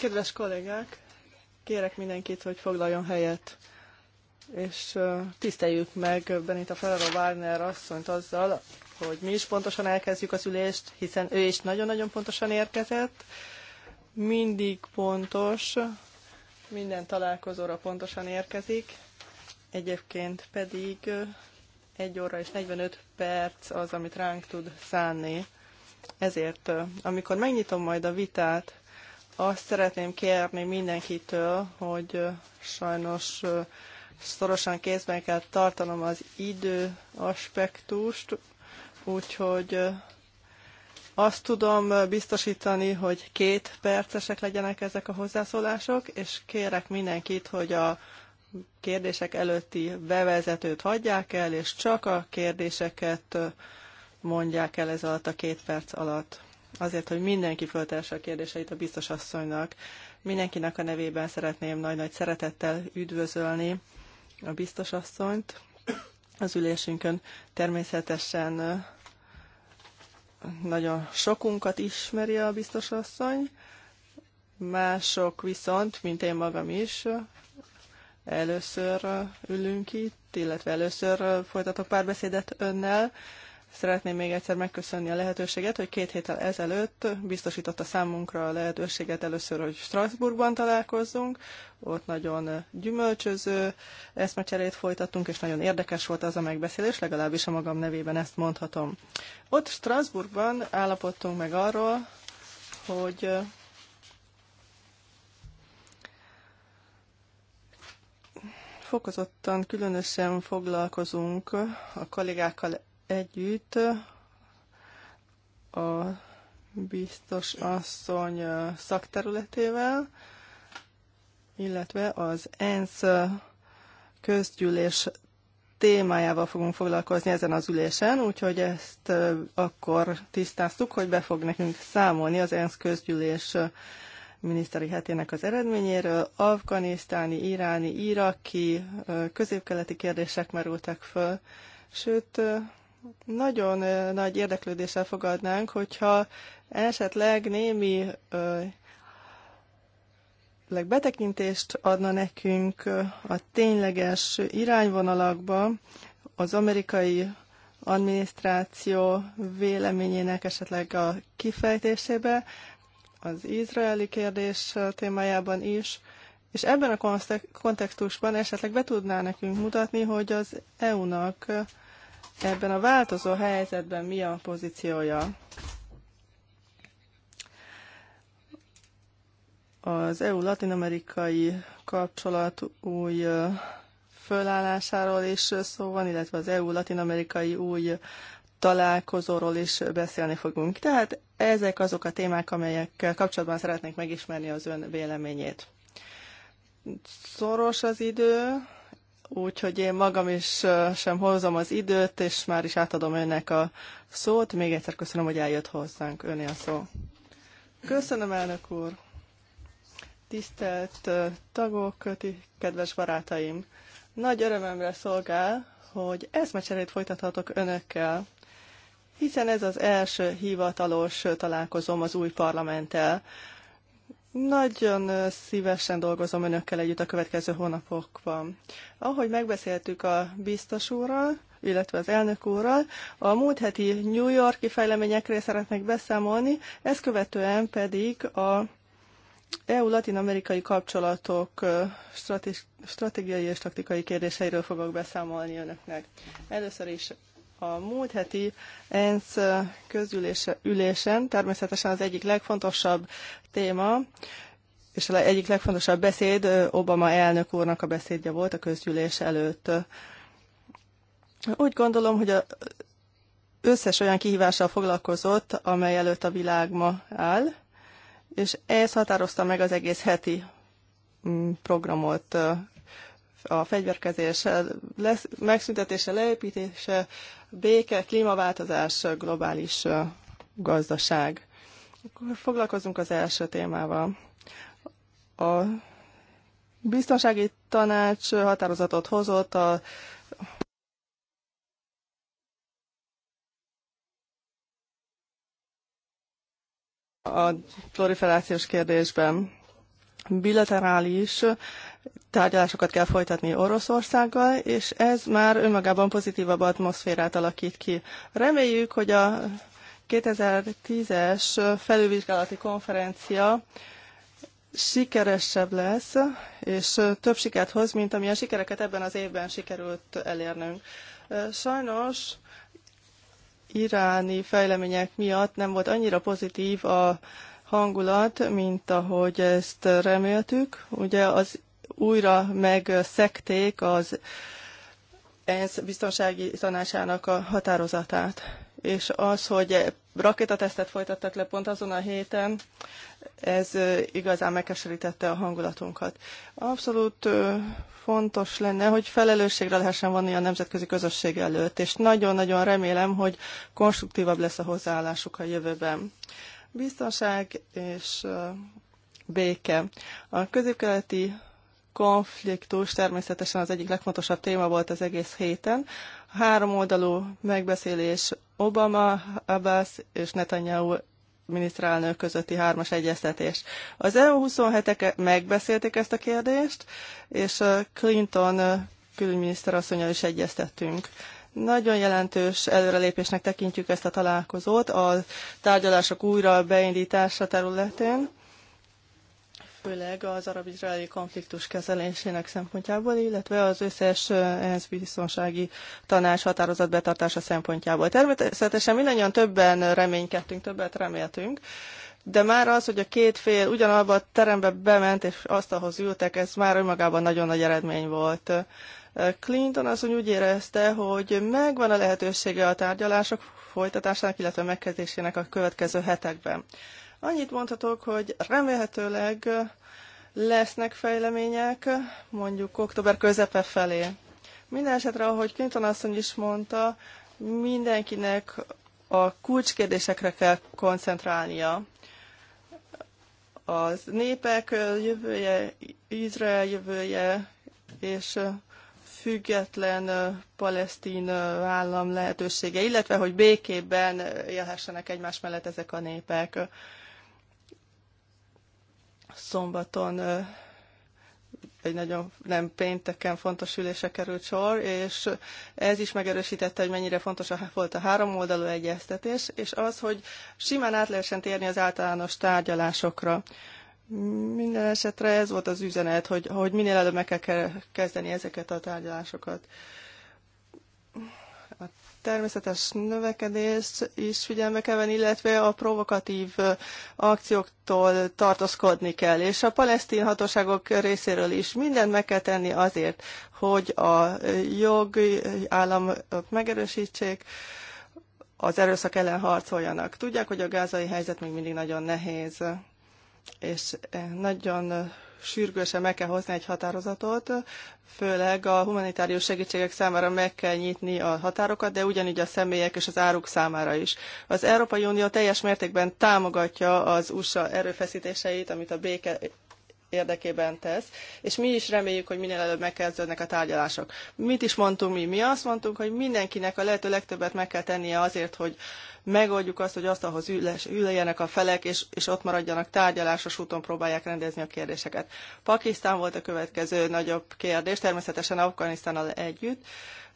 Kedves kollégák, kérek mindenkit, hogy foglaljon helyet, és tiszteljük meg Benita Ferrero Wagner asszonyt azzal, hogy mi is pontosan elkezdjük az ülést, hiszen ő is nagyon-nagyon pontosan érkezett, mindig pontos, minden találkozóra pontosan érkezik, egyébként pedig 1 óra és 45 perc az, amit ránk tud szánni. Ezért, amikor megnyitom majd a vitát, azt szeretném kérni mindenkitől, hogy sajnos szorosan kézben kell tartanom az idő aspektust, úgyhogy azt tudom biztosítani, hogy két percesek legyenek ezek a hozzászólások, és kérek mindenkit, hogy a kérdések előtti bevezetőt hagyják el, és csak a kérdéseket mondják el ez alatt a két perc alatt. Azért, hogy mindenki föltesse a kérdéseit a biztos asszonynak. Mindenkinek a nevében szeretném nagy-nagy szeretettel üdvözölni a biztos asszonyt az ülésünkön. Természetesen nagyon sokunkat ismeri a biztos asszony, mások viszont, mint én magam is, először ülünk itt, illetve először folytatok párbeszédet önnel, Szeretném még egyszer megköszönni a lehetőséget, hogy két héttel ezelőtt biztosította számunkra a lehetőséget először, hogy Strasbourgban találkozzunk. Ott nagyon gyümölcsöző eszmecserét folytattunk, és nagyon érdekes volt az a megbeszélés, legalábbis a magam nevében ezt mondhatom. Ott Strasbourgban állapodtunk meg arról, hogy eh, fokozottan különösen foglalkozunk a kollégákkal együtt a biztos asszony szakterületével, illetve az ENSZ közgyűlés témájával fogunk foglalkozni ezen az ülésen, úgyhogy ezt akkor tisztáztuk, hogy be fog nekünk számolni az ENSZ közgyűlés miniszteri hetének az eredményéről. Afganisztáni, iráni, iraki, középkeleti kérdések merültek föl, sőt nagyon nagy érdeklődéssel fogadnánk, hogyha esetleg némi betekintést adna nekünk a tényleges irányvonalakba az amerikai adminisztráció véleményének esetleg a kifejtésébe, az izraeli kérdés témájában is, és ebben a kontextusban esetleg be tudná nekünk mutatni, hogy az EU-nak Ebben a változó helyzetben mi a pozíciója? Az EU-latinamerikai kapcsolat új fölállásáról is szó van, illetve az EU-latinamerikai új találkozóról is beszélni fogunk. Tehát ezek azok a témák, amelyekkel kapcsolatban szeretnénk megismerni az ön véleményét. Szoros az idő, úgyhogy én magam is sem hozom az időt, és már is átadom önnek a szót. Még egyszer köszönöm, hogy eljött hozzánk. Öné a szó. Köszönöm, elnök úr! Tisztelt tagok, kedves barátaim! Nagy örömemre szolgál, hogy ezt eszmecserét folytathatok önökkel, hiszen ez az első hivatalos találkozom az új parlamenttel. Nagyon szívesen dolgozom önökkel együtt a következő hónapokban. Ahogy megbeszéltük a biztos úrral, illetve az elnök úrral, a múlt heti New Yorki fejleményekről szeretnék beszámolni, ezt követően pedig a EU-latin-amerikai kapcsolatok stratégiai és taktikai kérdéseiről fogok beszámolni önöknek. Először is a múlt heti ENSZ közülésen természetesen az egyik legfontosabb téma, és az egyik legfontosabb beszéd Obama elnök úrnak a beszédje volt a közgyűlés előtt. Úgy gondolom, hogy a összes olyan kihívással foglalkozott, amely előtt a világ ma áll, és ez határozta meg az egész heti mm, programot, a fegyverkezés lesz, megszüntetése, leépítése, béke, klímaváltozás, globális gazdaság. Akkor foglalkozunk az első témával. A biztonsági tanács határozatot hozott a a proliferációs kérdésben bilaterális tárgyalásokat kell folytatni Oroszországgal, és ez már önmagában pozitívabb atmoszférát alakít ki. Reméljük, hogy a 2010-es felülvizsgálati konferencia sikeresebb lesz, és több sikert hoz, mint amilyen sikereket ebben az évben sikerült elérnünk. Sajnos iráni fejlemények miatt nem volt annyira pozitív a hangulat, mint ahogy ezt reméltük. Ugye az újra megszekték az ENSZ biztonsági tanácsának a határozatát. És az, hogy rakétatesztet folytattak le pont azon a héten, ez igazán megkeserítette a hangulatunkat. Abszolút fontos lenne, hogy felelősségre lehessen vonni a nemzetközi közösség előtt, és nagyon-nagyon remélem, hogy konstruktívabb lesz a hozzáállásuk a jövőben. Biztonság és béke. A középkeleti konfliktus természetesen az egyik legfontosabb téma volt az egész héten. A három oldalú megbeszélés Obama, Abbas és Netanyahu miniszterelnök közötti hármas egyeztetés. Az EU27-ek megbeszélték ezt a kérdést, és Clinton külügyminiszter asszonyal is egyeztettünk. Nagyon jelentős előrelépésnek tekintjük ezt a találkozót a tárgyalások újra beindítása területén, főleg az arab-izraeli konfliktus kezelésének szempontjából, illetve az összes ENSZ biztonsági tanács határozat betartása szempontjából. Természetesen mindannyian többen reménykedtünk, többet reméltünk, de már az, hogy a két fél ugyanabba a terembe bement és asztalhoz ültek, ez már önmagában nagyon nagy eredmény volt. Clinton azon úgy érezte, hogy megvan a lehetősége a tárgyalások folytatásának, illetve megkezdésének a következő hetekben. Annyit mondhatok, hogy remélhetőleg lesznek fejlemények, mondjuk október közepe felé. Mindenesetre, ahogy Clinton asszony is mondta, mindenkinek a kulcskérdésekre kell koncentrálnia. Az népek jövője, Izrael jövője, és független palesztin állam lehetősége, illetve hogy békében élhessenek egymás mellett ezek a népek. Szombaton egy nagyon nem pénteken fontos ülése került sor, és ez is megerősítette, hogy mennyire fontos volt a három oldalú egyeztetés, és az, hogy simán át lehessen térni az általános tárgyalásokra. Minden esetre ez volt az üzenet, hogy, hogy minél előbb meg kell kezdeni ezeket a tárgyalásokat. A természetes növekedést is figyelme kell venni, illetve a provokatív akcióktól tartózkodni kell, és a palesztin hatóságok részéről is mindent meg kell tenni azért, hogy a jogi állam megerősítsék, az erőszak ellen harcoljanak. Tudják, hogy a gázai helyzet még mindig nagyon nehéz és eh, nagyon eh, sürgősen meg kell hozni egy határozatot, főleg a humanitárius segítségek számára meg kell nyitni a határokat, de ugyanígy a személyek és az áruk számára is. Az Európai Unió teljes mértékben támogatja az USA erőfeszítéseit, amit a béke érdekében tesz, és mi is reméljük, hogy minél előbb megkezdődnek a tárgyalások. Mit is mondtunk mi? Mi azt mondtunk, hogy mindenkinek a lehető legtöbbet meg kell tennie azért, hogy megoldjuk azt, hogy asztalhoz üles, üljenek a felek, és, és ott maradjanak tárgyalásos úton próbálják rendezni a kérdéseket. Pakisztán volt a következő nagyobb kérdés, természetesen Afganisztánnal együtt,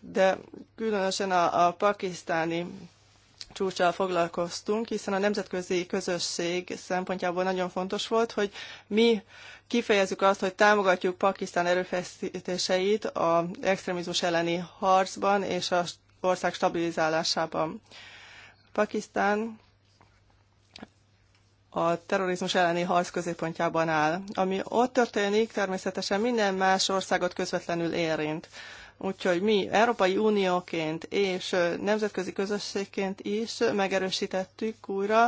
de különösen a, a pakisztáni csúcsal foglalkoztunk, hiszen a nemzetközi közösség szempontjából nagyon fontos volt, hogy mi kifejezzük azt, hogy támogatjuk Pakisztán erőfeszítéseit az extrémizmus elleni harcban és az ország stabilizálásában. Pakisztán a terrorizmus elleni harc középpontjában áll. Ami ott történik, természetesen minden más országot közvetlenül érint. Úgyhogy mi Európai Unióként és nemzetközi közösségként is megerősítettük újra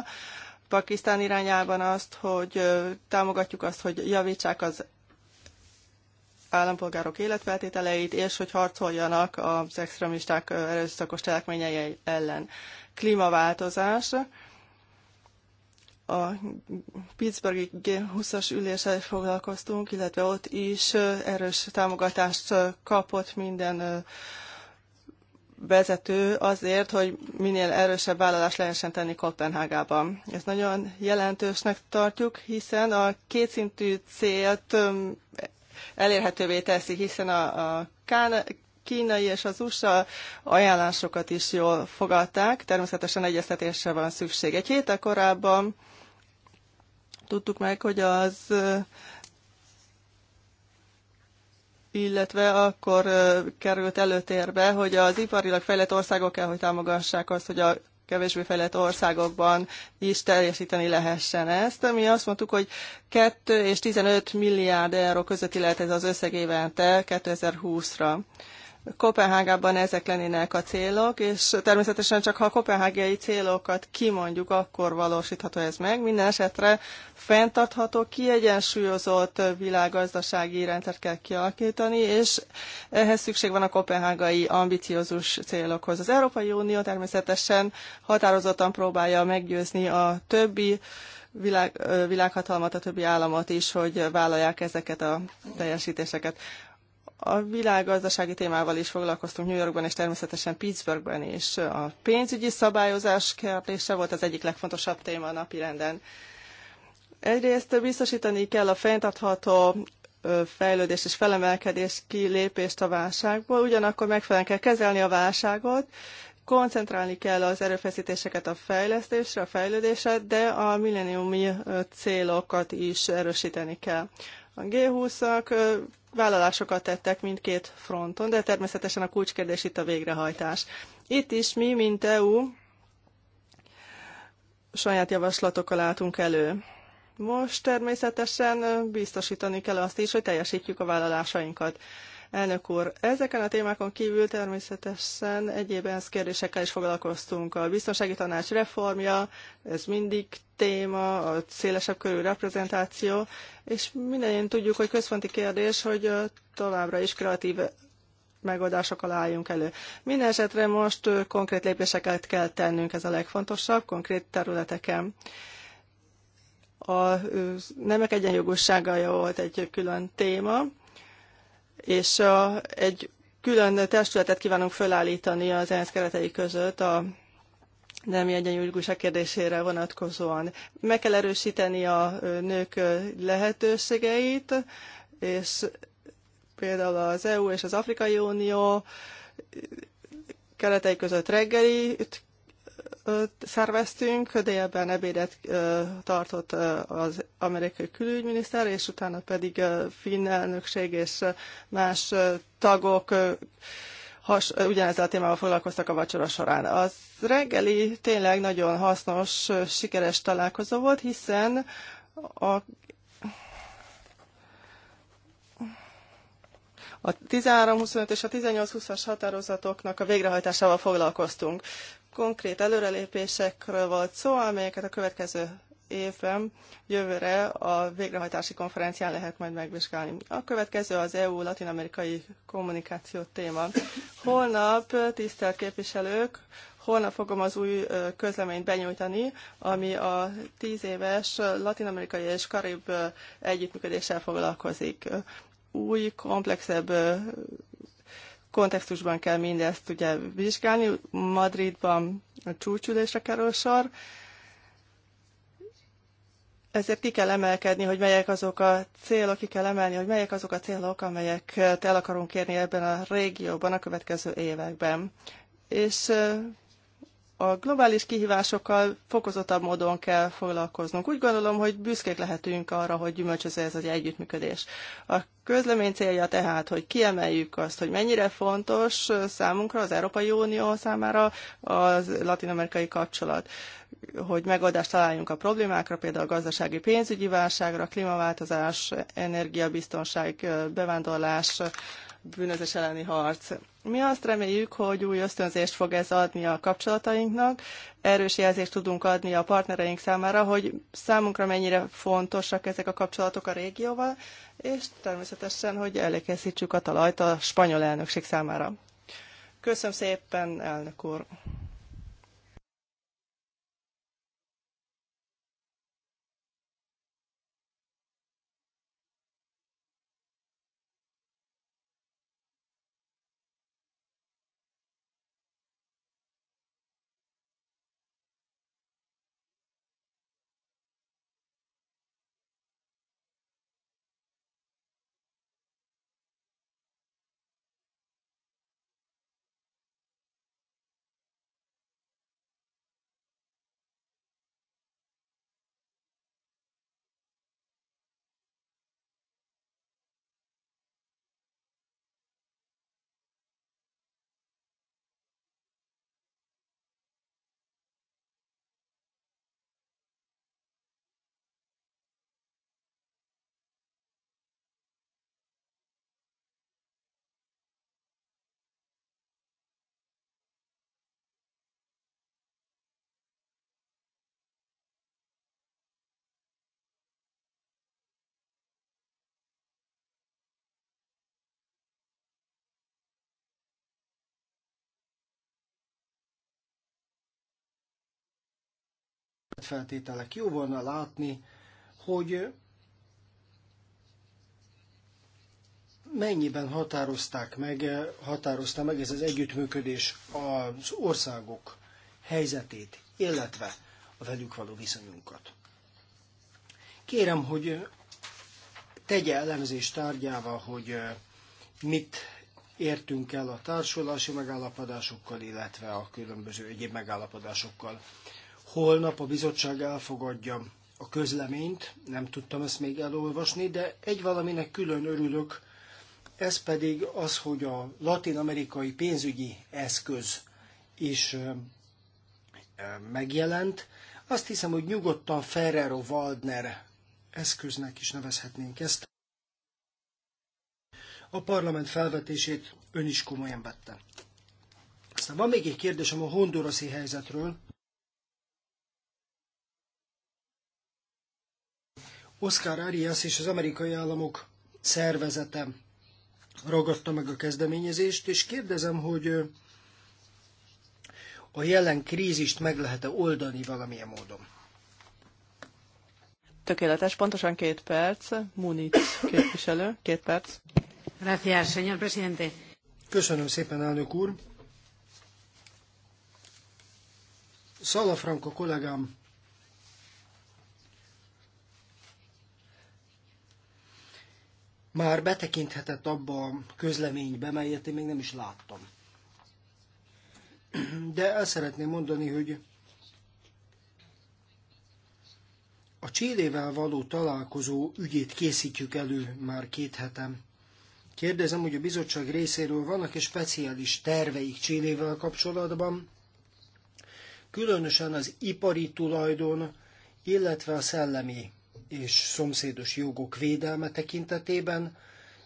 Pakisztán irányában azt, hogy támogatjuk azt, hogy javítsák az állampolgárok életfeltételeit, és hogy harcoljanak az extremisták erőszakos cselekményei ellen. Klímaváltozás a Pittsburghi G20-as üléssel foglalkoztunk, illetve ott is erős támogatást kapott minden vezető azért, hogy minél erősebb vállalást lehessen tenni Kopenhágában. Ezt nagyon jelentősnek tartjuk, hiszen a kétszintű célt elérhetővé teszi, hiszen a, kínai és az USA ajánlásokat is jól fogadták, természetesen egyeztetésre van szükség. Egy héttel korábban tudtuk meg, hogy az illetve akkor került előtérbe, hogy az iparilag fejlett országok kell, hogy támogassák azt, hogy a kevésbé fejlett országokban is teljesíteni lehessen ezt. Mi azt mondtuk, hogy 2 és 15 milliárd euró közötti lehet ez az összeg évente 2020-ra. Kopenhágában ezek lennének a célok, és természetesen csak ha a kopenhágiai célokat kimondjuk, akkor valósítható ez meg. Minden esetre fenntartható, kiegyensúlyozott világgazdasági rendszert kell kialakítani, és ehhez szükség van a kopenhágai ambiciózus célokhoz. Az Európai Unió természetesen határozottan próbálja meggyőzni a többi világ, világhatalmat, a többi államot is, hogy vállalják ezeket a teljesítéseket. A világgazdasági témával is foglalkoztunk New Yorkban és természetesen Pittsburghben is. A pénzügyi szabályozás kérdése volt az egyik legfontosabb téma a renden. Egyrészt biztosítani kell a fenntartható fejlődés és felemelkedés kilépést a válságból, ugyanakkor megfelelően kell kezelni a válságot, koncentrálni kell az erőfeszítéseket a fejlesztésre, a fejlődésre, de a milleniumi célokat is erősíteni kell. A G20-ak vállalásokat tettek mindkét fronton, de természetesen a kulcskérdés itt a végrehajtás. Itt is mi, mint EU, saját javaslatokkal álltunk elő. Most természetesen biztosítani kell azt is, hogy teljesítjük a vállalásainkat. Elnök úr, ezeken a témákon kívül természetesen egyéb ENSZ kérdésekkel is foglalkoztunk. A biztonsági tanács reformja, ez mindig téma, a szélesebb körű reprezentáció, és mindenén tudjuk, hogy központi kérdés, hogy továbbra is kreatív megoldásokkal álljunk elő. Minden esetre most konkrét lépéseket kell tennünk, ez a legfontosabb, konkrét területeken. A nemek egyenjogossága volt egy külön téma, és a, egy külön testületet kívánunk fölállítani az ENSZ keretei között a nemi egyenjogúság kérdésére vonatkozóan. Meg kell erősíteni a nők lehetőségeit, és például az EU és az Afrikai Unió keretei között reggelit szerveztünk, délben ebédet tartott az amerikai külügyminiszter, és utána pedig finn elnökség és más tagok has, ugyanezzel a témával foglalkoztak a vacsora során. Az reggeli tényleg nagyon hasznos, sikeres találkozó volt, hiszen a a 13-25 és a 18-20-as határozatoknak a végrehajtásával foglalkoztunk konkrét előrelépésekről volt szó, amelyeket a következő évben, jövőre a végrehajtási konferencián lehet majd megvizsgálni. A következő az EU latinamerikai kommunikáció téma. Holnap, tisztelt képviselők, holnap fogom az új közleményt benyújtani, ami a tíz éves latinamerikai és karib együttműködéssel foglalkozik. Új, komplexebb kontextusban kell mindezt ugye vizsgálni. Madridban a csúcsülésre kerül sor, ezért ki kell emelkedni, hogy melyek azok a célok, ki kell emelni, hogy melyek azok a célok, amelyek el akarunk érni ebben a régióban a következő években. És a globális kihívásokkal fokozottabb módon kell foglalkoznunk. Úgy gondolom, hogy büszkék lehetünk arra, hogy gyümölcsöző ez az együttműködés. A közlemény célja tehát, hogy kiemeljük azt, hogy mennyire fontos számunkra, az Európai Unió számára az latinamerikai kapcsolat hogy megoldást találjunk a problémákra, például a gazdasági pénzügyi válságra, klímaváltozás, energiabiztonság, bevándorlás, bűnözés elleni harc. Mi azt reméljük, hogy új ösztönzést fog ez adni a kapcsolatainknak, erős jelzést tudunk adni a partnereink számára, hogy számunkra mennyire fontosak ezek a kapcsolatok a régióval, és természetesen, hogy elékészítsük a talajt a spanyol elnökség számára. Köszönöm szépen, elnök úr! feltételek. Jó volna látni, hogy mennyiben határozták meg, határozta meg ez az együttműködés az országok helyzetét, illetve a velük való viszonyunkat. Kérem, hogy tegye elemzés tárgyával, hogy mit értünk el a társulási megállapodásokkal, illetve a különböző egyéb megállapodásokkal. Holnap a bizottság elfogadja a közleményt, nem tudtam ezt még elolvasni, de egy valaminek külön örülök, ez pedig az, hogy a latin-amerikai pénzügyi eszköz is megjelent. Azt hiszem, hogy nyugodtan Ferrero-Waldner eszköznek is nevezhetnénk ezt. A parlament felvetését ön is komolyan vette. Aztán van még egy kérdésem a hondurasi helyzetről. Oscar Arias és az amerikai államok szervezete ragadta meg a kezdeményezést, és kérdezem, hogy a jelen krízist meg lehet-e oldani valamilyen módon? Tökéletes, pontosan két perc. Muniz képviselő, két perc. Gracias, señor presidente. Köszönöm szépen, elnök úr. Szalafranka kollégám már betekinthetett abba a közleménybe, melyet én még nem is láttam. De el szeretném mondani, hogy a Csillével való találkozó ügyét készítjük elő már két hetem. Kérdezem, hogy a bizottság részéről vannak-e speciális terveik Csillével kapcsolatban, különösen az ipari tulajdon, illetve a szellemi és szomszédos jogok védelme tekintetében,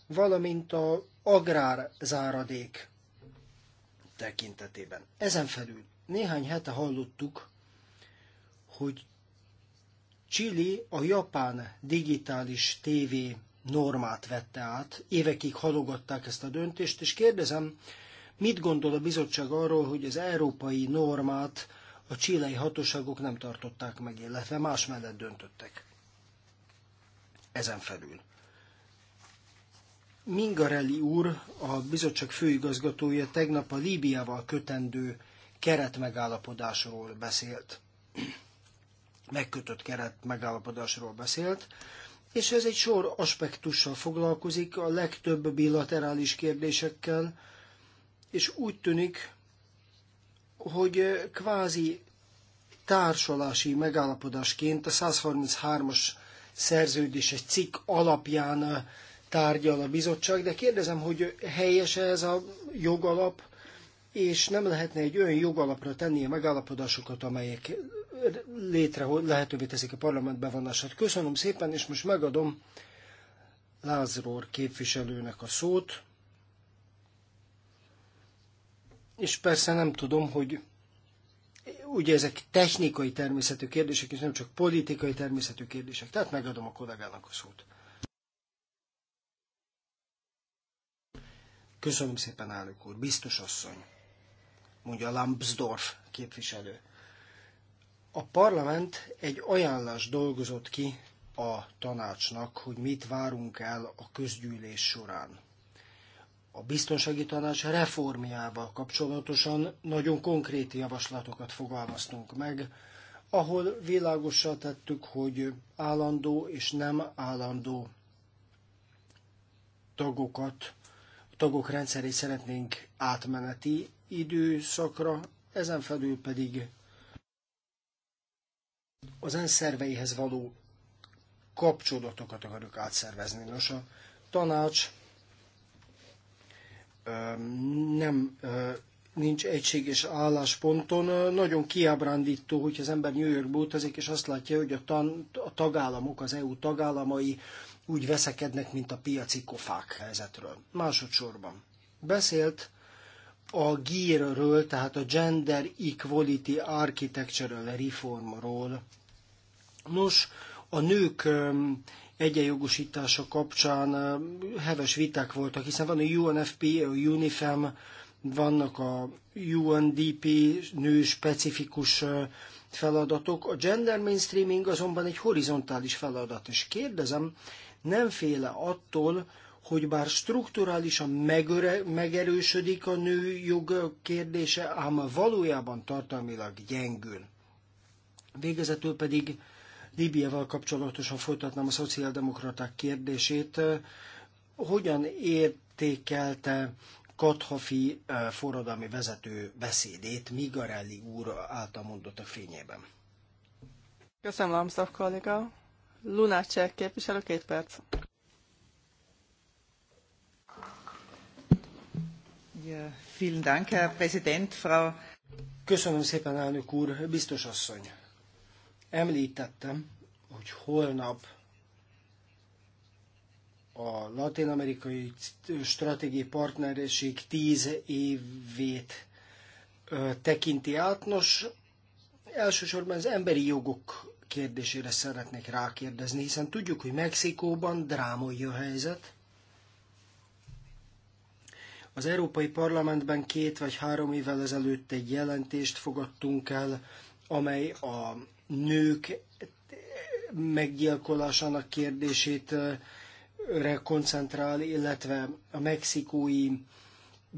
valamint a agrárzáradék tekintetében. Ezen felül néhány hete hallottuk, hogy Chili a japán digitális TV normát vette át, évekig halogatták ezt a döntést, és kérdezem, mit gondol a bizottság arról, hogy az európai normát a csilei hatóságok nem tartották meg, illetve más mellett döntöttek? ezen felül. Mingarelli úr, a bizottság főigazgatója tegnap a Líbiával kötendő keretmegállapodásról beszélt. Megkötött keretmegállapodásról beszélt, és ez egy sor aspektussal foglalkozik, a legtöbb bilaterális kérdésekkel, és úgy tűnik, hogy kvázi társalási megállapodásként a 133-as egy cikk alapján eh, tárgyal a bizottság, de kérdezem, hogy helyes -e ez a jogalap, és nem lehetne egy olyan jogalapra tenni a megállapodásokat, amelyek létre lehetővé teszik a parlament bevonását. Köszönöm szépen, és most megadom Lázról képviselőnek a szót. És persze nem tudom, hogy ugye ezek technikai természetű kérdések, és nem csak politikai természetű kérdések. Tehát megadom a kollégának a szót. Köszönöm szépen, állók úr. Biztos asszony, mondja Lambsdorff képviselő. A parlament egy ajánlás dolgozott ki a tanácsnak, hogy mit várunk el a közgyűlés során a biztonsági tanács reformjával kapcsolatosan nagyon konkrét javaslatokat fogalmaztunk meg, ahol világosra tettük, hogy állandó és nem állandó tagokat, tagok rendszerét szeretnénk átmeneti időszakra, ezen felül pedig az ENSZ szerveihez való kapcsolatokat akarjuk átszervezni. Nos, a tanács nem nincs egységes állásponton. Nagyon kiábrándító, hogy az ember New Yorkba utazik, és azt látja, hogy a, tan, a tagállamok, az EU tagállamai úgy veszekednek, mint a piaci kofák helyzetről. Másodszorban beszélt a GIR-ről, tehát a Gender Equality Architectural Reformról. Nos, a nők egyenjogosítása kapcsán heves viták voltak, hiszen van a UNFP, a UNIFEM, vannak a UNDP nő specifikus feladatok. A gender mainstreaming azonban egy horizontális feladat, és kérdezem, nem féle attól, hogy bár strukturálisan megöre, megerősödik a nő jog kérdése, ám valójában tartalmilag gyengül. Végezetül pedig Líbiával kapcsolatosan folytatnám a szociáldemokraták kérdését. Hogyan értékelte Kathafi eh, forradalmi vezető beszédét Migarelli úr által mondott a fényében? Köszönöm, Lamszav kolléga. Lunácsek képviselő, két perc. Ja, vielen Dank, Herr Präsident, Frau... Köszönöm szépen, elnök úr, biztos asszony. Említettem, hogy holnap a latin-amerikai stratégiai partnerség tíz évét tekinti át. Nos, elsősorban az emberi jogok kérdésére szeretnék rákérdezni, hiszen tudjuk, hogy Mexikóban drámai a helyzet. Az Európai Parlamentben két vagy három évvel ezelőtt egy jelentést fogadtunk el, amely a nők meggyilkolásának kérdését koncentrál, illetve a mexikói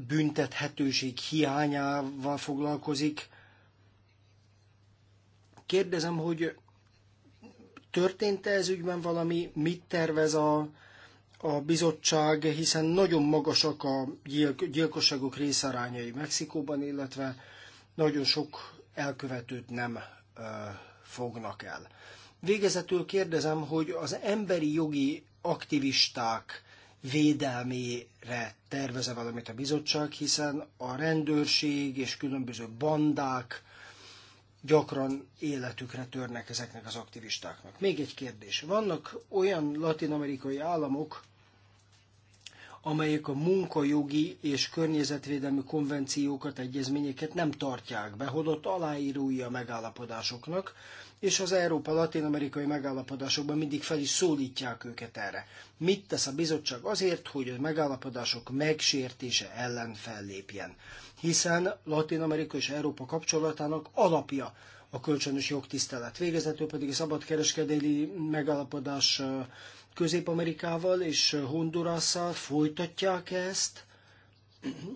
büntethetőség hiányával foglalkozik. Kérdezem, hogy történt -e ez ügyben valami, mit tervez a, a bizottság, hiszen nagyon magasak a gyilk, gyilkosságok részarányai Mexikóban, illetve nagyon sok elkövetőt nem fognak el. Végezetül kérdezem, hogy az emberi jogi aktivisták védelmére terveze valamit a bizottság, hiszen a rendőrség és különböző bandák gyakran életükre törnek ezeknek az aktivistáknak. Még egy kérdés. Vannak olyan latinamerikai államok, amelyek a munkajogi és környezetvédelmi konvenciókat, egyezményeket nem tartják be, holott aláírói a megállapodásoknak, és az Európa-Latin-amerikai megállapodásokban mindig fel is szólítják őket erre. Mit tesz a bizottság azért, hogy a megállapodások megsértése ellen fellépjen? Hiszen Latin-Amerika és Európa kapcsolatának alapja a kölcsönös jogtisztelet. Végezetül pedig a szabadkereskedelmi megállapodás Közép-Amerikával és Hondurasszal folytatják ezt,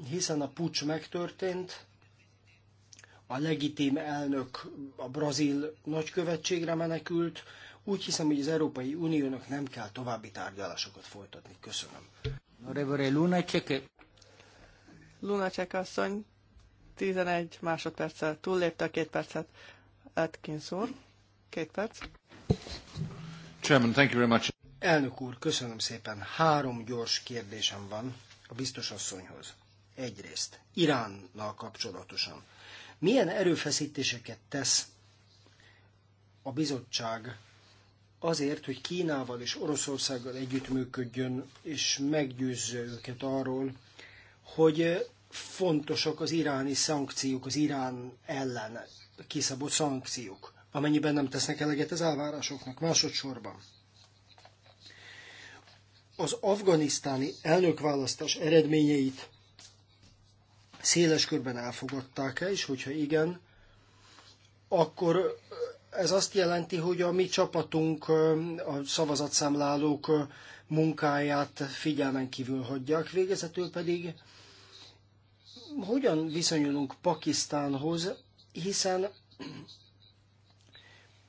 hiszen a pucs megtörtént, a legitim elnök a brazil nagykövetségre menekült, úgy hiszem, hogy az Európai Uniónak nem kell további tárgyalásokat folytatni. Köszönöm. Luna Lunacek asszony, 11 másodperccel túllépte a két percet. Atkins úr, két perc. Chairman, thank you very much. Elnök úr, köszönöm szépen. Három gyors kérdésem van a biztos asszonyhoz. Egyrészt Iránnal kapcsolatosan. Milyen erőfeszítéseket tesz a bizottság azért, hogy Kínával és Oroszországgal együttműködjön, és meggyőzze őket arról, hogy fontosak az iráni szankciók, az Irán ellen kiszabott szankciók, amennyiben nem tesznek eleget az elvárásoknak másodszorban az afganisztáni elnökválasztás eredményeit széles körben elfogadták-e, és hogyha igen, akkor ez azt jelenti, hogy a mi csapatunk, a szavazatszámlálók munkáját figyelmen kívül hagyják, végezetül pedig hogyan viszonyulunk Pakisztánhoz, hiszen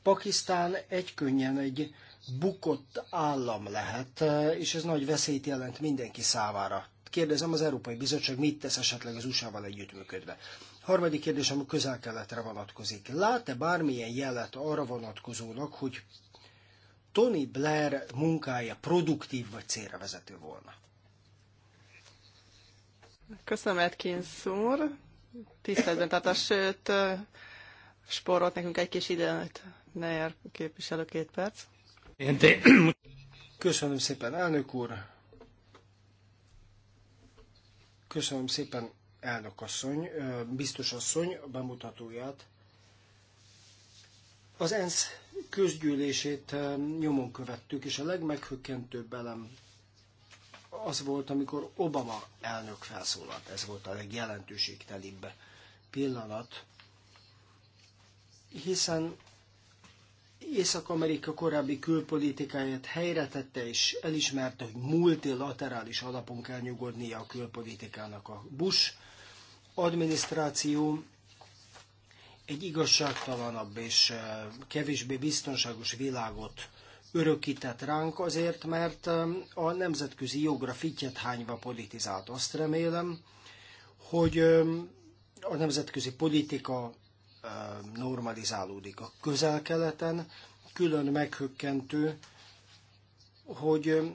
Pakisztán egykönnyen egy bukott állam lehet, és ez nagy veszélyt jelent mindenki számára. Kérdezem, az Európai Bizottság mit tesz esetleg az USA-val együttműködve? Harmadik kérdésem a közel-keletre vonatkozik. Lát-e bármilyen jelet arra vonatkozónak, hogy Tony Blair munkája produktív vagy célra vezető volna? Köszönöm, Edkins úr. Tiszteletben a sőt, sporolt nekünk egy kis időt. Neyer képviselő két perc. Köszönöm szépen, elnök úr. Köszönöm szépen, elnök asszony, biztos asszony a bemutatóját. Az ENSZ közgyűlését nyomon követtük, és a legmeghökkentőbb elem az volt, amikor Obama elnök felszólalt. Ez volt a legjelentőségtelibb pillanat, hiszen Észak-Amerika korábbi külpolitikáját helyretette és elismerte, hogy multilaterális alapon kell nyugodnia a külpolitikának a Bush adminisztráció egy igazságtalanabb és eh, kevésbé biztonságos világot örökített ránk azért, mert eh, a nemzetközi jogra fittyet hányva politizált. Azt remélem, hogy eh, a nemzetközi politika normalizálódik. A közel-keleten külön meghökkentő, hogy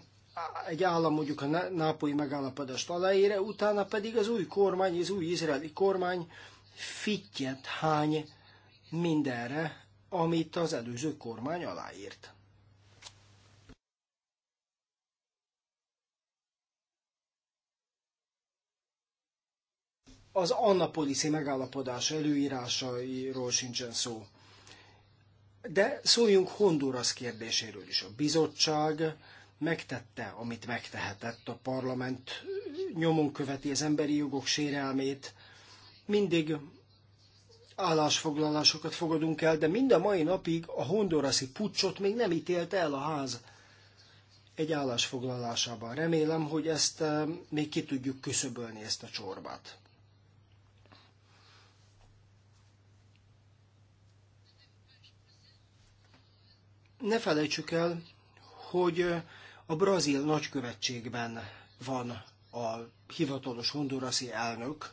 egy állam mondjuk a nápolyi megállapodást aláére, utána pedig az új kormány, az új izraeli kormány fittyet hány mindenre, amit az előző kormány aláírt. az annapoliszi megállapodás előírásairól sincsen szó. De szóljunk Honduras kérdéséről is. A bizottság megtette, amit megtehetett, a parlament nyomon követi az emberi jogok sérelmét, mindig állásfoglalásokat fogadunk el, de mind a mai napig a hondurasi pucsot még nem ítélte el a ház egy állásfoglalásában. Remélem, hogy ezt eh, még ki tudjuk küszöbölni, ezt a csorbát. ne felejtsük el, hogy eh, a brazil nagykövetségben van a hivatalos hondurasi elnök,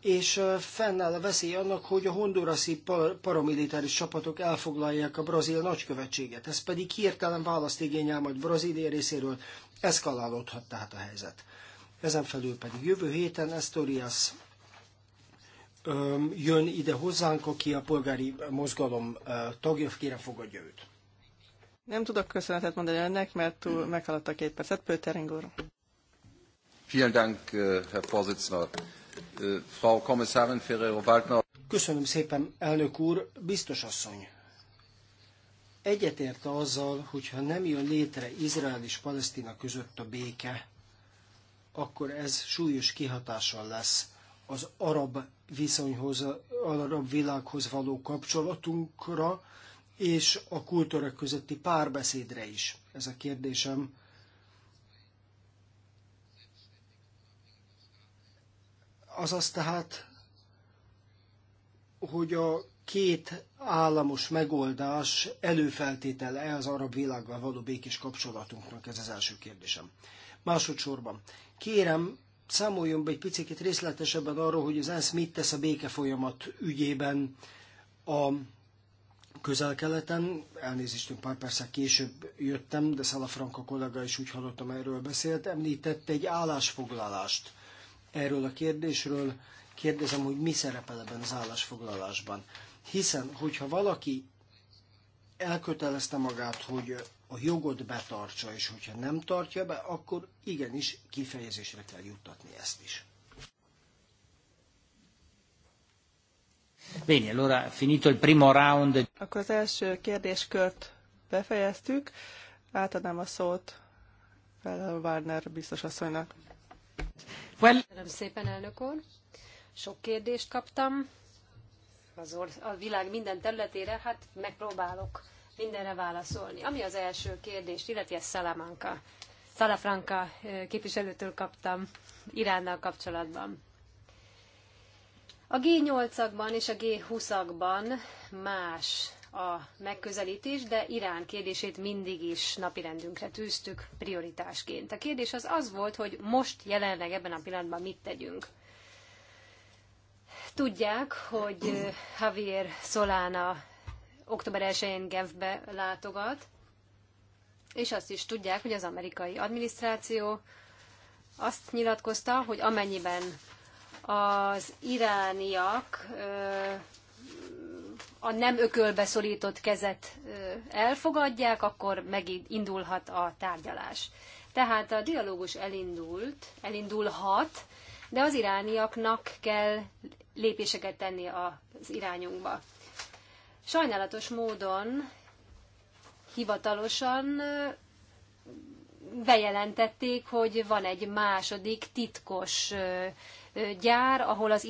és eh, fennáll a veszély annak, hogy a hondurasi paramilitáris csapatok elfoglalják a brazil nagykövetséget. Ez pedig hirtelen választ igényel majd Brazília részéről, eszkalálódhat tehát a helyzet. Ezen felül pedig jövő héten Estorias jön ide hozzánk, aki a polgári mozgalom eh, tagja, kérem fogadja őt. Nem tudok köszönetet mondani önnek, mert túl meghaladt a két percet. Pöttering úr. Vielen Dank, äh, Herr Vorsitzender. Äh, Frau Kommissarin Ferrero-Waldner. Köszönöm szépen, elnök úr, biztos asszony. Egyetérte azzal, hogyha nem jön létre Izrael és Palesztina között a béke, akkor ez súlyos kihatással lesz az arab viszonyhoz, arab világhoz való kapcsolatunkra, és a kultúrák közötti párbeszédre is. Ez a kérdésem. Azaz tehát, hogy a két államos megoldás előfeltétele e az arab világgal való békés kapcsolatunknak? Ez az első kérdésem. Másodszorban, kérem, számoljon be egy picit részletesebben arról, hogy az ENSZ mit tesz a béke folyamat ügyében a közel-keleten, elnézést, pár perccel később jöttem, de Szalafranka kollega is úgy hallottam, erről beszélt, említette egy állásfoglalást erről a kérdésről. Kérdezem, hogy mi szerepel ebben az állásfoglalásban. Hiszen, hogyha valaki elkötelezte magát, hogy a jogot betartsa, és hogyha nem tartja be, akkor igenis kifejezésre kell juttatni ezt is. Bene, allora finito il primo round. Akkor az első kérdéskört befejeztük. Átadnám a szót Felel Warner biztos asszonynak. Well. Köszönöm szépen, elnök úr. Sok kérdést kaptam az or- a világ minden területére, hát megpróbálok mindenre válaszolni. Ami az első kérdés, illetve Salamanca, Salafranca eh, képviselőtől kaptam Iránnal kapcsolatban. A G8-akban és a G20-akban más a megközelítés, de Irán kérdését mindig is napirendünkre tűztük prioritásként. A kérdés az az volt, hogy most jelenleg ebben a pillanatban mit tegyünk. Tudják, hogy Javier Solana október 1-én Genfbe látogat, és azt is tudják, hogy az amerikai adminisztráció azt nyilatkozta, hogy amennyiben az irániak a nem ökölbe szorított kezet elfogadják, akkor megindulhat a tárgyalás. Tehát a dialógus elindult, elindulhat, de az irániaknak kell lépéseket tenni az irányunkba. Sajnálatos módon hivatalosan bejelentették, hogy van egy második titkos gyár, ahol az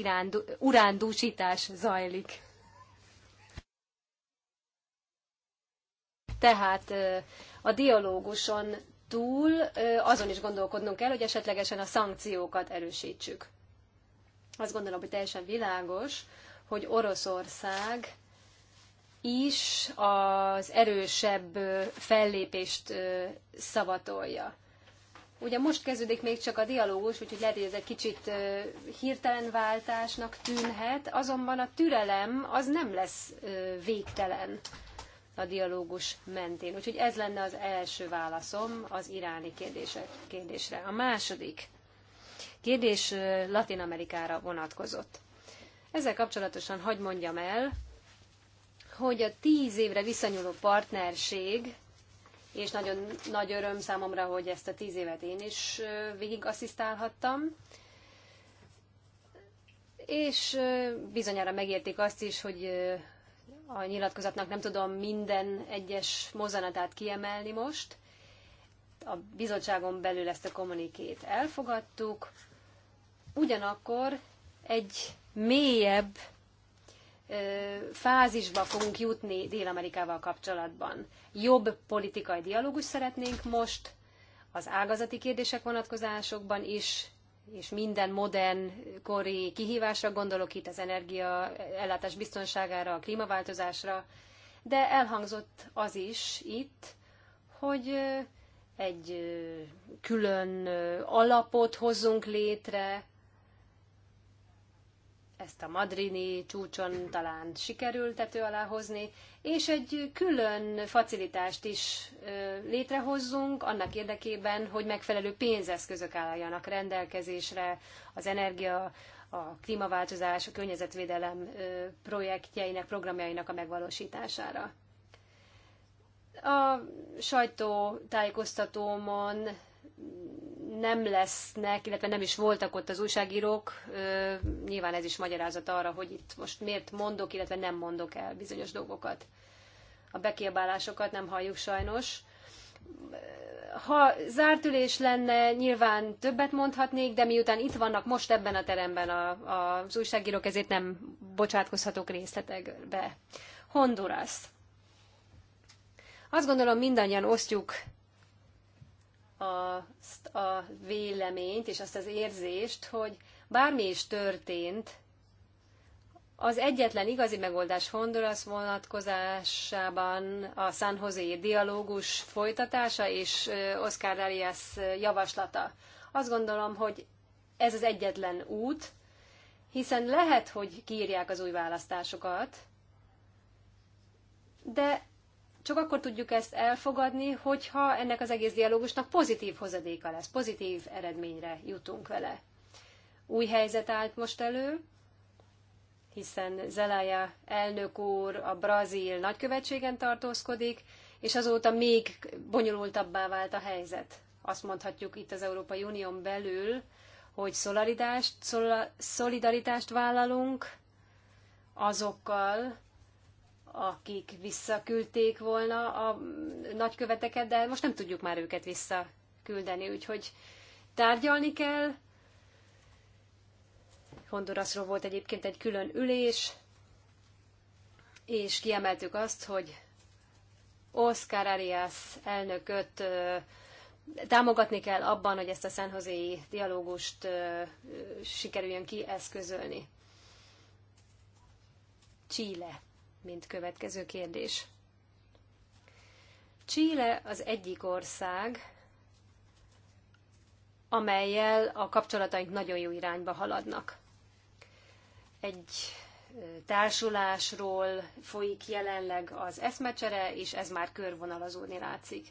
urándúsítás zajlik. Tehát a dialóguson túl azon is gondolkodnunk kell, hogy esetlegesen a szankciókat erősítsük. Azt gondolom, hogy teljesen világos, hogy Oroszország is az erősebb fellépést szavatolja. Ugye most kezdődik még csak a dialógus, úgyhogy lehet, hogy ez egy kicsit hirtelen váltásnak tűnhet, azonban a türelem az nem lesz végtelen a dialógus mentén. Úgyhogy ez lenne az első válaszom az iráni kérdésre. A második kérdés Latin Amerikára vonatkozott. Ezzel kapcsolatosan hagy mondjam el, hogy a tíz évre visszanyúló partnerség és nagyon nagy öröm számomra, hogy ezt a tíz évet én is végig asszisztálhattam. És bizonyára megértik azt is, hogy a nyilatkozatnak nem tudom minden egyes mozanatát kiemelni most. A bizottságon belül ezt a kommunikét elfogadtuk, ugyanakkor egy mélyebb fázisba fogunk jutni Dél-Amerikával kapcsolatban. Jobb politikai dialógus szeretnénk most, az ágazati kérdések vonatkozásokban is, és minden modern kori kihívásra gondolok itt az energia ellátás biztonságára, a klímaváltozásra, de elhangzott az is itt, hogy egy külön alapot hozzunk létre, ezt a madrini csúcson talán sikerült alá hozni, és egy külön facilitást is létrehozzunk annak érdekében, hogy megfelelő pénzeszközök álljanak rendelkezésre az energia, a klímaváltozás, a környezetvédelem projektjeinek, programjainak a megvalósítására. A sajtótájékoztatómon nem lesznek, illetve nem is voltak ott az újságírók. Nyilván ez is magyarázat arra, hogy itt most miért mondok, illetve nem mondok el bizonyos dolgokat. A bekiabálásokat nem halljuk sajnos. Ha zárt ülés lenne, nyilván többet mondhatnék, de miután itt vannak most ebben a teremben a, a, az újságírók, ezért nem bocsátkozhatok részletekbe. Honduras. Azt gondolom mindannyian osztjuk azt a véleményt és azt az érzést, hogy bármi is történt, az egyetlen igazi megoldás Honduras vonatkozásában a San José dialógus folytatása és Oscar Arias javaslata. Azt gondolom, hogy ez az egyetlen út, hiszen lehet, hogy kiírják az új választásokat, de csak akkor tudjuk ezt elfogadni, hogyha ennek az egész dialógusnak pozitív hozadéka lesz, pozitív eredményre jutunk vele. Új helyzet állt most elő, hiszen Zelaya elnök úr a brazil nagykövetségen tartózkodik, és azóta még bonyolultabbá vált a helyzet. Azt mondhatjuk itt az Európai Unión belül, hogy szolidaritást, szolidaritást vállalunk azokkal, akik visszaküldték volna a nagyköveteket, de most nem tudjuk már őket visszaküldeni, úgyhogy tárgyalni kell. Hondurasról volt egyébként egy külön ülés, és kiemeltük azt, hogy Oscar Arias elnököt támogatni kell abban, hogy ezt a szenhozéi dialógust sikerüljön kieszközölni. Chile mint következő kérdés. Chile az egyik ország, amelyel a kapcsolataink nagyon jó irányba haladnak. Egy társulásról folyik jelenleg az eszmecsere, és ez már körvonalazódni látszik.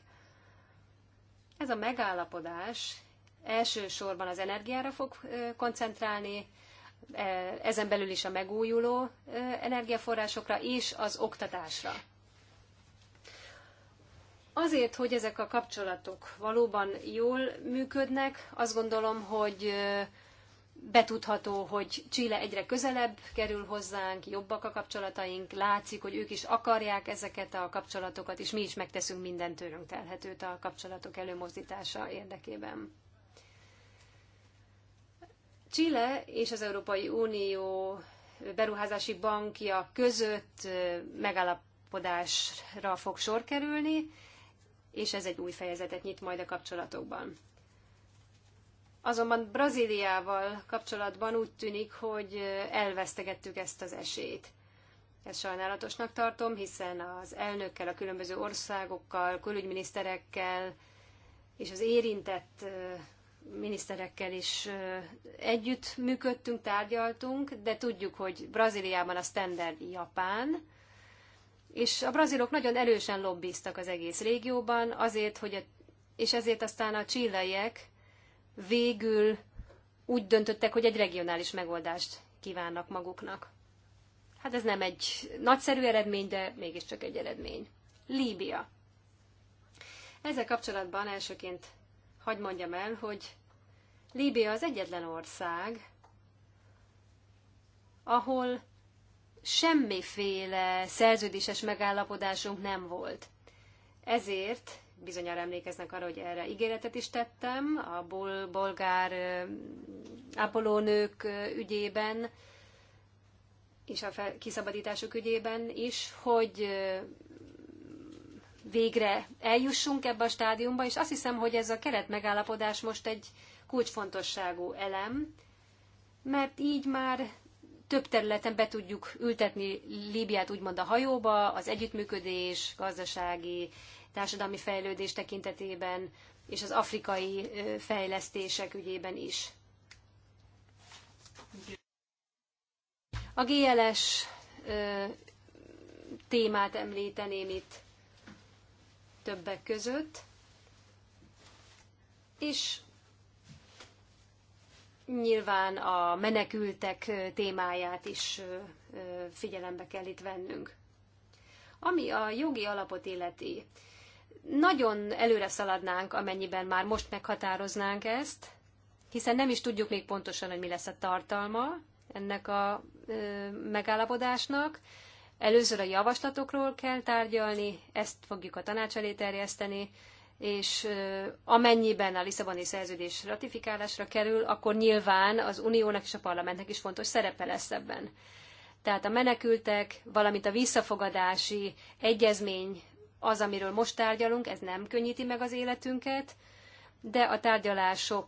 Ez a megállapodás elsősorban az energiára fog koncentrálni, E, ezen belül is a megújuló e, energiaforrásokra és az oktatásra. Azért, hogy ezek a kapcsolatok valóban jól működnek, azt gondolom, hogy e, betudható, hogy Chile egyre közelebb kerül hozzánk, jobbak a kapcsolataink, látszik, hogy ők is akarják ezeket a kapcsolatokat, és mi is megteszünk minden tőlünk telhetőt a kapcsolatok előmozdítása érdekében. Chile és az Európai Unió beruházási bankja között megállapodásra fog sor kerülni, és ez egy új fejezetet nyit majd a kapcsolatokban. Azonban Brazíliával kapcsolatban úgy tűnik, hogy elvesztegettük ezt az esélyt. Ezt sajnálatosnak tartom, hiszen az elnökkel, a különböző országokkal, külügyminiszterekkel és az érintett miniszterekkel is együtt működtünk, tárgyaltunk, de tudjuk, hogy Brazíliában a standard Japán, és a brazilok nagyon erősen lobbiztak az egész régióban, azért, hogy a, és ezért aztán a csillaiek végül úgy döntöttek, hogy egy regionális megoldást kívánnak maguknak. Hát ez nem egy nagyszerű eredmény, de mégiscsak egy eredmény. Líbia. Ezzel kapcsolatban elsőként hagyd mondjam el, hogy Líbia az egyetlen ország, ahol semmiféle szerződéses megállapodásunk nem volt. Ezért bizonyára emlékeznek arra, hogy erre ígéretet is tettem a bol bolgár ápolónők ügyében, és a kiszabadítások ügyében is, hogy végre eljussunk ebbe a stádiumba, és azt hiszem, hogy ez a keretmegállapodás most egy kulcsfontosságú elem, mert így már több területen be tudjuk ültetni Líbiát úgymond a hajóba, az együttműködés, gazdasági, társadalmi fejlődés tekintetében, és az afrikai fejlesztések ügyében is. A GLS témát említeném itt többek között, és nyilván a menekültek témáját is figyelembe kell itt vennünk. Ami a jogi alapot illeti, nagyon előre szaladnánk, amennyiben már most meghatároznánk ezt, hiszen nem is tudjuk még pontosan, hogy mi lesz a tartalma ennek a megállapodásnak, Először a javaslatokról kell tárgyalni, ezt fogjuk a tanács elé terjeszteni, és amennyiben a Lisszaboni szerződés ratifikálásra kerül, akkor nyilván az uniónak és a parlamentnek is fontos szerepe lesz ebben. Tehát a menekültek, valamint a visszafogadási egyezmény az, amiről most tárgyalunk, ez nem könnyíti meg az életünket, de a tárgyalások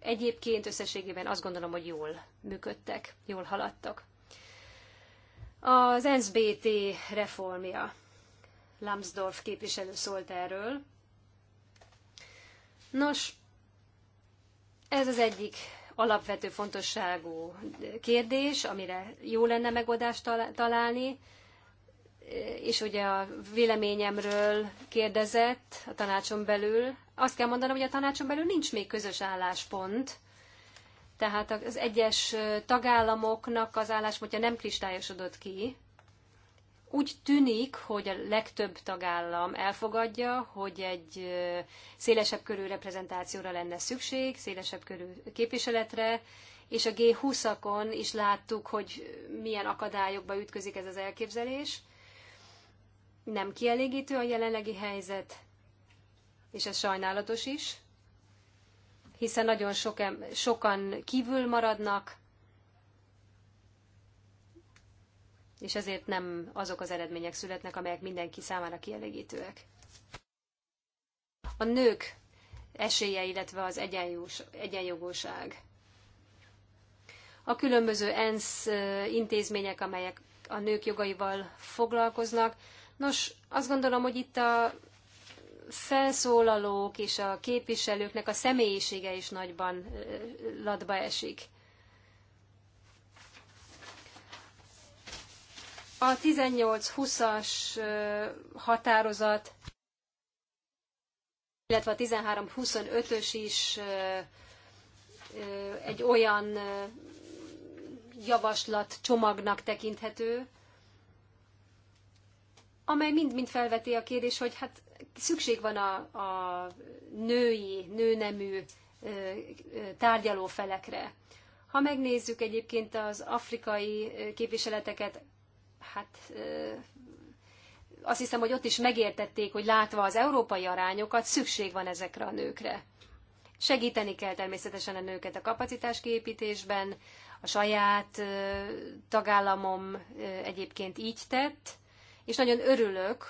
egyébként összességében azt gondolom, hogy jól működtek, jól haladtak. Az NSBT reformja. Lambsdorff képviselő szólt erről. Nos, ez az egyik alapvető fontosságú kérdés, amire jó lenne megoldást találni, és ugye a véleményemről kérdezett a tanácson belül. Azt kell mondanom, hogy a tanácson belül nincs még közös álláspont, tehát az egyes tagállamoknak az álláspontja nem kristályosodott ki. Úgy tűnik, hogy a legtöbb tagállam elfogadja, hogy egy szélesebb körű reprezentációra lenne szükség, szélesebb körű képviseletre, és a G20-akon is láttuk, hogy milyen akadályokba ütközik ez az elképzelés. Nem kielégítő a jelenlegi helyzet, és ez sajnálatos is hiszen nagyon sok, sokan kívül maradnak, és ezért nem azok az eredmények születnek, amelyek mindenki számára kielégítőek. A nők esélye, illetve az egyenjós, egyenjogóság. A különböző ENSZ intézmények, amelyek a nők jogaival foglalkoznak. Nos, azt gondolom, hogy itt a felszólalók és a képviselőknek a személyisége is nagyban latba esik. A 18-20-as határozat, illetve a 13-25-ös is egy olyan javaslat csomagnak tekinthető, amely mind-mind felveti a kérdés, hogy hát szükség van a, a női, nőnemű tárgyalófelekre. Ha megnézzük egyébként az afrikai képviseleteket, hát azt hiszem, hogy ott is megértették, hogy látva az európai arányokat, szükség van ezekre a nőkre. Segíteni kell természetesen a nőket a kapacitáskiépítésben, a saját tagállamom egyébként így tett, és nagyon örülök,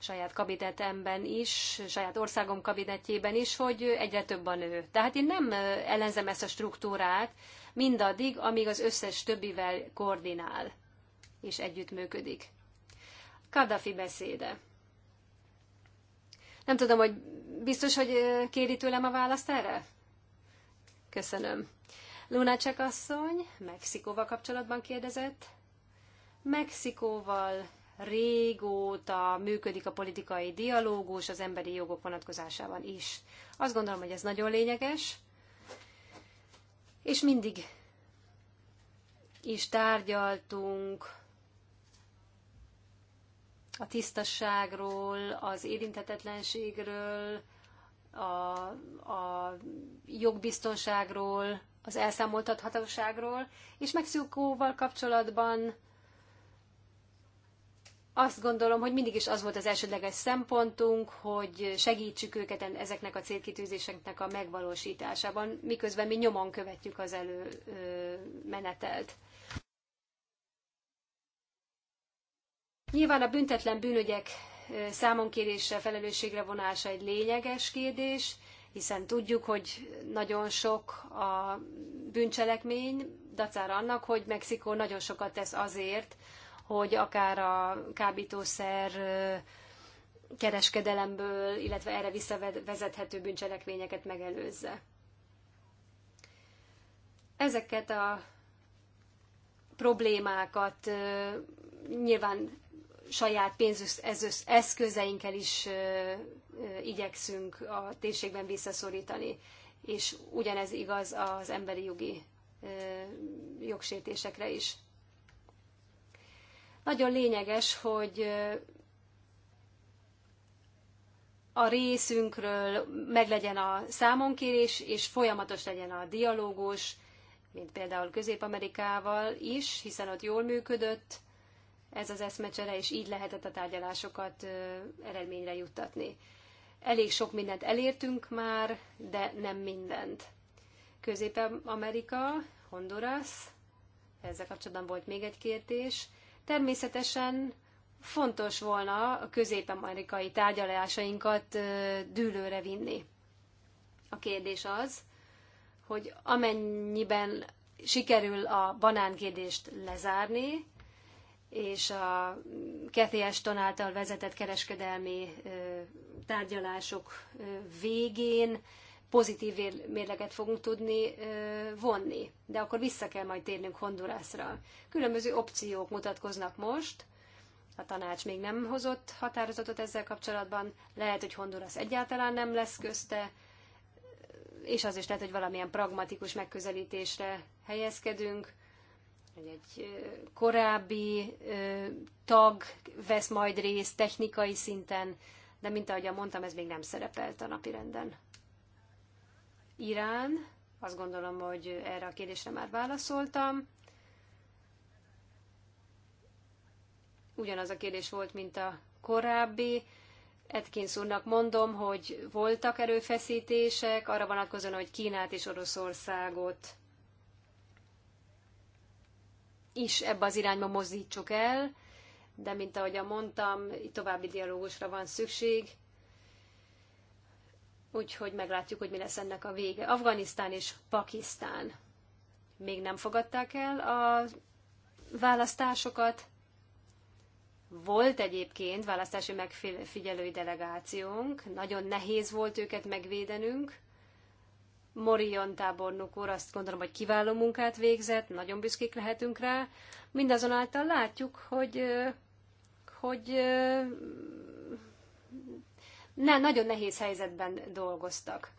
saját kabinetemben is, saját országom kabinetjében is, hogy egyre több a nő. Tehát én nem ellenzem ezt a struktúrát mindaddig, amíg az összes többivel koordinál és együttműködik. Kaddafi beszéde. Nem tudom, hogy biztos, hogy kéri tőlem a választ erre? Köszönöm. Lunácsek asszony Mexikóval kapcsolatban kérdezett. Mexikóval régóta működik a politikai dialógus az emberi jogok vonatkozásában is. Azt gondolom, hogy ez nagyon lényeges, és mindig is tárgyaltunk a tisztasságról, az érintetetlenségről, a, a jogbiztonságról, az elszámoltathatóságról, és Mexikóval kapcsolatban azt gondolom, hogy mindig is az volt az elsődleges szempontunk, hogy segítsük őket ezeknek a célkitűzéseknek a megvalósításában, miközben mi nyomon követjük az előmenetelt. Nyilván a büntetlen bűnögyek számonkérése felelősségre vonása egy lényeges kérdés, hiszen tudjuk, hogy nagyon sok a bűncselekmény, dacára annak, hogy Mexikó nagyon sokat tesz azért, hogy akár a kábítószer kereskedelemből, illetve erre visszavezethető bűncselekményeket megelőzze. Ezeket a problémákat nyilván saját pénzeszközeinkkel is igyekszünk a térségben visszaszorítani, és ugyanez igaz az emberi jogi jogsértésekre is. Nagyon lényeges, hogy a részünkről meglegyen a számonkérés, és folyamatos legyen a dialógus, mint például Közép-Amerikával is, hiszen ott jól működött ez az eszmecsere, és így lehetett a tárgyalásokat eredményre juttatni. Elég sok mindent elértünk már, de nem mindent. Közép-Amerika, Honduras, ezzel kapcsolatban volt még egy kérdés. Természetesen fontos volna a közép-amerikai tárgyalásainkat dűlőre vinni. A kérdés az, hogy amennyiben sikerül a banánkérdést lezárni, és a Cathy Ashton által vezetett kereskedelmi tárgyalások végén pozitív mérleget fogunk tudni vonni. De akkor vissza kell majd térnünk Hondurasra. Különböző opciók mutatkoznak most. A tanács még nem hozott határozatot ezzel kapcsolatban. Lehet, hogy Honduras egyáltalán nem lesz közte, és az is lehet, hogy valamilyen pragmatikus megközelítésre helyezkedünk hogy egy korábbi tag vesz majd részt technikai szinten, de mint ahogy mondtam, ez még nem szerepelt a renden. Irán, azt gondolom, hogy erre a kérdésre már válaszoltam. Ugyanaz a kérdés volt, mint a korábbi. Edkins úrnak mondom, hogy voltak erőfeszítések arra vonatkozóan, hogy Kínát és Oroszországot is ebbe az irányba mozdítsuk el, de mint ahogy mondtam, további dialógusra van szükség, Úgyhogy meglátjuk, hogy mi lesz ennek a vége. Afganisztán és Pakisztán még nem fogadták el a választásokat. Volt egyébként választási megfigyelői delegációnk, nagyon nehéz volt őket megvédenünk. Morion tábornok úr azt gondolom, hogy kiváló munkát végzett, nagyon büszkék lehetünk rá. Mindazonáltal látjuk, hogy, hogy ne, nagyon nehéz helyzetben dolgoztak.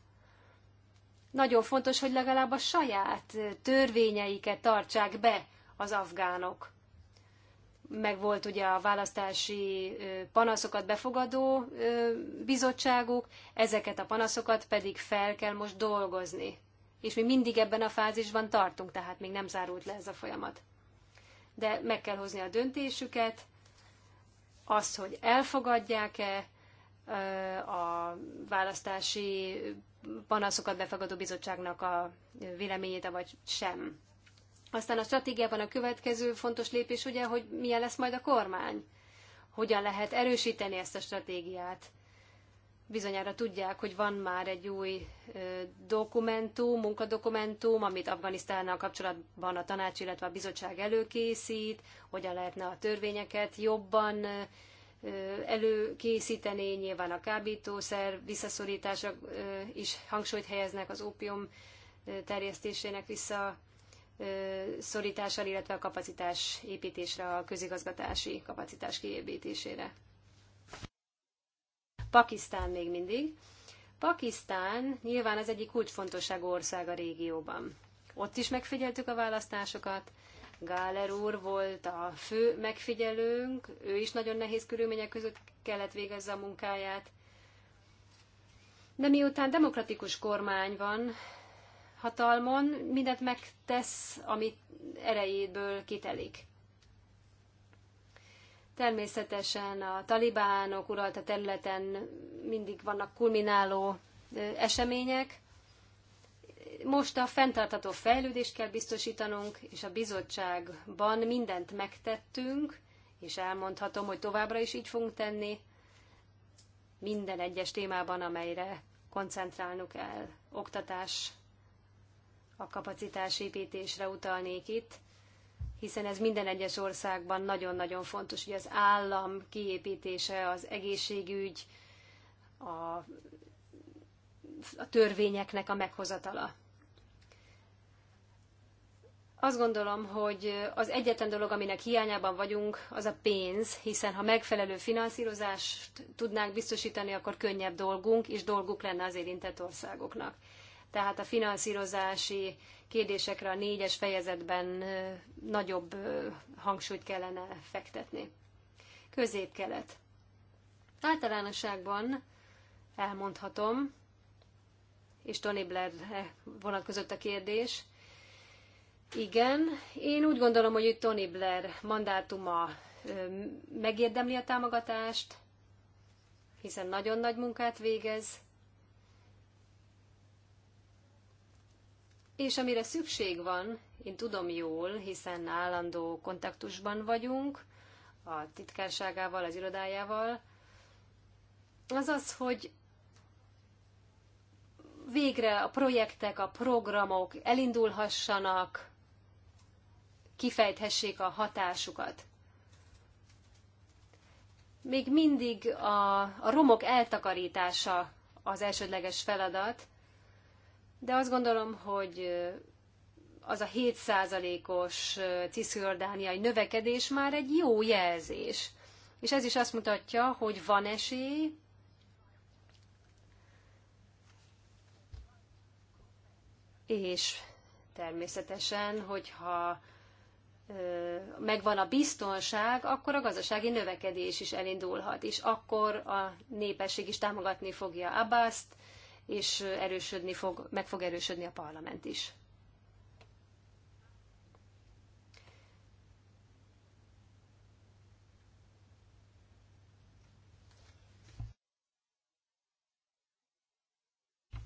Nagyon fontos, hogy legalább a saját törvényeiket tartsák be az afgánok. Meg volt ugye a választási panaszokat befogadó bizottságuk, ezeket a panaszokat pedig fel kell most dolgozni. És mi mindig ebben a fázisban tartunk, tehát még nem zárult le ez a folyamat. De meg kell hozni a döntésüket, azt, hogy elfogadják-e, a választási panaszokat befogadó bizottságnak a véleményét, vagy sem. Aztán a stratégiában a következő fontos lépés ugye, hogy milyen lesz majd a kormány. Hogyan lehet erősíteni ezt a stratégiát? Bizonyára tudják, hogy van már egy új dokumentum, munkadokumentum, amit Afganisztánnal kapcsolatban a tanács, illetve a bizottság előkészít, hogyan lehetne a törvényeket jobban előkészíteni, nyilván a kábítószer visszaszorításra is hangsúlyt helyeznek az ópium terjesztésének visszaszorítással, illetve a kapacitás építésre, a közigazgatási kapacitás kiépítésére. Pakisztán még mindig. Pakisztán nyilván az egyik kulcsfontosságú ország a régióban. Ott is megfigyeltük a választásokat, Gáler úr volt a fő megfigyelőnk, ő is nagyon nehéz körülmények között kellett végezze a munkáját. De miután demokratikus kormány van hatalmon, mindent megtesz, amit erejéből kitelik. Természetesen a talibánok uralta területen mindig vannak kulmináló események, most a fenntartató fejlődést kell biztosítanunk, és a bizottságban mindent megtettünk, és elmondhatom, hogy továbbra is így fogunk tenni, minden egyes témában, amelyre koncentrálnunk kell. Oktatás, a kapacitásépítésre utalnék itt, hiszen ez minden egyes országban nagyon-nagyon fontos, hogy az állam kiépítése, az egészségügy, a, a törvényeknek a meghozatala. Azt gondolom, hogy az egyetlen dolog, aminek hiányában vagyunk, az a pénz, hiszen ha megfelelő finanszírozást tudnánk biztosítani, akkor könnyebb dolgunk, és dolguk lenne az érintett országoknak. Tehát a finanszírozási kérdésekre a négyes fejezetben nagyobb hangsúlyt kellene fektetni. Közép-kelet. Általánosságban elmondhatom, és Tony Blair vonatkozott a kérdés, igen, én úgy gondolom, hogy Tony Blair mandátuma megérdemli a támogatást, hiszen nagyon nagy munkát végez, És amire szükség van, én tudom jól, hiszen állandó kontaktusban vagyunk a titkárságával, az irodájával, az az, hogy végre a projektek, a programok elindulhassanak, kifejthessék a hatásukat. Még mindig a, a romok eltakarítása az elsődleges feladat, de azt gondolom, hogy az a 7%-os cisziordániai növekedés már egy jó jelzés. És ez is azt mutatja, hogy van esély, és természetesen, hogyha megvan a biztonság, akkor a gazdasági növekedés is elindulhat, és akkor a népesség is támogatni fogja Abbaszt, és erősödni fog, meg fog erősödni a parlament is.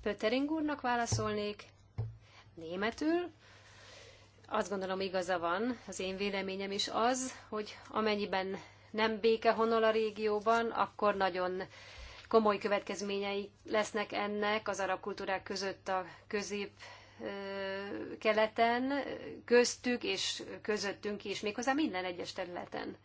Pöttering úrnak válaszolnék németül. Azt gondolom igaza van, az én véleményem is az, hogy amennyiben nem béke honol a régióban, akkor nagyon komoly következményei lesznek ennek az arab kultúrák között a közép keleten, köztük és közöttünk is, méghozzá minden egyes területen.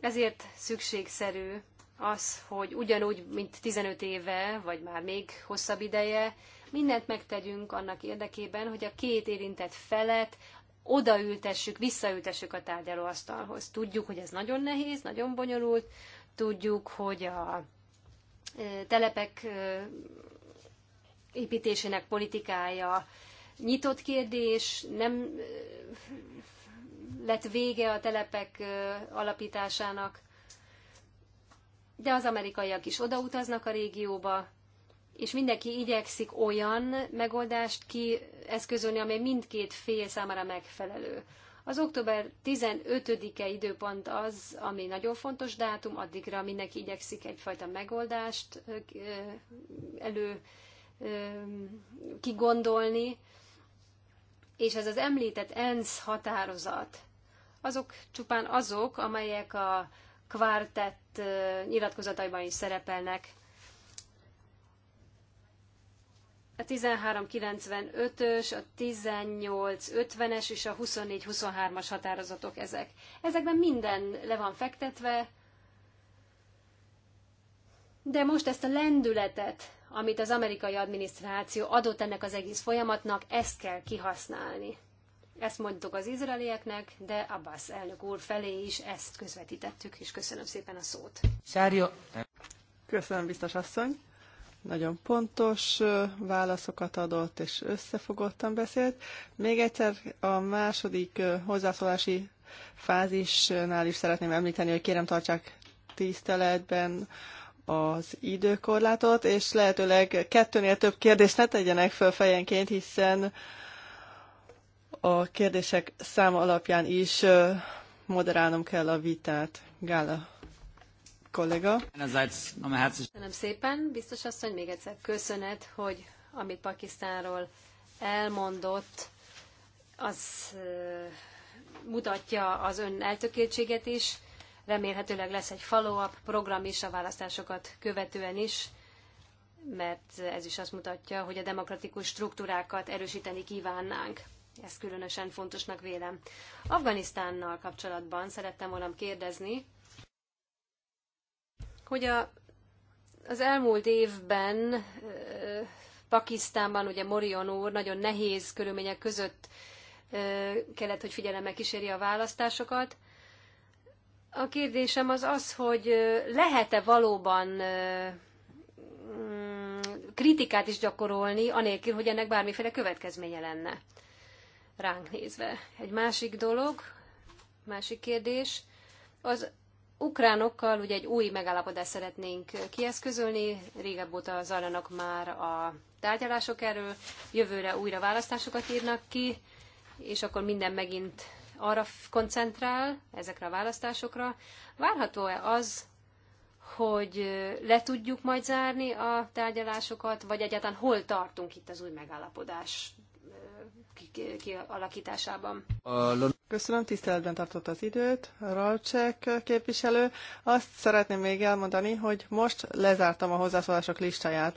Ezért szükségszerű az, hogy ugyanúgy, mint 15 éve, vagy már még hosszabb ideje, mindent megtegyünk annak érdekében, hogy a két érintett felet odaültessük, visszaültessük a tárgyalóasztalhoz. Tudjuk, hogy ez nagyon nehéz, nagyon bonyolult, tudjuk, hogy a telepek építésének politikája nyitott kérdés, nem lett vége a telepek alapításának, de az amerikaiak is odautaznak a régióba, és mindenki igyekszik olyan megoldást kieszközölni, amely mindkét fél számára megfelelő. Az október 15-e időpont az, ami nagyon fontos dátum, addigra mindenki igyekszik egyfajta megoldást elő kigondolni, és ez az említett ENSZ határozat, azok csupán azok, amelyek a kvartett nyilatkozataiban is szerepelnek. a 1395-ös, a 1850-es és a 24-23-as határozatok ezek. Ezekben minden le van fektetve, de most ezt a lendületet, amit az amerikai adminisztráció adott ennek az egész folyamatnak, ezt kell kihasználni. Ezt mondtuk az izraelieknek, de Abbas elnök úr felé is ezt közvetítettük, és köszönöm szépen a szót. Sárja. Köszönöm, biztos asszony nagyon pontos válaszokat adott, és összefogottan beszélt. Még egyszer a második hozzászólási fázisnál is szeretném említeni, hogy kérem tartsák tiszteletben az időkorlátot, és lehetőleg kettőnél több kérdést ne tegyenek föl fejenként, hiszen a kérdések száma alapján is moderálnom kell a vitát. Gála kollega. Köszönöm szépen, biztos asszony, még egyszer köszönet, hogy amit Pakisztánról elmondott, az mutatja az ön eltökéltséget is. Remélhetőleg lesz egy follow-up program is a választásokat követően is, mert ez is azt mutatja, hogy a demokratikus struktúrákat erősíteni kívánnánk. Ezt különösen fontosnak vélem. Afganisztánnal kapcsolatban szerettem volna kérdezni, hogy a, az elmúlt évben Pakisztánban, ugye Morion úr nagyon nehéz körülmények között kellett, hogy figyelemmel kíséri a választásokat. A kérdésem az az, hogy lehet-e valóban mm, kritikát is gyakorolni, anélkül, hogy ennek bármiféle következménye lenne ránk nézve. Egy másik dolog, másik kérdés, az ukránokkal ugye egy új megállapodást szeretnénk kieszközölni, régebb óta zajlanak már a tárgyalások erről, jövőre újra választásokat írnak ki, és akkor minden megint arra koncentrál, ezekre a választásokra. Várható-e az, hogy le tudjuk majd zárni a tárgyalásokat, vagy egyáltalán hol tartunk itt az új megállapodás kialakításában. Köszönöm, tiszteletben tartott az időt. Ralcsek képviselő. Azt szeretném még elmondani, hogy most lezártam a hozzászólások listáját.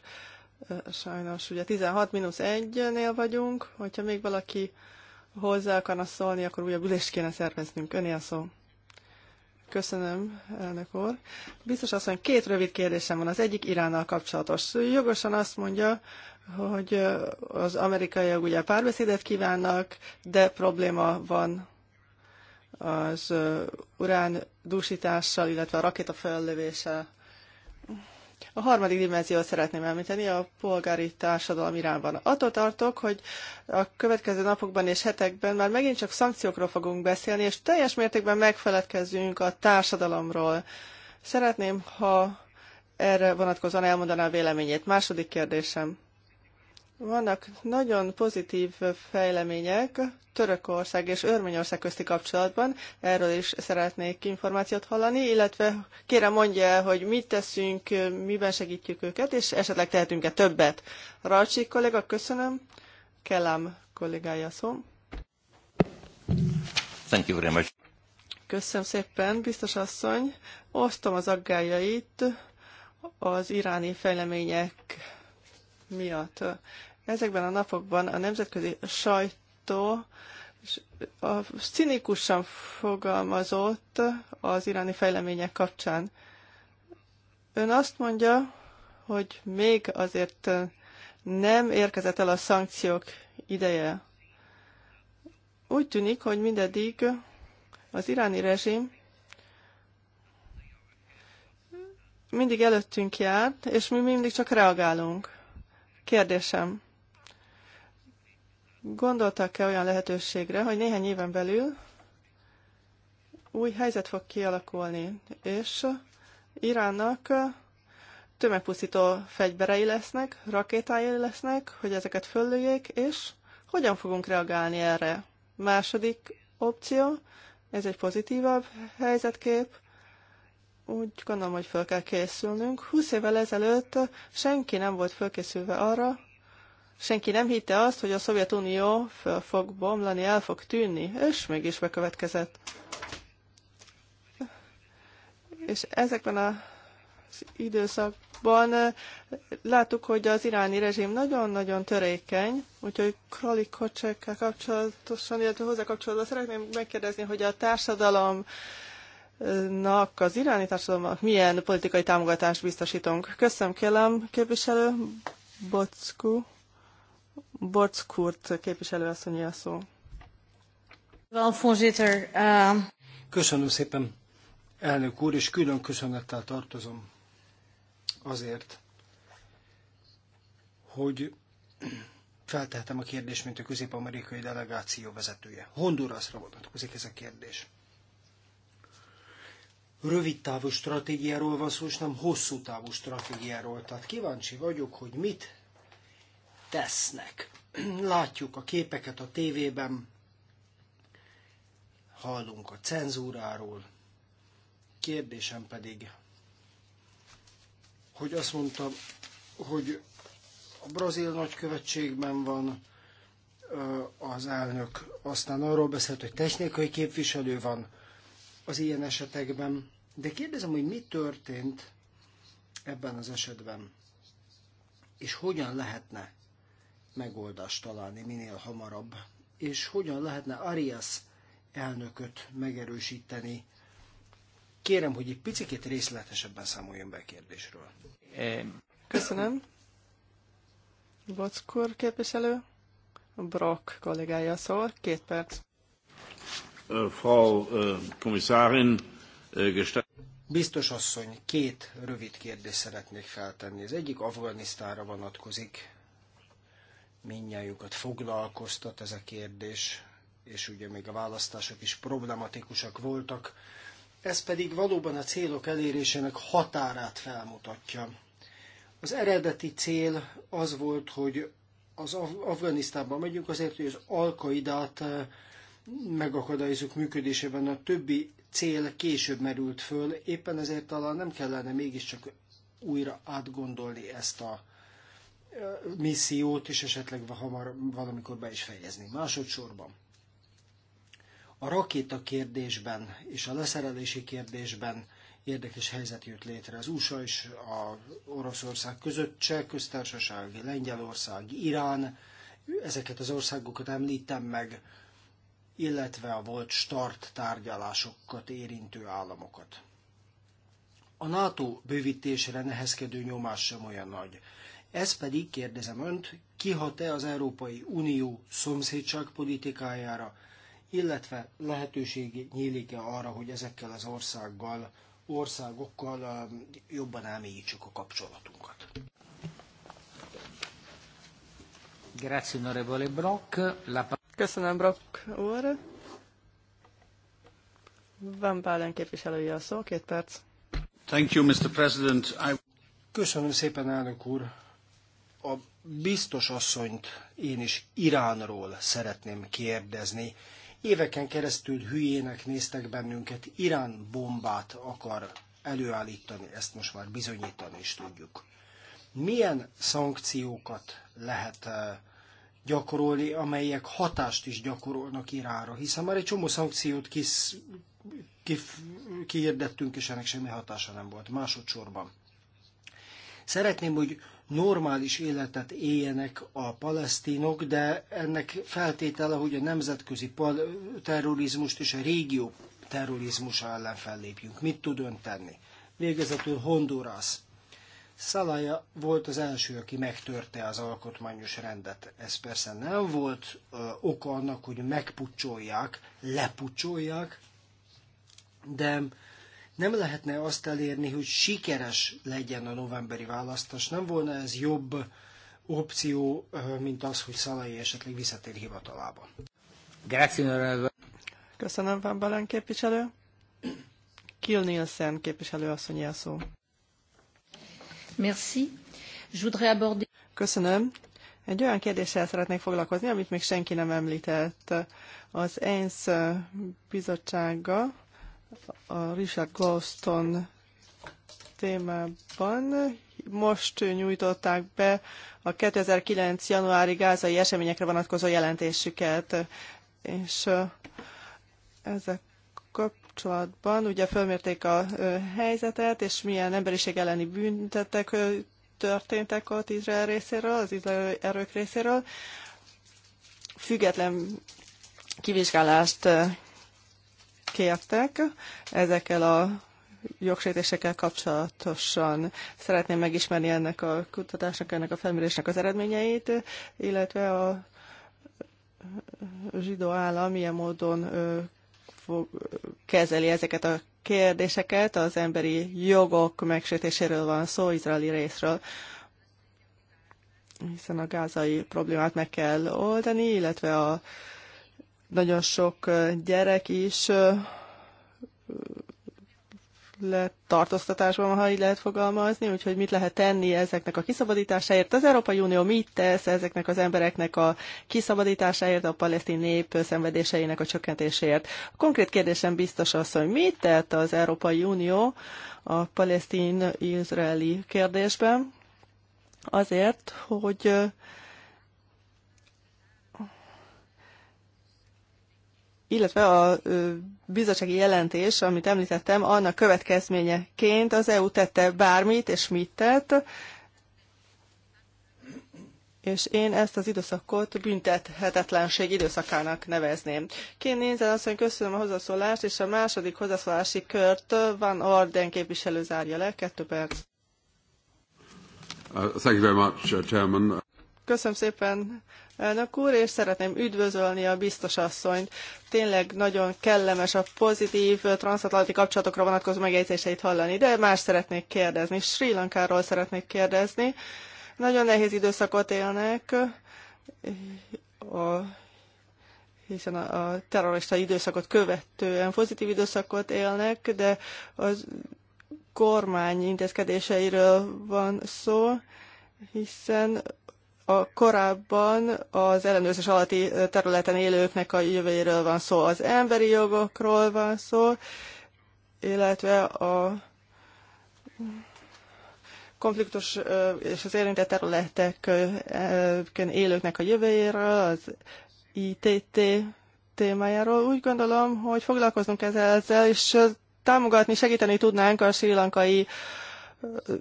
Sajnos ugye 16 mínusz 1-nél vagyunk, hogyha még valaki hozzá akarna szólni, akkor újabb ülést kéne szerveznünk. Öné a szó. Köszönöm, elnök úr. Biztos azt mondja, két rövid kérdésem van. Az egyik Iránnal kapcsolatos. Jogosan azt mondja, hogy az amerikaiak ugye párbeszédet kívánnak, de probléma van az urán dúsítással, illetve a rakéta föllövéssel. A harmadik dimenziót szeretném említeni, a polgári társadalom irányban. Attól tartok, hogy a következő napokban és hetekben már megint csak szankciókról fogunk beszélni, és teljes mértékben megfeledkezzünk a társadalomról. Szeretném, ha erre vonatkozóan elmondaná a véleményét. Második kérdésem. Vannak nagyon pozitív fejlemények Törökország és Örményország közti kapcsolatban. Erről is szeretnék információt hallani, illetve kérem mondja el, hogy mit teszünk, miben segítjük őket, és esetleg tehetünk-e többet. Ralcsik kolléga, köszönöm. Kellám kollégája szó. Thank you very much. Köszönöm szépen, biztos asszony. Osztom az aggájait az iráni fejlemények miatt. Ezekben a napokban a nemzetközi sajtó a cinikusan fogalmazott az iráni fejlemények kapcsán. Ön azt mondja, hogy még azért nem érkezett el a szankciók ideje. Úgy tűnik, hogy mindeddig az iráni rezsim mindig előttünk járt, és mi mindig csak reagálunk. Kérdésem, Gondoltak-e olyan lehetőségre, hogy néhány éven belül új helyzet fog kialakulni, és Iránnak tömegpusztító fegyverei lesznek, rakétái lesznek, hogy ezeket föllőjék, és hogyan fogunk reagálni erre? Második opció, ez egy pozitívabb helyzetkép, úgy gondolom, hogy föl kell készülnünk. 20 évvel ezelőtt senki nem volt fölkészülve arra, Senki nem hitte azt, hogy a Szovjetunió föl fog bomlani, el fog tűnni, és mégis bekövetkezett. És ezekben az időszakban eh, láttuk, hogy az iráni rezsim nagyon-nagyon törékeny, úgyhogy Krali kocsekkel kapcsolatosan, illetve hozzá kapcsolatban szeretném megkérdezni, hogy a társadalom nak az iráni társadalomnak milyen politikai támogatást biztosítunk. Köszönöm, kérem, képviselő Bocku Borckurt képviselő a szó. Ehm, Köszönöm szépen, elnök úr, és külön köszönettel tartozom azért, hogy feltehetem a kérdést, mint a közép-amerikai delegáció vezetője. Hondurasra vonatkozik ez a kérdés. Rövid távú stratégiáról van szó, és nem hosszú távú stratégiáról. Tehát kíváncsi vagyok, hogy mit tesznek. Látjuk a képeket a tévében, hallunk a cenzúráról. Kérdésem pedig, hogy azt mondta, hogy a brazil nagykövetségben van az elnök, aztán arról beszélt, hogy technikai képviselő van az ilyen esetekben, de kérdezem, hogy mi történt ebben az esetben, és hogyan lehetne megoldást találni minél hamarabb, és hogyan lehetne Arias elnököt megerősíteni. Kérem, hogy egy picit részletesebben számoljon be a kérdésről. Köszönöm. Bockur képviselő, Brock kollégája szól, két perc. Frau Kommissarin, Biztos asszony, két rövid kérdést szeretnék feltenni. Az egyik Afganisztára vonatkozik minnyájukat foglalkoztat ez a kérdés, és ugye még a választások is problematikusak voltak. Ez pedig valóban a célok elérésének határát felmutatja. Az eredeti cél az volt, hogy az Af- Afganisztánban megyünk azért, hogy az Alkaidát eh, megakadályozunk működésében a többi cél később merült föl, éppen ezért talán nem kellene mégiscsak újra átgondolni ezt a missziót, és esetleg hamar valamikor be is fejezni. Másodszorban a rakéta kérdésben és a leszerelési kérdésben érdekes helyzet jött létre. Az USA és a Oroszország között, Cseh köztársaság, Lengyelország, Irán, ezeket az országokat említem meg, illetve a volt start tárgyalásokat érintő államokat. A NATO bővítésre nehezkedő nyomás sem olyan nagy. Ez pedig, kérdezem önt, kihat-e az Európai Unió szomszédságpolitikájára, illetve lehetőség nyílik-e arra, hogy ezekkel az országgal, országokkal um, jobban elmélyítsük a kapcsolatunkat? Grazie, onorevole Brock. La... Köszönöm, Brock úr. Van Pálen képviselője a szó, két perc. Thank you, Mr. President. I... Köszönöm szépen, elnök úr a biztos asszonyt én is Iránról szeretném kérdezni. Éveken keresztül hülyének néztek bennünket, Irán bombát akar előállítani, ezt most már bizonyítani is tudjuk. Milyen szankciókat lehet eh, gyakorolni, amelyek hatást is gyakorolnak Iránra, hiszen már egy csomó szankciót kis, kif, kihirdettünk, és ennek semmi hatása nem volt másodszorban. Szeretném, hogy normális életet éljenek a palesztinok, de ennek feltétele, hogy a nemzetközi terrorizmust és a régió terrorizmusa ellen fellépjünk. Mit tud ön tenni? Végezetül Honduras. Szalaja volt az első, aki megtörte az alkotmányos rendet. Ez persze nem volt ö, oka annak, hogy megpucsolják, lepucsolják, de nem lehetne azt elérni, hogy sikeres legyen a novemberi választás? Nem volna ez jobb opció, mint az, hogy Szalai esetleg visszatér hivatalába? Köszönöm, Van Balen képviselő. Kill Nielsen képviselő asszony a szó. Merci. Je voudrais aborder... Köszönöm. Egy olyan kérdéssel szeretnék foglalkozni, amit még senki nem említett. Az ENSZ bizottsága a Richard Galston témában. Most nyújtották be a 2009. januári gázai eseményekre vonatkozó jelentésüket, és ezek kapcsolatban ugye fölmérték a helyzetet, és milyen emberiség elleni büntetek történtek ott Izrael részéről, az izrael erők részéről. Független kivizsgálást kértek ezekkel a jogsértésekkel kapcsolatosan. Szeretném megismerni ennek a kutatásnak, ennek a felmérésnek az eredményeit, illetve a zsidó állam milyen módon fog, kezeli ezeket a kérdéseket. Az emberi jogok megsértéséről van szó, izraeli részről hiszen a gázai problémát meg kell oldani, illetve a nagyon sok gyerek is lett tartóztatásban, ha így lehet fogalmazni, úgyhogy mit lehet tenni ezeknek a kiszabadításáért. Az Európai Unió mit tesz ezeknek az embereknek a kiszabadításáért, a palesztin nép szenvedéseinek a csökkentéséért. A konkrét kérdésem biztos az, hogy mit tett az Európai Unió a palesztin-izraeli kérdésben azért, hogy illetve a bizottsági jelentés, amit említettem, annak következményeként az EU tette bármit és mit tett, és én ezt az időszakot büntethetetlenség időszakának nevezném. Kén Nénzen azt hogy köszönöm a hozzászólást, és a második hozzászólási kört Van Orden képviselő zárja le, kettő perc. Uh, thank you very much, uh, Chairman. Köszönöm szépen, elnök úr, és szeretném üdvözölni a biztos asszonyt. Tényleg nagyon kellemes a pozitív transatlanti kapcsolatokra vonatkozó megjegyzéseit hallani, de más szeretnék kérdezni. Sri Lankáról szeretnék kérdezni. Nagyon nehéz időszakot élnek, a, hiszen a, a terrorista időszakot követően pozitív időszakot élnek, de az kormány intézkedéseiről van szó, hiszen a korábban az ellenőrzés alatti területen élőknek a jövőjéről van szó, az emberi jogokról van szó, illetve a konfliktus és az érintett területeken élőknek a jövőjéről, az ITT témájáról. Úgy gondolom, hogy foglalkoznunk ezzel, ezzel és támogatni, segíteni tudnánk a sri lankai uh,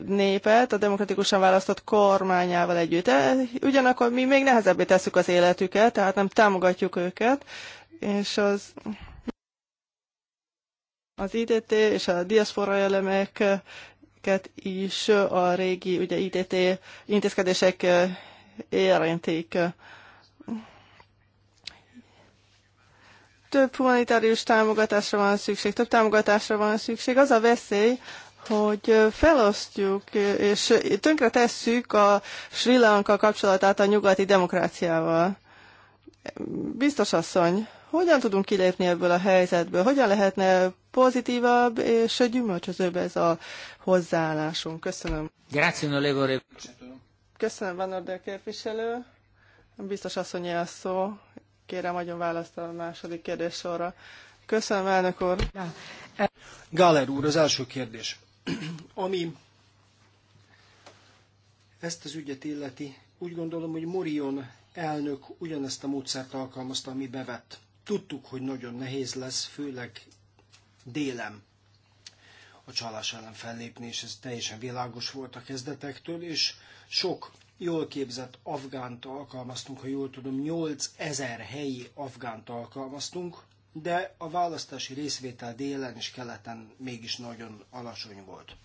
népet a demokratikusan választott kormányával együtt. De ugyanakkor mi még nehezebbé tesszük az életüket, tehát nem támogatjuk őket, és az az IDT és a diaszpora elemeket is a régi ugye IDT intézkedések e, érintik. Több humanitárius támogatásra van szükség, több támogatásra van szükség. Az a veszély, hogy felosztjuk és tönkre tesszük a Sri Lanka kapcsolatát a nyugati demokráciával. Biztos asszony, hogyan tudunk kilépni ebből a helyzetből? Hogyan lehetne pozitívabb és gyümölcsözőbb ez a hozzáállásunk? Köszönöm. Köszönöm, Van Orde képviselő. Biztos asszony a szó. Kérem, adjon választ a második kérdés sorra. Köszönöm, elnök úr. Gáler úr, az első kérdés. Ami ezt az ügyet illeti, úgy gondolom, hogy Morion elnök ugyanezt a módszert alkalmazta, ami bevett. Tudtuk, hogy nagyon nehéz lesz, főleg délem a csalás ellen fellépni, és ez teljesen világos volt a kezdetektől, és sok jól képzett afgánt alkalmaztunk, ha jól tudom, 8000 helyi afgánt alkalmaztunk, de a választási részvétel délen és keleten mégis nagyon alacsony volt.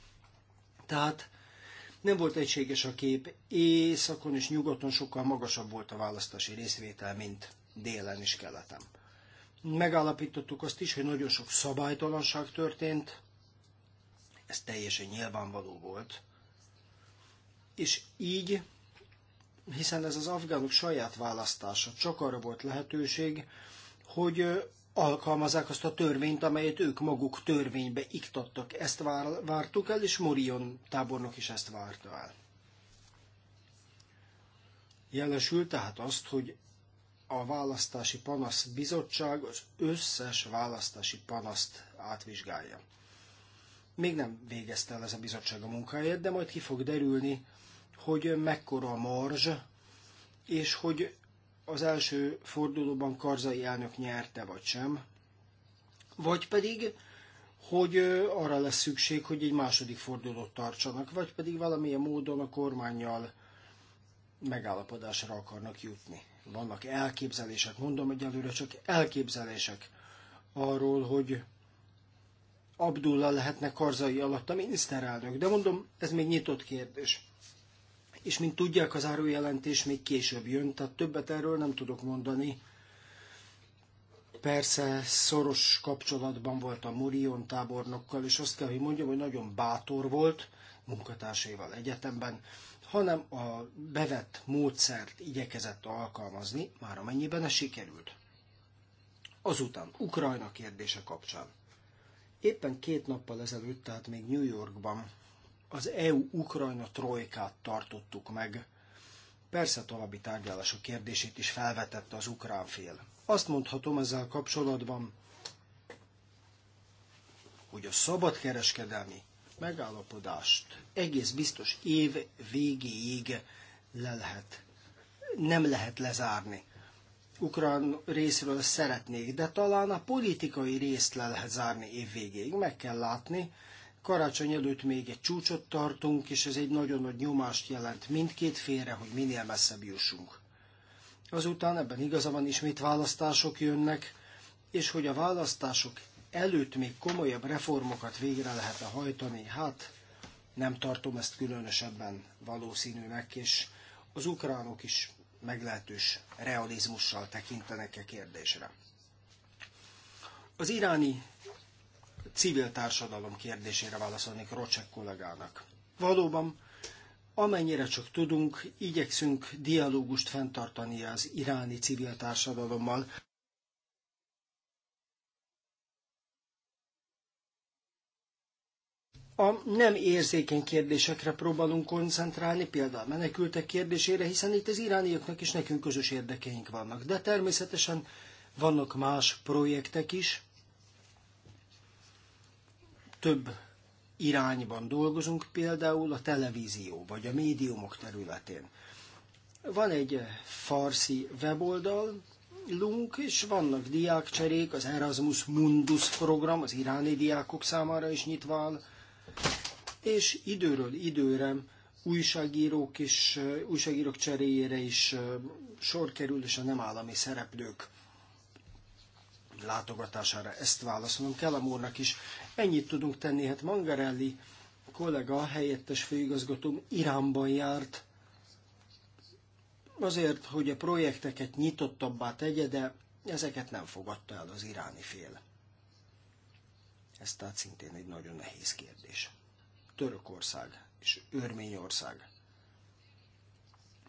Tehát nem volt egységes a kép, északon és nyugaton sokkal magasabb volt a választási részvétel, mint délen és keleten. Megállapítottuk azt is, hogy nagyon sok szabálytalanság történt, ez teljesen nyilvánvaló volt. És így, hiszen ez az afgánok saját választása, csak arra volt lehetőség, hogy alkalmazzák azt a törvényt, amelyet ők maguk törvénybe iktattak. Ezt vár, vártuk el, és Morion tábornok is ezt várta el. Jelesül tehát azt, hogy a választási panasz bizottság az összes választási panaszt átvizsgálja. Még nem végezte el ez a bizottság a munkáját, de majd ki fog derülni, hogy mekkora a marzs, és hogy az első fordulóban Karzai elnök nyerte, vagy sem. Vagy pedig, hogy arra lesz szükség, hogy egy második fordulót tartsanak, vagy pedig valamilyen módon a kormányjal megállapodásra akarnak jutni. Vannak elképzelések, mondom egyelőre csak elképzelések arról, hogy Abdullah lehetne Karzai alatt a miniszterelnök, de mondom, ez még nyitott kérdés és mint tudják, az árujelentés még később jön, tehát többet erről nem tudok mondani. Persze szoros kapcsolatban volt a Murion tábornokkal, és azt kell, hogy mondjam, hogy nagyon bátor volt munkatársaival egyetemben, hanem a bevett módszert igyekezett alkalmazni, már amennyiben ez sikerült. Azután Ukrajna kérdése kapcsán. Éppen két nappal ezelőtt, tehát még New Yorkban az EU-Ukrajna trojkát tartottuk meg. Persze további tárgyalások kérdését is felvetette az ukrán fél. Azt mondhatom ezzel kapcsolatban, hogy a szabadkereskedelmi megállapodást egész biztos év végéig le lehet, nem lehet lezárni. Ukrán részről szeretnék, de talán a politikai részt le lehet zárni év végéig. Meg kell látni, karácsony előtt még egy csúcsot tartunk, és ez egy nagyon nagy nyomást jelent mindkét félre, hogy minél messzebb jussunk. Azután ebben igaza ismét választások jönnek, és hogy a választások előtt még komolyabb reformokat végre -e hajtani, hát nem tartom ezt különösebben valószínűnek, és az ukránok is meglehetős realizmussal tekintenek a e kérdésre. Az iráni civil társadalom kérdésére válaszolnék Rocsek kollégának. Valóban, amennyire csak tudunk, igyekszünk dialógust fenntartani az iráni civil társadalommal. A nem érzékeny kérdésekre próbálunk koncentrálni, például menekültek kérdésére, hiszen itt az irániaknak is nekünk közös érdekeink vannak. De természetesen vannak más projektek is, több irányban dolgozunk, például a televízió vagy a médiumok területén. Van egy farsi weboldalunk, és vannak diákcserék, az Erasmus Mundus program az iráni diákok számára is nyitva áll, és időről időre újságírók, is, újságírók cseréjére is sor kerül, és a nem állami szereplők látogatására ezt válaszolom Kelem úrnak is. Ennyit tudunk tenni, hát Mangarelli kollega, helyettes főigazgató Iránban járt, azért, hogy a projekteket nyitottabbá tegye, de ezeket nem fogadta el az iráni fél. Ez tehát szintén egy nagyon nehéz kérdés. Törökország és Örményország.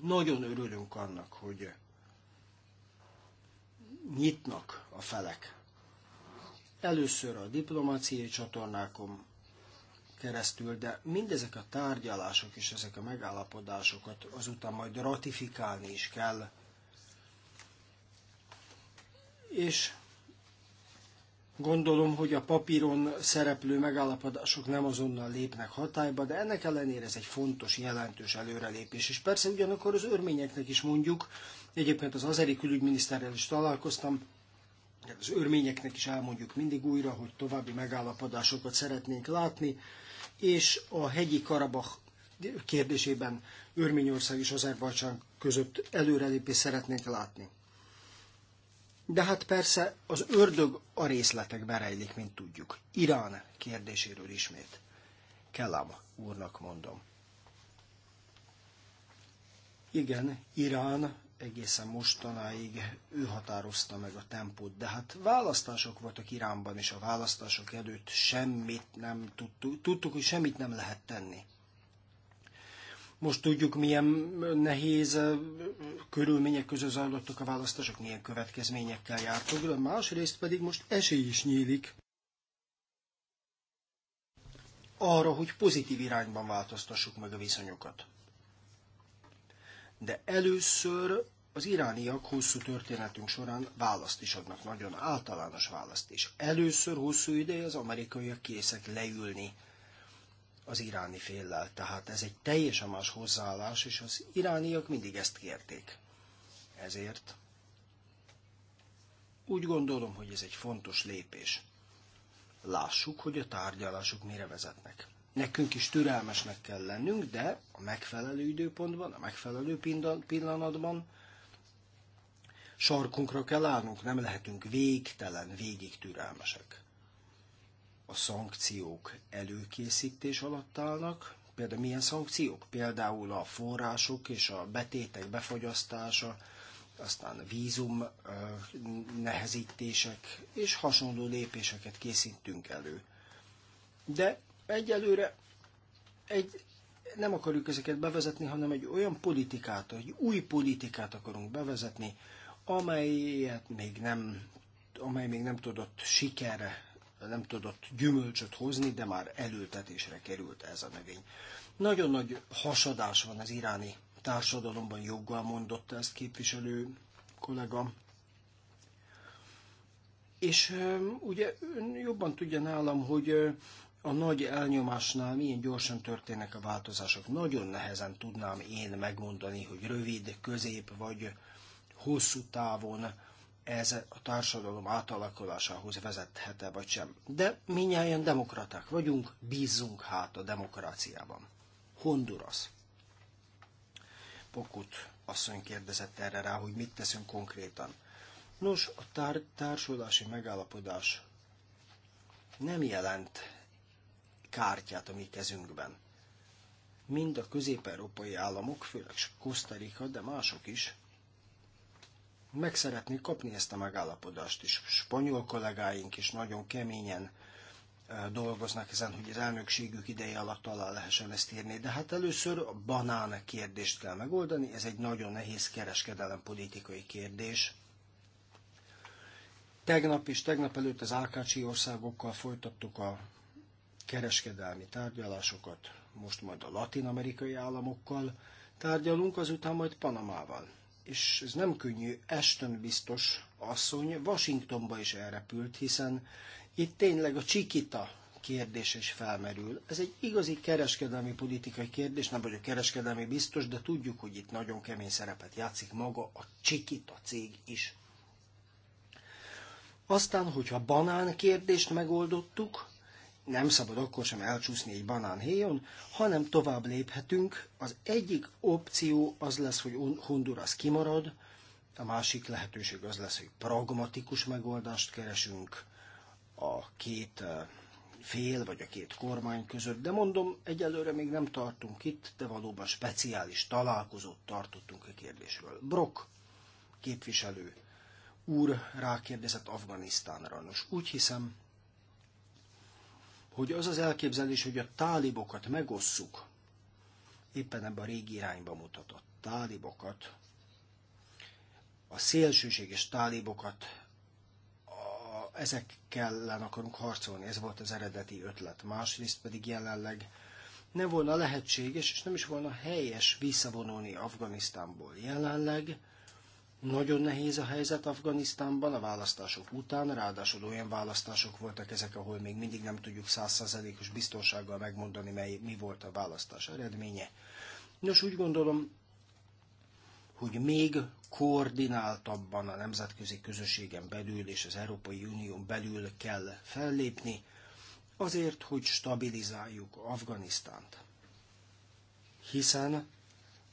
Nagyon örülünk annak, hogy nyitnak a felek Először a diplomáciai csatornákon keresztül, de mindezek a tárgyalások és ezek a megállapodásokat azután majd ratifikálni is kell. És Gondolom, hogy a papíron szereplő megállapodások nem azonnal lépnek hatályba, de ennek ellenére ez egy fontos, jelentős előrelépés. És persze ugyanakkor az örményeknek is mondjuk, egyébként az azeri külügyminiszterrel is találkoztam, az örményeknek is elmondjuk mindig újra, hogy további megállapodásokat szeretnénk látni, és a hegyi Karabach kérdésében Örményország és Azerbajcsán között előrelépést szeretnénk látni. De hát persze az ördög a részletek rejlik, mint tudjuk. Irán kérdéséről ismét. kellám úrnak mondom. Igen, Irán egészen mostanáig ő határozta meg a tempót, de hát választások voltak Iránban, és a választások előtt semmit nem tudtuk, tudtuk, hogy semmit nem lehet tenni. Most tudjuk, milyen nehéz körülmények között zajlottak a választások, milyen következményekkel jártak, de másrészt pedig most esély is nyílik arra, hogy pozitív irányban változtassuk meg a viszonyokat de először az irániak hosszú történetünk során választ is adnak, nagyon általános választ is. Először hosszú ideje az amerikaiak készek leülni az iráni féllel, tehát ez egy teljesen más hozzáállás, és az irániak mindig ezt kérték. Ezért úgy gondolom, hogy ez egy fontos lépés. Lássuk, hogy a tárgyalások mire vezetnek. Nekünk is türelmesnek kell lennünk, de a megfelelő időpontban, a megfelelő pillanatban sarkunkra kell állnunk, nem lehetünk végtelen, végig türelmesek. A szankciók előkészítés alatt állnak, például milyen szankciók? Például a források és a betétek befogyasztása, aztán vízum nehezítések és hasonló lépéseket készítünk elő. De Egyelőre egy, nem akarjuk ezeket bevezetni, hanem egy olyan politikát, egy új politikát akarunk bevezetni, amelyet még nem, amely még nem tudott sikerre, nem tudott gyümölcsöt hozni, de már előtetésre került ez a növény. Nagyon nagy hasadás van az iráni társadalomban, joggal mondott ezt képviselő kollega. És ugye ön jobban tudja nálam, hogy a nagy elnyomásnál milyen gyorsan történnek a változások. Nagyon nehezen tudnám én megmondani, hogy rövid, közép vagy hosszú távon ez a társadalom átalakulásához vezethet-e vagy sem. De minnyáján demokraták vagyunk, bízzunk hát a demokráciában. Honduras. Pokut asszony kérdezett erre rá, hogy mit teszünk konkrétan. Nos, a tár- társulási megállapodás nem jelent kártyát a mi kezünkben. Mind a közép-európai államok, főleg Kosztarika, de mások is, meg szeretnék kapni ezt a megállapodást is. Spanyol kollégáink is nagyon keményen dolgoznak ezen, hogy az elnökségük ideje alatt alá lehessen ezt írni. De hát először a banán kérdést kell megoldani, ez egy nagyon nehéz kereskedelem politikai kérdés. Tegnap és tegnap előtt az Ákácsi országokkal folytattuk a kereskedelmi tárgyalásokat, most majd a latin-amerikai államokkal tárgyalunk, azután majd Panamával. És ez nem könnyű, Ashton biztos asszony Washingtonba is elrepült, hiszen itt tényleg a csikita kérdés is felmerül. Ez egy igazi kereskedelmi politikai kérdés, nem vagyok kereskedelmi biztos, de tudjuk, hogy itt nagyon kemény szerepet játszik maga a Csikita cég is. Aztán, hogyha banán kérdést megoldottuk, nem szabad akkor sem elcsúszni egy banánhéjon, hanem tovább léphetünk. Az egyik opció az lesz, hogy Honduras kimarad, a másik lehetőség az lesz, hogy pragmatikus megoldást keresünk a két eh, fél vagy a két kormány között, de mondom, egyelőre még nem tartunk itt, de valóban speciális találkozót tartottunk a kérdésről. Brock képviselő úr rákérdezett Afganisztánra. Nos, úgy hiszem, hogy az az elképzelés, hogy a tálibokat megosszuk, éppen ebben a régi irányba mutat a tálibokat, a szélsőséges tálibokat, a, ezekkel ellen akarunk harcolni, ez volt az eredeti ötlet. Másrészt pedig jelenleg nem volna lehetséges, és nem is volna helyes visszavonulni Afganisztánból. Jelenleg nagyon nehéz a helyzet Afganisztánban a választások után, ráadásul olyan választások voltak ezek, ahol még mindig nem tudjuk százszerzelékos biztonsággal megmondani, mely, mi volt a választás eredménye. Nos, úgy gondolom, hogy még koordináltabban a nemzetközi közösségen belül és az Európai Unión belül kell fellépni, azért, hogy stabilizáljuk Afganisztánt. Hiszen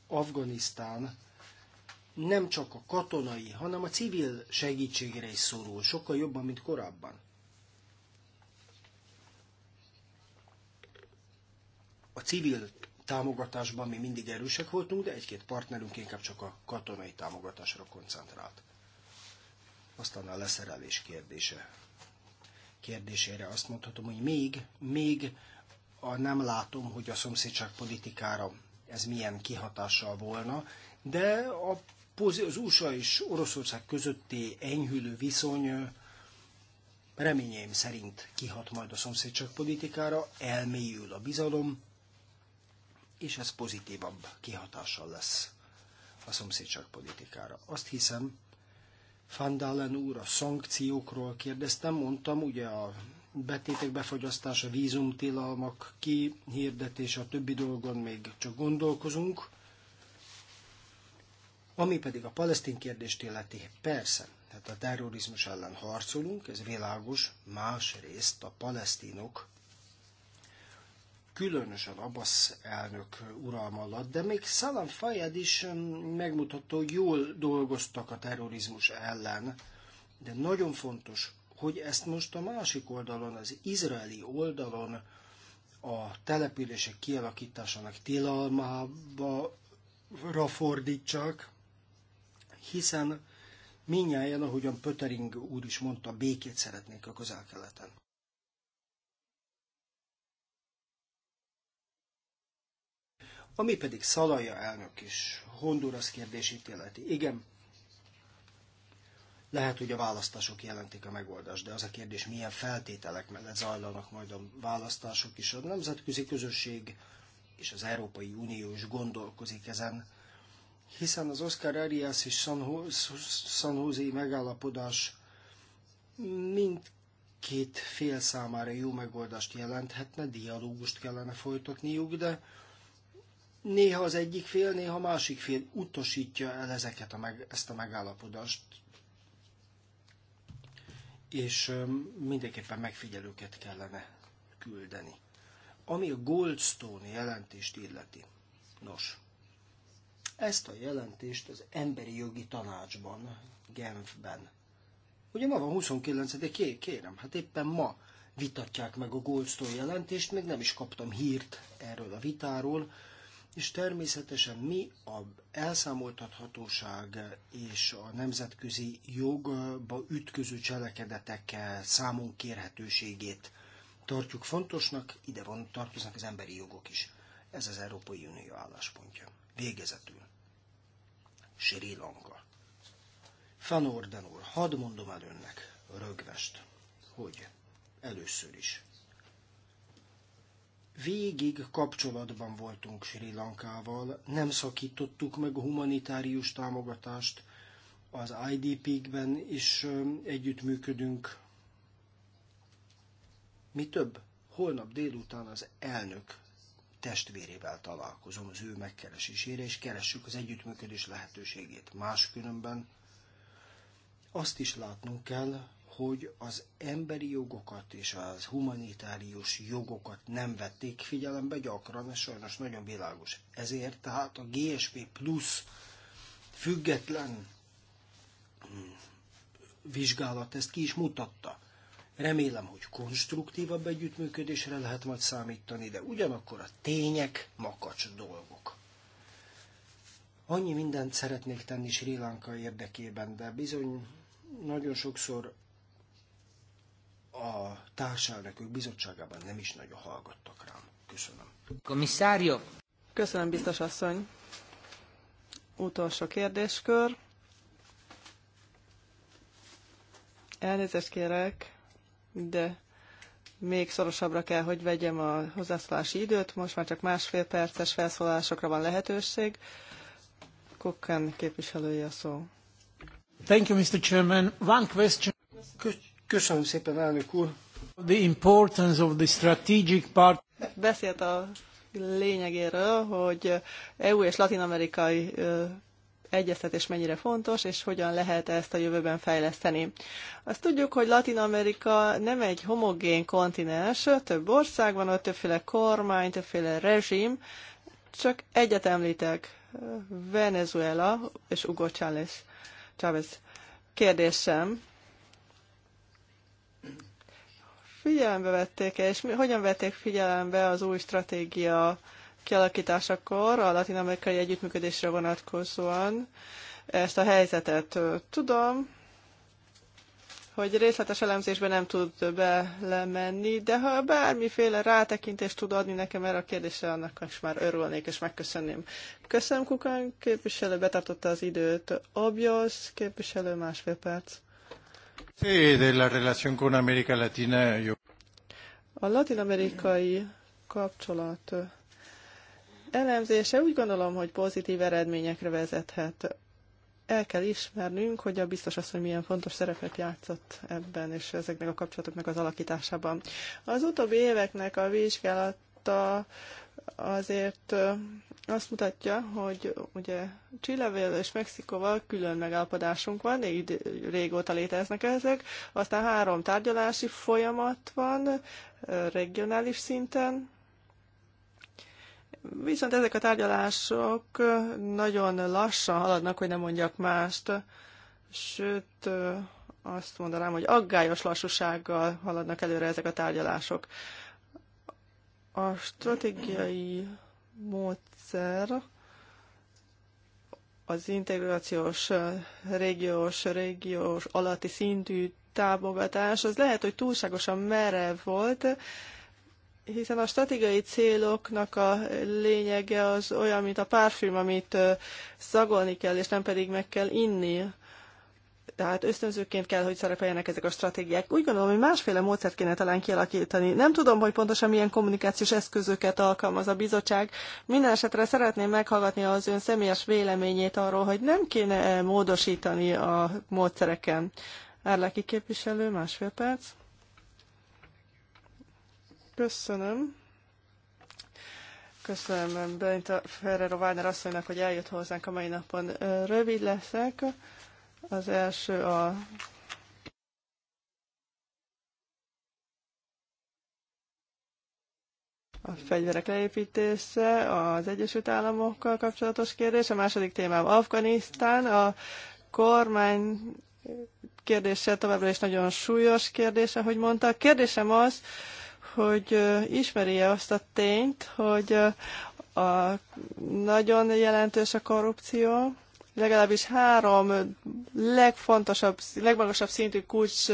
Afganisztán nem csak a katonai, hanem a civil segítségre is szorul, sokkal jobban, mint korábban. A civil támogatásban mi mindig erősek voltunk, de egy-két partnerünk inkább csak a katonai támogatásra koncentrált. Aztán a leszerelés kérdése. Kérdésére azt mondhatom, hogy még, még a, nem látom, hogy a szomszédságpolitikára ez milyen kihatással volna, de a az USA és Oroszország közötti enyhülő viszony reményeim szerint kihat majd a szomszédságpolitikára, elmélyül a bizalom, és ez pozitívabb kihatással lesz a szomszédságpolitikára. Azt hiszem, Fandalen úr a szankciókról kérdeztem, mondtam, ugye a betétek befogyasztása, vízumtilalmak kihirdetése, a többi dolgon még csak gondolkozunk. Ami pedig a palesztin kérdést illeti, persze, tehát a terrorizmus ellen harcolunk, ez világos, másrészt a palesztinok, különösen Abbas elnök uralma alatt, de még Salam Fayed is megmutatta, hogy jól dolgoztak a terrorizmus ellen, de nagyon fontos, hogy ezt most a másik oldalon, az izraeli oldalon a települések kialakításának tilalmába fordítsak, hiszen minnyáján, ahogyan Pöttering úr is mondta, békét szeretnék a közel-keleten. Ami pedig Szalaja elnök is, Honduras kérdését illeti. Igen, lehet, hogy a választások jelentik a megoldást, de az a kérdés, milyen feltételek mellett zajlanak majd a választások is. A nemzetközi közösség és az Európai Unió is gondolkozik ezen hiszen az Oscar Arias és San Jose megállapodás mindkét fél számára jó megoldást jelenthetne, dialógust kellene folytatniuk, de néha az egyik fél, néha a másik fél utasítja el ezeket a meg, ezt a megállapodást. És mindenképpen megfigyelőket kellene küldeni. Ami a Goldstone jelentést illeti. Nos, ezt a jelentést az Emberi Jogi Tanácsban, Genfben. Ugye ma van 29 ké kérem, hát éppen ma vitatják meg a Goldstone jelentést, még nem is kaptam hírt erről a vitáról, és természetesen mi a elszámoltathatóság és a nemzetközi jogba ütköző cselekedetek számon kérhetőségét tartjuk fontosnak, ide van tartoznak az emberi jogok is. Ez az Európai Unió álláspontja. Végezetül. Sri Lanka. Fanorden úr, hadd mondom el önnek, rögvest, hogy először is. Végig kapcsolatban voltunk Sri Lankával, nem szakítottuk meg a humanitárius támogatást, az IDP-kben is együttműködünk. Mi több, holnap délután az elnök testvérével találkozom az ő megkeresésére, és keressük az együttműködés lehetőségét. Máskülönben azt is látnunk kell, hogy az emberi jogokat és az humanitárius jogokat nem vették figyelembe gyakran, ez sajnos nagyon világos. Ezért tehát a GSP plusz független mm, vizsgálat ezt ki is mutatta Remélem, hogy konstruktívabb együttműködésre lehet majd számítani, de ugyanakkor a tények makacs dolgok. Annyi mindent szeretnék tenni Sri Lanka érdekében, de bizony nagyon sokszor a társelnökök bizottságában nem is nagyon hallgattak rám. Köszönöm. Komisszárió! Köszönöm, biztos asszony. Utolsó kérdéskör. Elnézést kérek, de még szorosabbra kell, hogy vegyem a hozzászólási időt. Most már csak másfél perces felszólásokra van lehetőség. Kukken képviselője a szó. Thank you, Mr. Chairman. One question. Köszönöm szépen, elnök úr. The importance of the strategic part. Beszélt a lényegéről, hogy EU és Latinamerikai egyeztetés mennyire fontos, és hogyan lehet ezt a jövőben fejleszteni. Azt tudjuk, hogy Latin Amerika nem egy homogén kontinens, több ország van, ott többféle kormány, többféle rezsim, csak egyet említek, Venezuela és Hugo Chávez. Chávez. Kérdésem, figyelembe vették -e, és mi, hogyan vették figyelembe az új stratégia kialakításakor a latin-amerikai együttműködésre vonatkozóan ezt a helyzetet tudom, hogy részletes elemzésben nem tud belemenni, de ha bármiféle rátekintést tud adni nekem erre a kérdésre, annak is már örülnék, és megköszönném. Köszönöm, Kukan képviselő, betartotta az időt. Obiosz képviselő, másfél perc. Sí, de la relación con América Latina, yo... A latin-amerikai kapcsolat elemzése úgy gondolom, hogy pozitív eredményekre vezethet. El kell ismernünk, hogy a biztos az, hogy milyen fontos szerepet játszott ebben és ezeknek a kapcsolatoknak az alakításában. Az utóbbi éveknek a vizsgálata azért azt mutatja, hogy ugye Csillevél és Mexikóval külön megállapodásunk van, így régóta léteznek ezek, aztán három tárgyalási folyamat van regionális szinten, Viszont ezek a tárgyalások nagyon lassan haladnak, hogy nem mondjak mást. Sőt, azt mondanám, hogy aggályos lassúsággal haladnak előre ezek a tárgyalások. A stratégiai módszer az integrációs, régiós, régiós alatti szintű támogatás, az lehet, hogy túlságosan merev volt, hiszen a stratégiai céloknak a lényege az olyan, mint a párfüm, amit szagolni kell, és nem pedig meg kell inni. Tehát ösztönzőként kell, hogy szerepeljenek ezek a stratégiák. Úgy gondolom, hogy másféle módszert kéne talán kialakítani. Nem tudom, hogy pontosan milyen kommunikációs eszközöket alkalmaz a bizottság. Minden esetre szeretném meghallgatni az ön személyes véleményét arról, hogy nem kéne módosítani a módszereken. Erleki képviselő, másfél perc. Köszönöm. Köszönöm eh, Benita Ferrero Wagner asszonynak, hogy eljött hozzánk a mai napon. Eh, rövid leszek. Az első a a fegyverek leépítése, az Egyesült Államokkal kapcsolatos kérdés, a második témám Afganisztán, a kormány kérdése továbbra is nagyon súlyos kérdés, ahogy mondta. Kérdésem az, hogy ismeri-e azt a tényt, hogy a, nagyon jelentős a korrupció, legalábbis három legfontosabb, legmagasabb szintű kulcs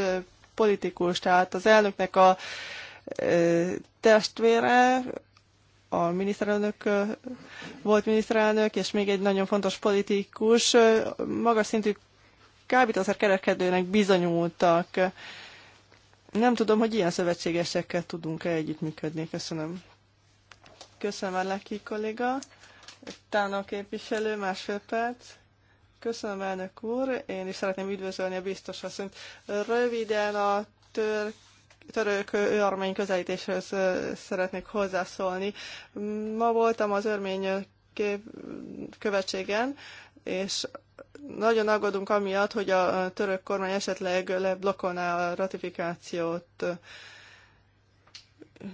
politikus, tehát az elnöknek a testvére, a miniszterelnök volt miniszterelnök, és még egy nagyon fontos politikus, magas szintű kábítószer kereskedőnek bizonyultak. Nem tudom, hogy ilyen szövetségesekkel tudunk-e együttműködni. Köszönöm. Köszönöm, a leki kolléga. Tána képviselő, másfél perc. Köszönöm, elnök úr. Én is szeretném üdvözölni a biztos asszonyt. Röviden a tör török örmény közelítéshez szeretnék hozzászólni. Ma voltam az örmény követségen, és nagyon aggódunk amiatt, hogy a török kormány esetleg leblokkolná a ratifikációt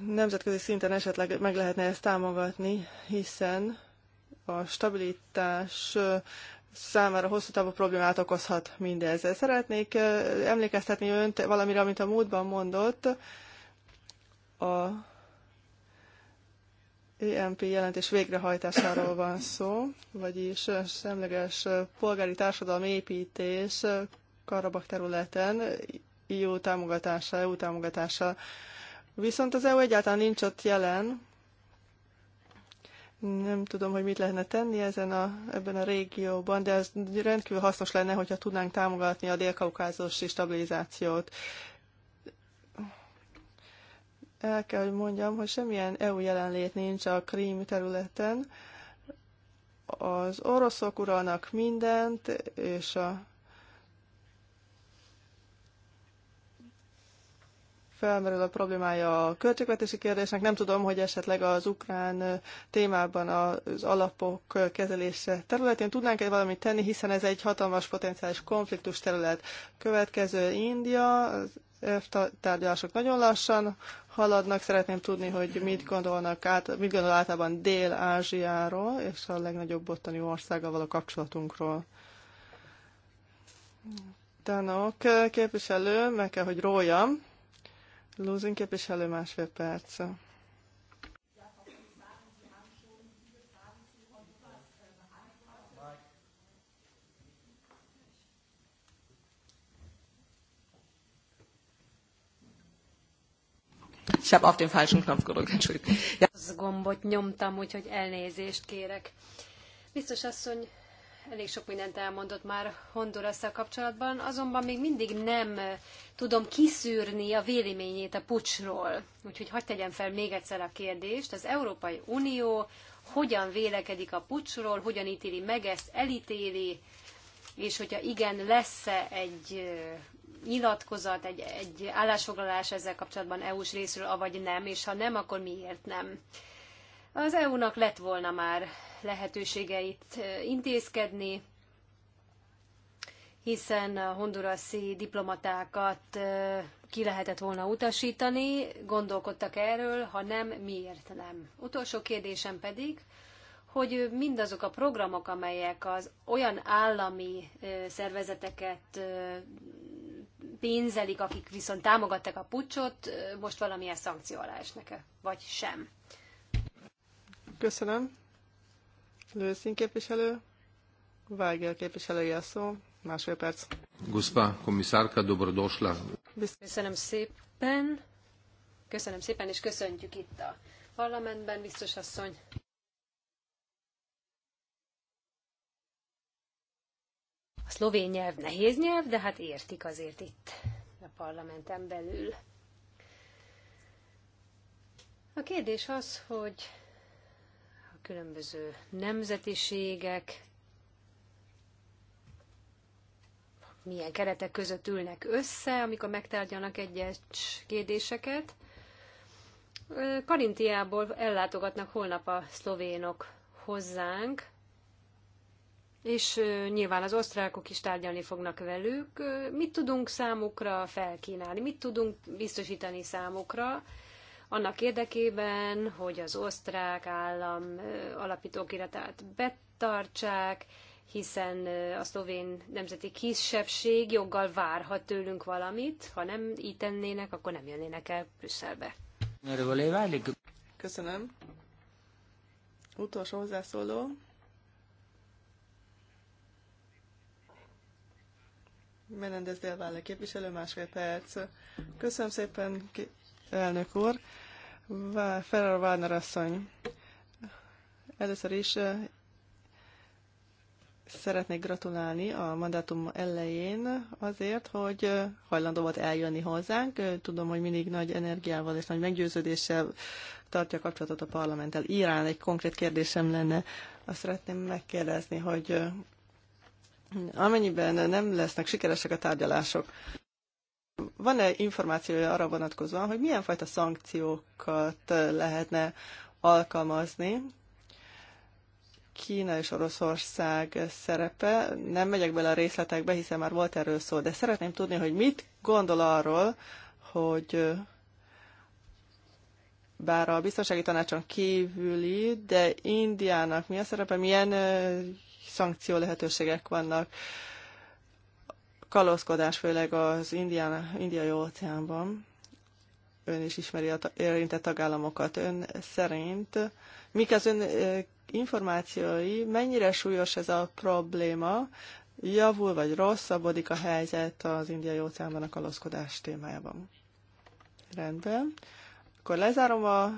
nemzetközi szinten esetleg meg lehetne ezt támogatni, hiszen a stabilitás számára hosszú távú problémát okozhat mindez. Szeretnék emlékeztetni önt valamire, amit a múltban mondott, a EMP jelentés végrehajtásáról van szó, vagyis semleges polgári társadalmi építés Karabak területen EU támogatása, EU támogatása. Viszont az EU egyáltalán nincs ott jelen. Nem tudom, hogy mit lehetne tenni ezen a, ebben a régióban, de ez rendkívül hasznos lenne, hogyha tudnánk támogatni a dél-kaukázusi stabilizációt el kell, hogy mondjam, hogy semmilyen EU jelenlét nincs a Krím területen. Az oroszok uralnak mindent, és a felmerül a problémája a költségvetési kérdésnek. Nem tudom, hogy esetleg az ukrán témában az alapok kezelése területén tudnánk-e valamit tenni, hiszen ez egy hatalmas potenciális konfliktus terület. Következő India, az EFTA tárgyalások nagyon lassan haladnak. Szeretném tudni, hogy mit, gondolnak át, mit gondol általában Dél-Ázsiáról és a legnagyobb ottani országgal való kapcsolatunkról. Tanok képviselő, meg kell, hogy róljam Lózin képviselő másfél perc. Ich habe auf den falschen Knopf gedrückt, Entschuldigung. Ja. Az gombot nyomtam, úgyhogy elnézést kérek. Biztos asszony, elég sok mindent elmondott már honduras kapcsolatban, azonban még mindig nem tudom kiszűrni a véleményét a pucsról. Úgyhogy hagyd tegyem fel még egyszer a kérdést. Az Európai Unió hogyan vélekedik a pucsról, hogyan ítéli meg ezt, elítéli, és hogyha igen, lesz-e egy nyilatkozat, egy, egy állásfoglalás ezzel kapcsolatban EU-s részről, avagy nem, és ha nem, akkor miért nem? Az EU-nak lett volna már lehetőségeit intézkedni, hiszen a honduraszi diplomatákat ki lehetett volna utasítani, gondolkodtak erről, ha nem, miért nem. Utolsó kérdésem pedig, hogy mindazok a programok, amelyek az olyan állami szervezeteket pénzelik, akik viszont támogatták a pucsot, most valamilyen szankció alá esnek -e, vagy sem. Köszönöm. Lőszín képviselő, Weigel képviselői a szó, másfél perc. Guspa, komisárka, dobrodosla. Köszönöm szépen. Köszönöm szépen, és köszöntjük itt a parlamentben, biztos asszony. A szlovén nyelv nehéz nyelv, de hát értik azért itt a parlamenten belül. A kérdés az, hogy különböző nemzetiségek milyen keretek között ülnek össze, amikor megtárgyalnak egyes kérdéseket. Karintiából ellátogatnak holnap a szlovénok hozzánk, és nyilván az osztrákok is tárgyalni fognak velük. Mit tudunk számukra felkínálni, mit tudunk biztosítani számukra, annak érdekében, hogy az osztrák állam alapítókiratát betartsák, hiszen a szlovén nemzeti kisebbség joggal várhat tőlünk valamit, ha nem így tennének, akkor nem jönnének el Brüsszelbe. Köszönöm. Utolsó hozzászóló. Menendez Délvállal képviselő, másfél perc. Köszönöm szépen, elnök úr. Ferrer Wagner asszony, először is szeretnék gratulálni a mandátum elején azért, hogy hajlandó volt eljönni hozzánk. Tudom, hogy mindig nagy energiával és nagy meggyőződéssel tartja kapcsolatot a parlamenttel. Irán egy konkrét kérdésem lenne. Azt szeretném megkérdezni, hogy amennyiben nem lesznek sikeresek a tárgyalások, van-e információja arra vonatkozóan, hogy milyen fajta szankciókat eh, lehetne alkalmazni? Kína és Oroszország szerepe. Nem megyek bele a részletekbe, hiszen már volt erről szó, de szeretném tudni, hogy mit gondol arról, hogy eh, bár a biztonsági tanácson kívüli, de Indiának mi a szerepe, milyen eh, szankció lehetőségek vannak kalózkodás, főleg az indián, indiai óceánban. Ön is ismeri a érintett tagállamokat. Ön szerint mik az ön információi, mennyire súlyos ez a probléma, javul vagy rosszabbodik a helyzet az indiai óceánban a kalózkodás témájában? Rendben. Akkor lezárom a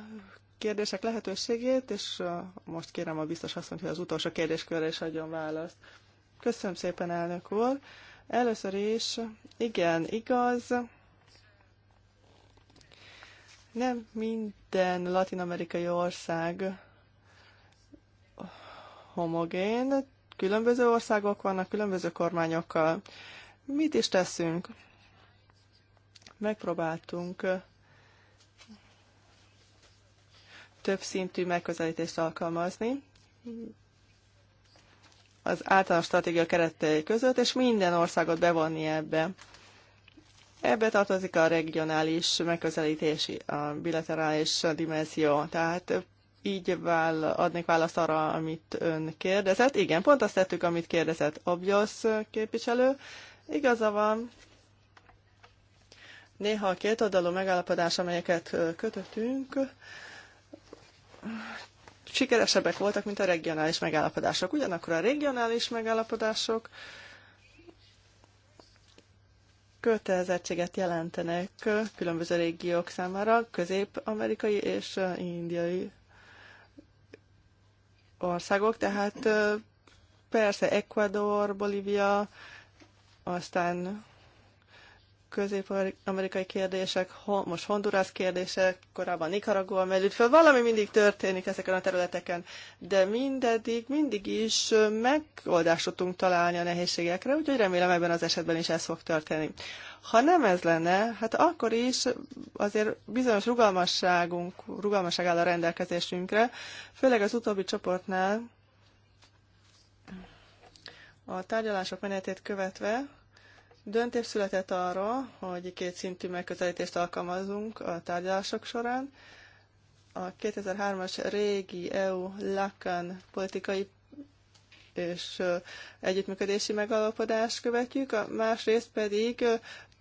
kérdések lehetőségét, és most kérem a biztos asszonyt, hogy az utolsó kérdéskörre is adjon választ. Köszönöm szépen, elnök úr! Először is, igen, igaz, nem minden latin-amerikai ország homogén, különböző országok vannak, különböző kormányokkal. Mit is teszünk? Megpróbáltunk több szintű megközelítést alkalmazni az általános stratégia keretei között, és minden országot bevonni ebbe. Ebbe tartozik a regionális megközelítési, a bilaterális dimenzió. Tehát így vál, adnék választ arra, amit ön kérdezett. Igen, pont azt tettük, amit kérdezett Objosz képviselő. Igaza van. Néha a két oldalú megállapodás, amelyeket kötöttünk, sikeresebbek voltak, mint a regionális megállapodások. Ugyanakkor a regionális megállapodások kötelezettséget jelentenek különböző régiók számára, közép-amerikai és indiai országok, tehát persze Ecuador, Bolívia, aztán közép-amerikai kérdések, most Honduras kérdések, korábban Nicaragua merült fel, valami mindig történik ezeken a területeken, de mindeddig, mindig is megoldást tudtunk találni a nehézségekre, úgyhogy remélem ebben az esetben is ez fog történni. Ha nem ez lenne, hát akkor is azért bizonyos rugalmasságunk, rugalmasság áll a rendelkezésünkre, főleg az utóbbi csoportnál, a tárgyalások menetét követve, Döntés született arra, hogy két szintű megközelítést alkalmazunk a tárgyalások során. A 2003-as régi eu Lakan politikai és együttműködési megalapodást követjük, a másrészt pedig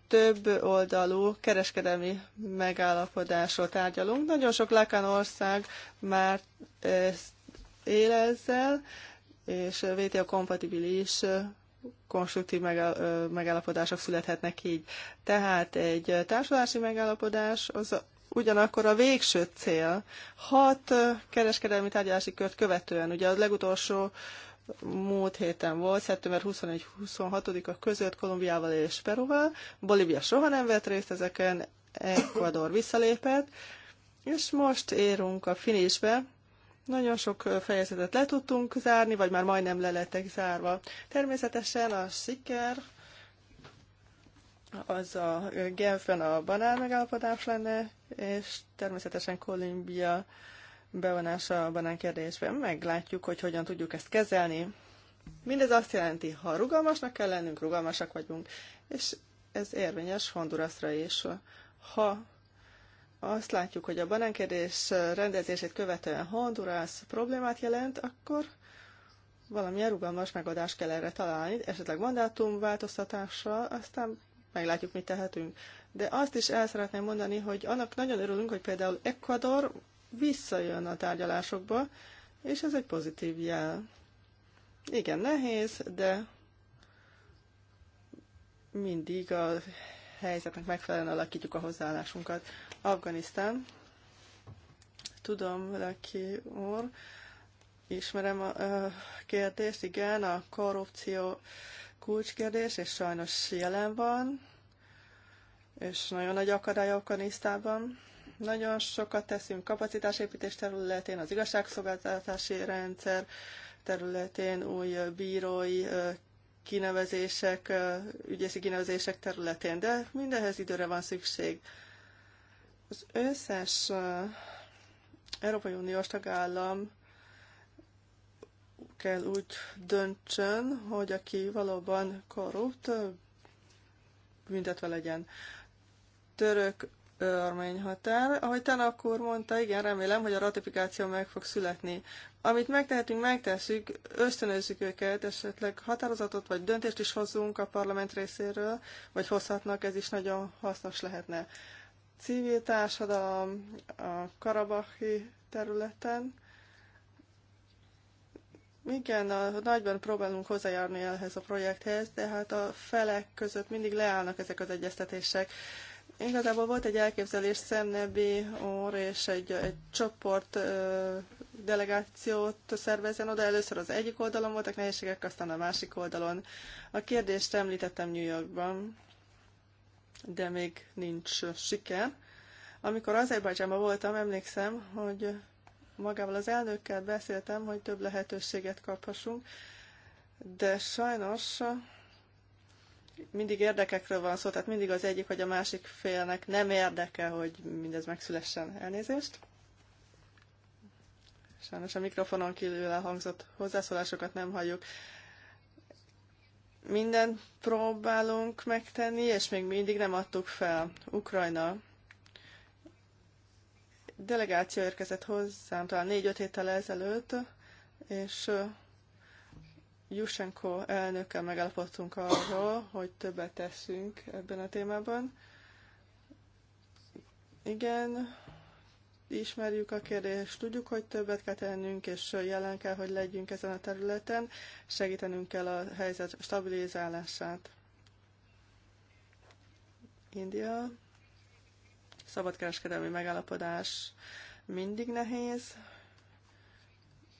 több oldalú kereskedelmi megállapodásról tárgyalunk. Nagyon sok Lakan ország már él ezzel, és VTO kompatibilis konstruktív megállapodások születhetnek így. Tehát egy társulási megállapodás az ugyanakkor a végső cél hat kereskedelmi tárgyalási kört követően, ugye a legutolsó múlt héten volt, szeptember 21-26-a között Kolumbiával és Peruval. Bolívia soha nem vett részt ezeken, Ecuador visszalépett, és most érünk a finisbe, nagyon sok fejezetet le tudtunk zárni, vagy már majdnem le lettek zárva. Természetesen a siker, az a Genfen a banán megállapodás lenne, és természetesen Kolumbia bevonása a banán kérdésben. Meglátjuk, hogy hogyan tudjuk ezt kezelni. Mindez azt jelenti, ha rugalmasnak kell lennünk, rugalmasak vagyunk, és ez érvényes Hondurasra is. Ha azt látjuk, hogy a banánkérdés rendezését követően Honduras problémát jelent, akkor valamilyen rugalmas megoldást kell erre találni, esetleg mandátum változtatással, aztán meglátjuk, mit tehetünk. De azt is el szeretném mondani, hogy annak nagyon örülünk, hogy például Ecuador visszajön a tárgyalásokba, és ez egy pozitív jel. Igen, nehéz, de mindig a helyzetnek megfelelően alakítjuk a hozzáállásunkat. Afganisztán, tudom, Laki úr, ismerem a kérdést, igen, a korrupció kulcskérdés, és sajnos jelen van, és nagyon nagy akadály Afganisztában. Nagyon sokat teszünk kapacitásépítés területén, az igazságszolgáltatási rendszer területén, új bírói kinevezések, ügyészi kinevezések területén, de mindenhez időre van szükség. Az összes Európai Uniós tagállam kell úgy döntsön, hogy aki valóban korrupt, büntetve legyen. Török örmény határ. Ahogy Tanak akkor mondta, igen, remélem, hogy a ratifikáció meg fog születni. Amit megtehetünk, megtesszük, ösztönözzük őket, esetleg határozatot vagy döntést is hozzunk a parlament részéről, vagy hozhatnak, ez is nagyon hasznos lehetne. Civil társadalom a karabahi területen. Igen, a, nagyban próbálunk hozzájárni ehhez a projekthez, de hát a felek között mindig leállnak ezek az egyeztetések. Igazából volt egy elképzelés Szennebi úr és egy, egy csoport ö, delegációt szervezzen oda. Először az egyik oldalon voltak nehézségek, aztán a másik oldalon. A kérdést említettem New Yorkban, de még nincs siker. Amikor Azerbajdzsánban voltam, emlékszem, hogy magával az elnökkel beszéltem, hogy több lehetőséget kaphassunk, de sajnos mindig érdekekről van szó, tehát mindig az egyik vagy a másik félnek nem érdeke, hogy mindez megszülessen elnézést. Sajnos a mikrofonon kívül elhangzott hozzászólásokat nem halljuk. Mindent próbálunk megtenni, és még mindig nem adtuk fel. Ukrajna delegáció érkezett hozzám talán négy-öt héttel ezelőtt, és Jusenko elnökkel megállapodtunk arról, hogy többet teszünk ebben a témában. Igen, ismerjük a kérdést, tudjuk, hogy többet kell tennünk, és jelen kell, hogy legyünk ezen a területen, segítenünk kell a helyzet stabilizálását. India, szabadkereskedelmi megállapodás mindig nehéz,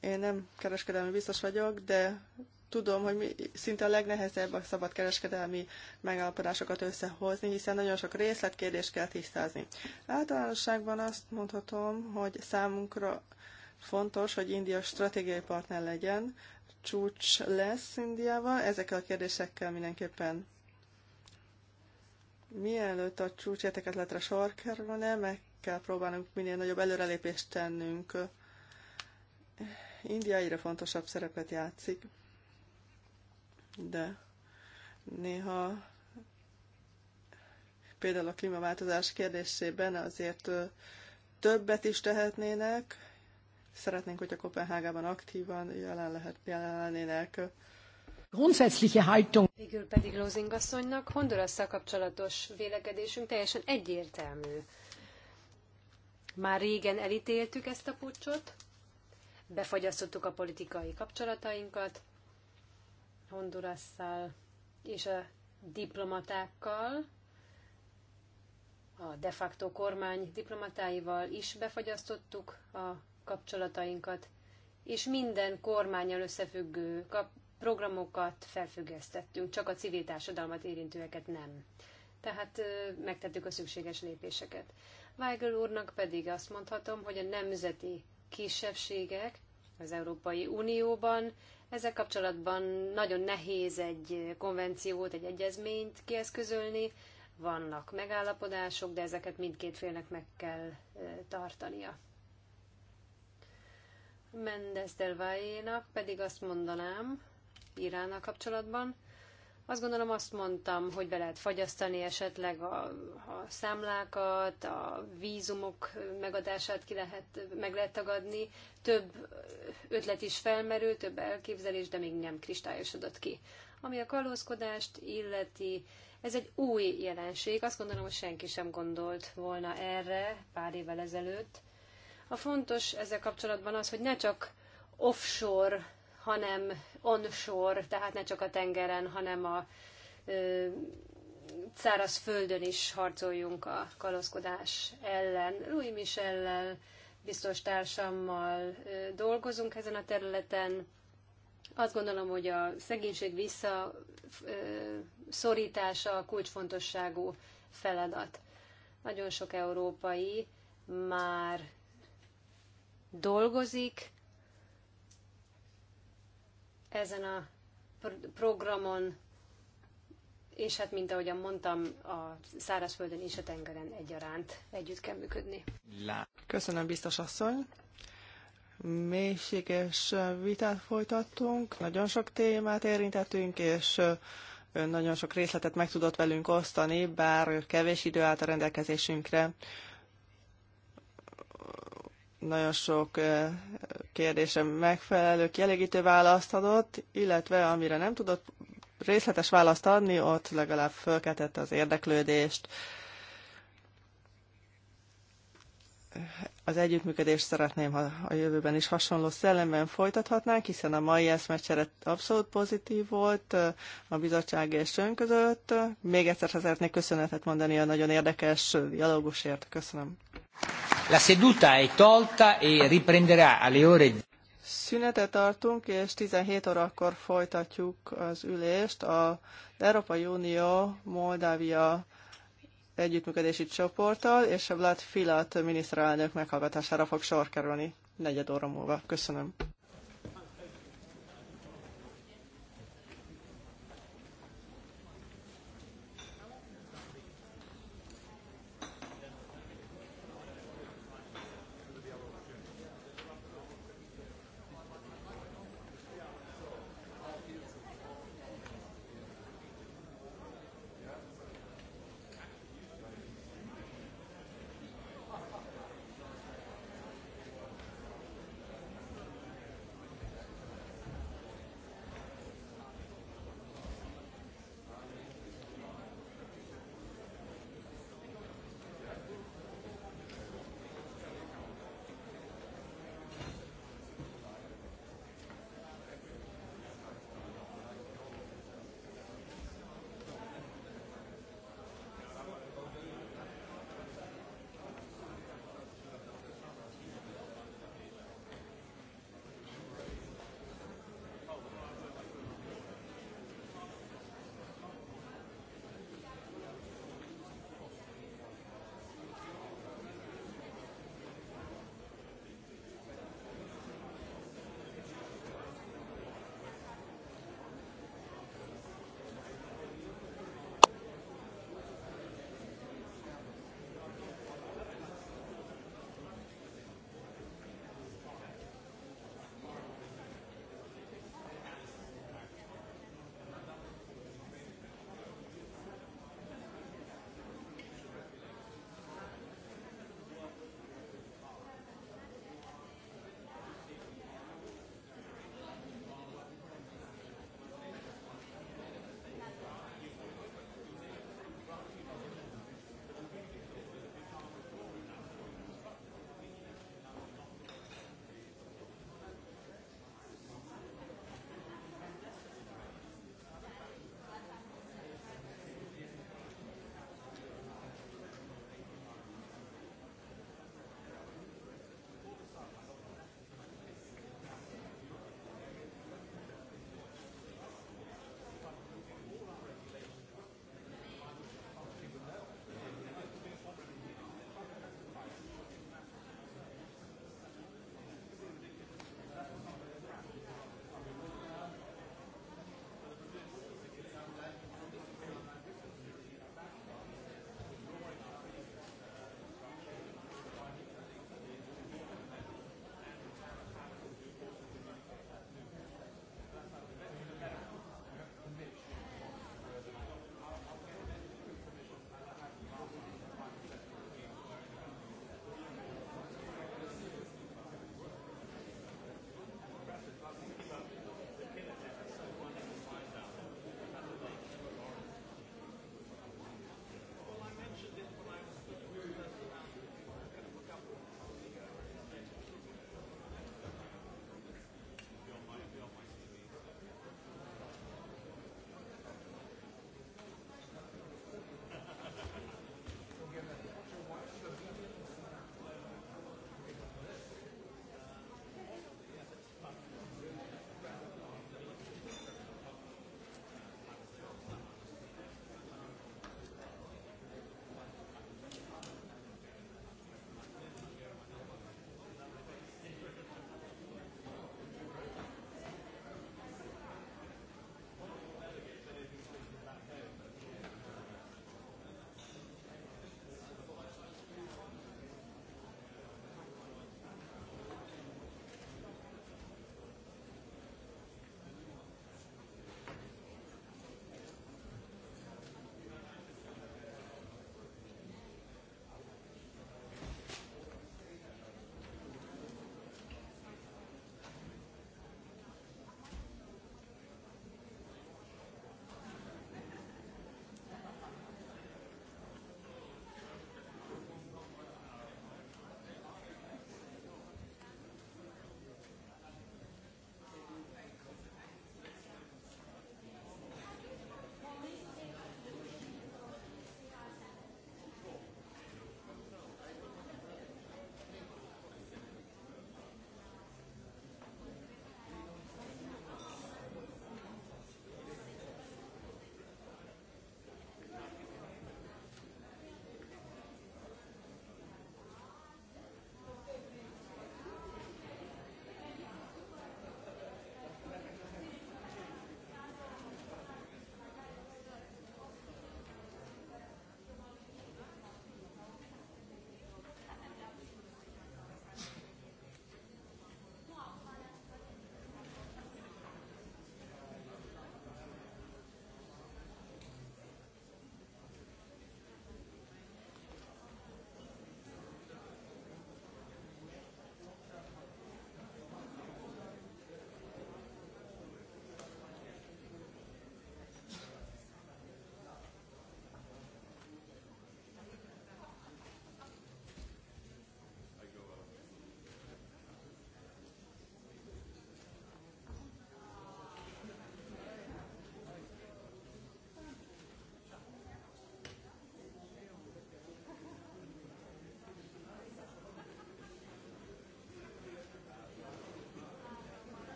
én nem kereskedelmi biztos vagyok, de tudom, hogy mi, szinte a legnehezebb a kereskedelmi megállapodásokat összehozni, hiszen nagyon sok részletkérdést kell tisztázni. Általánosságban azt mondhatom, hogy számunkra fontos, hogy India stratégiai partner legyen, csúcs lesz Indiával, ezekkel a kérdésekkel mindenképpen mielőtt a értekezletre sor kerülne, meg kell próbálnunk minél nagyobb előrelépést tennünk India egyre fontosabb szerepet játszik, de néha például a klímaváltozás kérdésében azért többet is tehetnének. Szeretnénk, hogy a Kopenhágában aktívan jelen, lehet, jelen lennének. Grundsätzliche Haltung. Végül pedig Lózing asszonynak Hondurasszal kapcsolatos vélekedésünk teljesen egyértelmű. Már régen elítéltük ezt a pucsot, befagyasztottuk a politikai kapcsolatainkat Hondurasszal és a diplomatákkal, a de facto kormány diplomatáival is befagyasztottuk a kapcsolatainkat, és minden kormányal összefüggő kap- programokat felfüggesztettünk, csak a civil társadalmat érintőeket nem. Tehát megtettük a szükséges lépéseket. Weigel úrnak pedig azt mondhatom, hogy a nemzeti kisebbségek az Európai Unióban. Ezzel kapcsolatban nagyon nehéz egy konvenciót, egy egyezményt kieszközölni. Vannak megállapodások, de ezeket mindkét félnek meg kell tartania. Mendes del Valle-nak pedig azt mondanám Iránnal kapcsolatban, azt gondolom azt mondtam, hogy be lehet fagyasztani esetleg a, a számlákat, a vízumok megadását ki lehet, meg lehet tagadni. Több ötlet is felmerül, több elképzelés, de még nem kristályosodott ki. Ami a kalózkodást illeti, ez egy új jelenség. Azt gondolom, hogy senki sem gondolt volna erre pár évvel ezelőtt. A fontos ezzel kapcsolatban az, hogy ne csak offshore hanem onshore, tehát ne csak a tengeren, hanem a száraz földön is harcoljunk a kalózkodás ellen. Louis Michellel, biztos társammal dolgozunk ezen a területen. Azt gondolom, hogy a szegénység visszaszorítása a kulcsfontosságú feladat. Nagyon sok európai már dolgozik ezen a programon, és hát, mint ahogyan mondtam, a szárazföldön és a tengeren egyaránt együtt kell működni. Köszönöm, biztos asszony! Mélységes vitát folytattunk, nagyon sok témát érintettünk, és ön nagyon sok részletet meg tudott velünk osztani, bár kevés idő állt a rendelkezésünkre nagyon sok eh, kérdésem megfelelő, kielégítő választ adott, illetve amire nem tudott részletes választ adni, ott legalább fölketett az érdeklődést. Az együttműködést szeretném, ha a jövőben is hasonló szellemben folytathatnánk, hiszen a mai eszmecsere abszolút pozitív volt eh, a bizottság és ön között. Még egyszer szeretnék köszönetet mondani a nagyon érdekes dialógusért. Köszönöm. La seduta è tolta e riprenderà alle ore... Szünetet tartunk, és 17 órakor folytatjuk az ülést. Az Európai Unió Moldávia együttműködési csoporttal, és a Vlad Filat miniszterelnök meghallgatására fog sor kerülni negyed óra múlva. Köszönöm.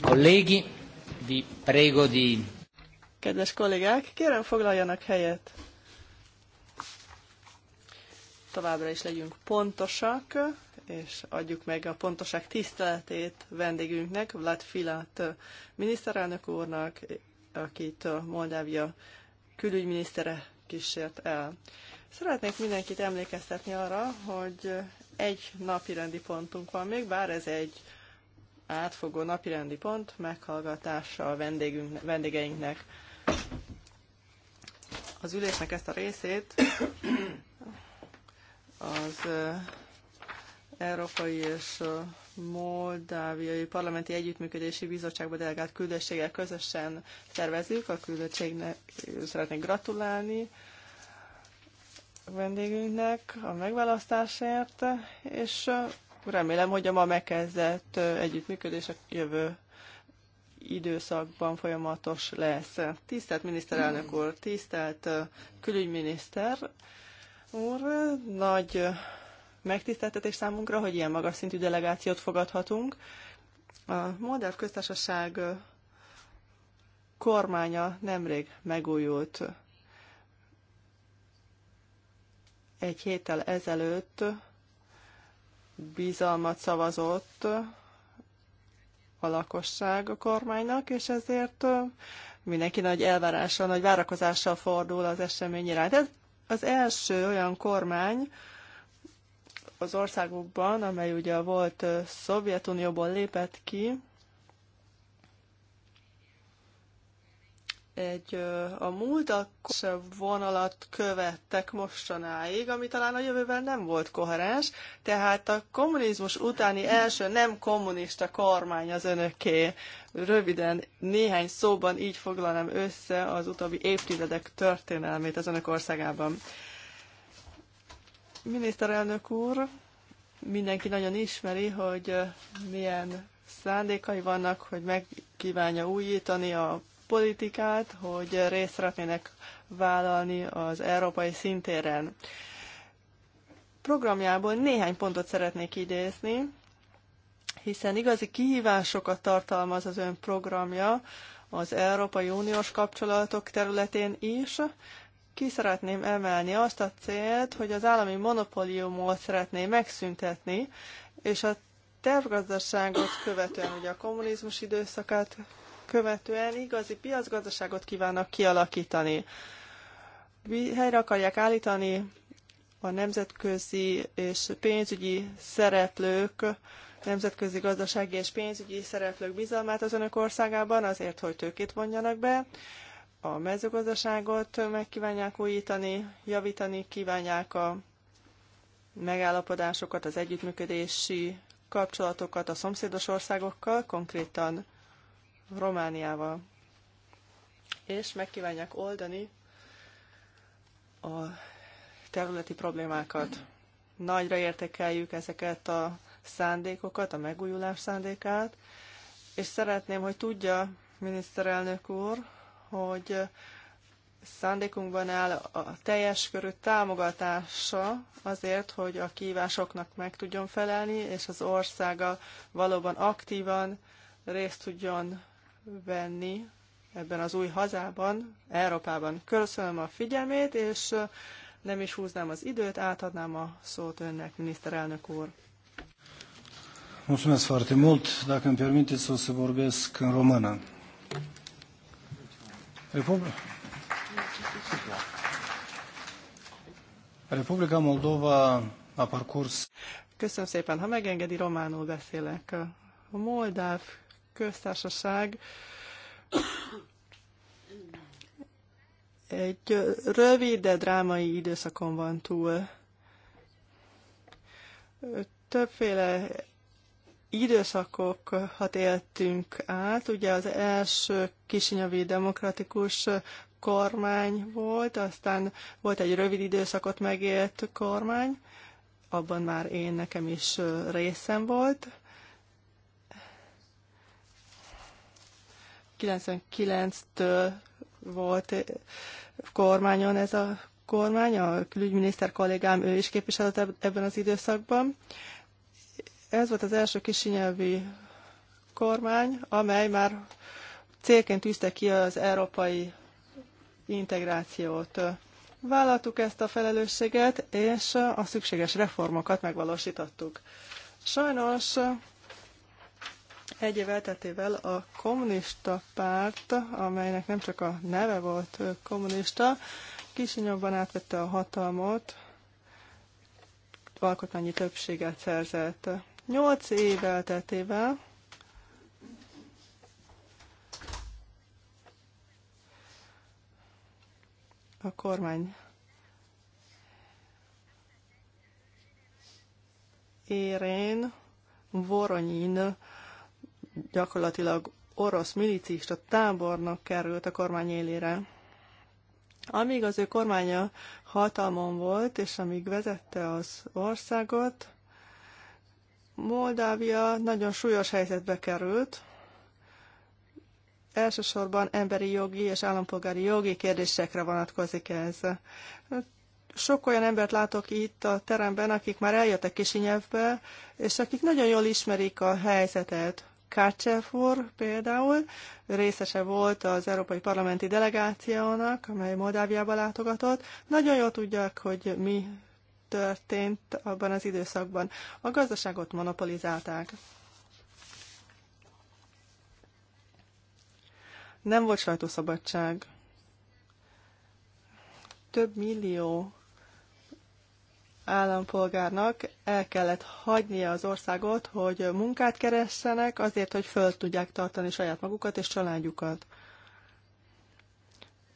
Kollégi, vi prego di... Kedves kollégák, kérem foglaljanak helyet. Továbbra is legyünk pontosak, és adjuk meg a pontoság tiszteletét vendégünknek, Vlad Filat miniszterelnök úrnak, akit Moldávia külügyminisztere kísért el. Szeretnék mindenkit emlékeztetni arra, hogy egy napi rendi pontunk van még, bár ez egy átfogó napi rendi pont, meghallgatása a vendégünk, vendégeinknek. Az ülésnek ezt a részét az Európai és Moldáviai Parlamenti Együttműködési Bizottságba delegált küldöttséggel közösen tervezzük. A küldöttségnek szeretnék gratulálni vendégünknek a megválasztásért, és remélem, hogy a ma megkezdett együttműködés a jövő időszakban folyamatos lesz. Tisztelt miniszterelnök úr, tisztelt külügyminiszter úr, nagy megtiszteltetés számunkra, hogy ilyen magas szintű delegációt fogadhatunk. A Moldáv köztársaság kormánya nemrég megújult egy héttel ezelőtt bizalmat szavazott a lakosság a kormánynak, és ezért mindenki nagy elvárással, nagy várakozással fordul az esemény irány. Ez az első olyan kormány az országokban, amely ugye volt Szovjetunióból lépett ki, egy a múltakos vonalat követtek mostanáig, ami talán a jövővel nem volt koherens, tehát a kommunizmus utáni első nem kommunista kormány az önöké. Röviden, néhány szóban így foglalnám össze az utóbbi évtizedek történelmét az önök országában. Miniszterelnök úr, mindenki nagyon ismeri, hogy milyen szándékai vannak, hogy megkívánja újítani a politikát, hogy részt szeretnének vállalni az európai szintéren. Programjából néhány pontot szeretnék idézni, hiszen igazi kihívásokat tartalmaz az ön programja az Európai Uniós kapcsolatok területén is, ki szeretném emelni azt a célt, hogy az állami monopóliumot szeretné megszüntetni, és a tervgazdaságot követően, ugye a kommunizmus időszakát követően igazi piacgazdaságot kívánnak kialakítani. Helyre akarják állítani a nemzetközi és pénzügyi szereplők, nemzetközi gazdasági és pénzügyi szereplők bizalmát az önök országában, azért, hogy tőkét vonjanak be. A mezőgazdaságot meg kívánják újítani, javítani kívánják a megállapodásokat, az együttműködési kapcsolatokat a szomszédos országokkal, konkrétan Romániával. És megkívánják oldani a területi problémákat. Nagyra értékeljük ezeket a szándékokat, a megújulás szándékát, és szeretném, hogy tudja, miniszterelnök úr, hogy szándékunkban áll a teljes körű támogatása azért, hogy a kívásoknak meg tudjon felelni, és az országa valóban aktívan részt tudjon venni ebben az új hazában, Európában. Köszönöm a figyelmét, és nem is húznám az időt, átadnám a szót önnek, miniszterelnök úr. Mulțumesc foarte mult. Dacă îmi permiteți, o să vorbesc în română. Republica, Republica Moldova a parcurs... Köszönöm szépen, ha megengedi, románul beszélek. A moldáv köztársaság egy rövid, de drámai időszakon van túl. Többféle időszakokat éltünk át. Ugye az első kisinyavi demokratikus kormány volt, aztán volt egy rövid időszakot megélt kormány, abban már én nekem is részem volt. 99-től volt kormányon ez a kormány, a külügyminiszter kollégám, ő is képviselt ebben az időszakban. Ez volt az első kisinyelvi kormány, amely már célként tűzte ki az európai integrációt. Vállaltuk ezt a felelősséget, és a szükséges reformokat megvalósítottuk. Sajnos egy év elteltével a kommunista párt, amelynek nem csak a neve volt kommunista, Kisinyobban átvette a hatalmat, alkotmányi többséget szerzett. Nyolc év elteltével a kormány érén Voronyin gyakorlatilag orosz milicista tábornok került a kormány élére. Amíg az ő kormánya hatalmon volt, és amíg vezette az országot, Moldávia nagyon súlyos helyzetbe került, elsősorban emberi jogi és állampolgári jogi kérdésekre vonatkozik ez. Sok olyan embert látok itt a teremben, akik már eljöttek Kisinyevbe, és akik nagyon jól ismerik a helyzetet. Kácsev például részese volt az Európai Parlamenti Delegációnak, amely Moldáviába látogatott. Nagyon jól tudják, hogy mi történt abban az időszakban. A gazdaságot monopolizálták. Nem volt sajtószabadság. Több millió állampolgárnak el kellett hagynia az országot, hogy munkát keressenek azért, hogy föl tudják tartani saját magukat és családjukat.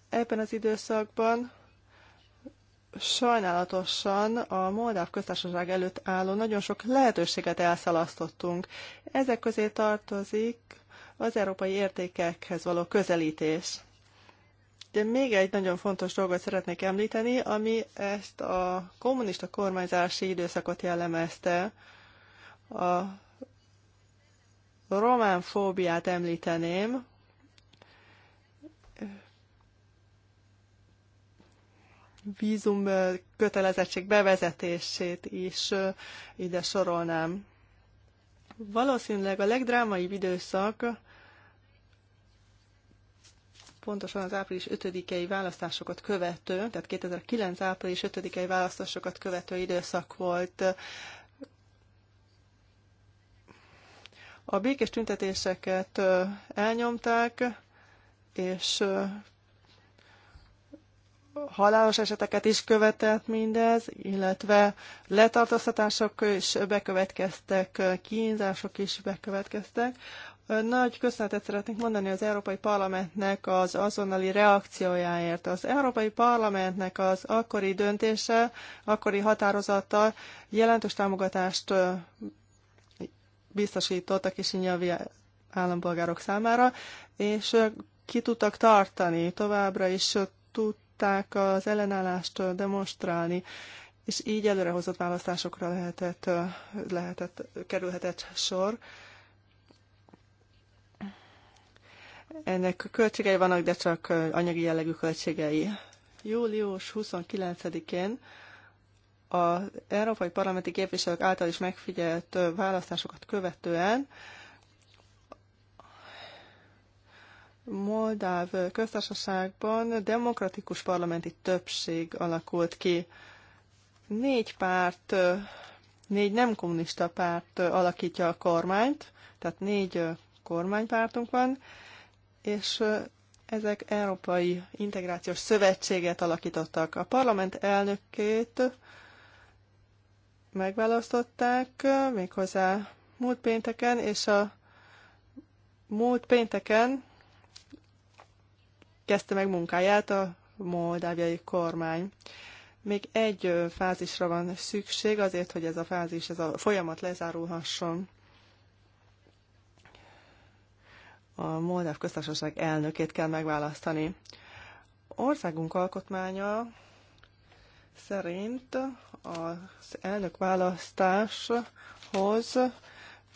Ebben az időszakban sajnálatosan a Moldáv köztársaság előtt álló nagyon sok lehetőséget elszalasztottunk. Ezek közé tartozik az európai értékekhez való közelítés. De még egy nagyon fontos dolgot szeretnék említeni, ami ezt a kommunista kormányzási időszakot jellemezte. A román fóbiát említeném. Vízum kötelezettség bevezetését is ide sorolnám. Valószínűleg a legdrámaibb időszak pontosan az április 5-i választásokat követő, tehát 2009 április 5-i választásokat követő időszak volt. A békés tüntetéseket elnyomták, és halálos eseteket is követett mindez, illetve letartóztatások is bekövetkeztek, kínzások is bekövetkeztek. Nagy köszönetet szeretnék mondani az Európai Parlamentnek az azonnali reakciójáért. Az Európai Parlamentnek az akkori döntése, akkori határozata jelentős támogatást biztosított a kisinyavi állampolgárok számára, és ki tudtak tartani, továbbra is tudták az ellenállást demonstrálni, és így előrehozott választásokra lehetett, lehetett kerülhetett sor. Ennek költségei vannak, de csak anyagi jellegű költségei. Július 29-én az Európai Parlamenti képviselők által is megfigyelt választásokat követően Moldáv köztársaságban demokratikus parlamenti többség alakult ki. Négy párt, négy nem kommunista párt alakítja a kormányt, tehát négy kormánypártunk van, és ezek Európai Integrációs Szövetséget alakítottak. A parlament elnökét megválasztották méghozzá múlt pénteken, és a múlt pénteken kezdte meg munkáját a moldáviai kormány. Még egy fázisra van szükség azért, hogy ez a fázis, ez a folyamat lezárulhasson. a Moldáv köztársaság elnökét kell megválasztani. Országunk alkotmánya szerint az elnök választáshoz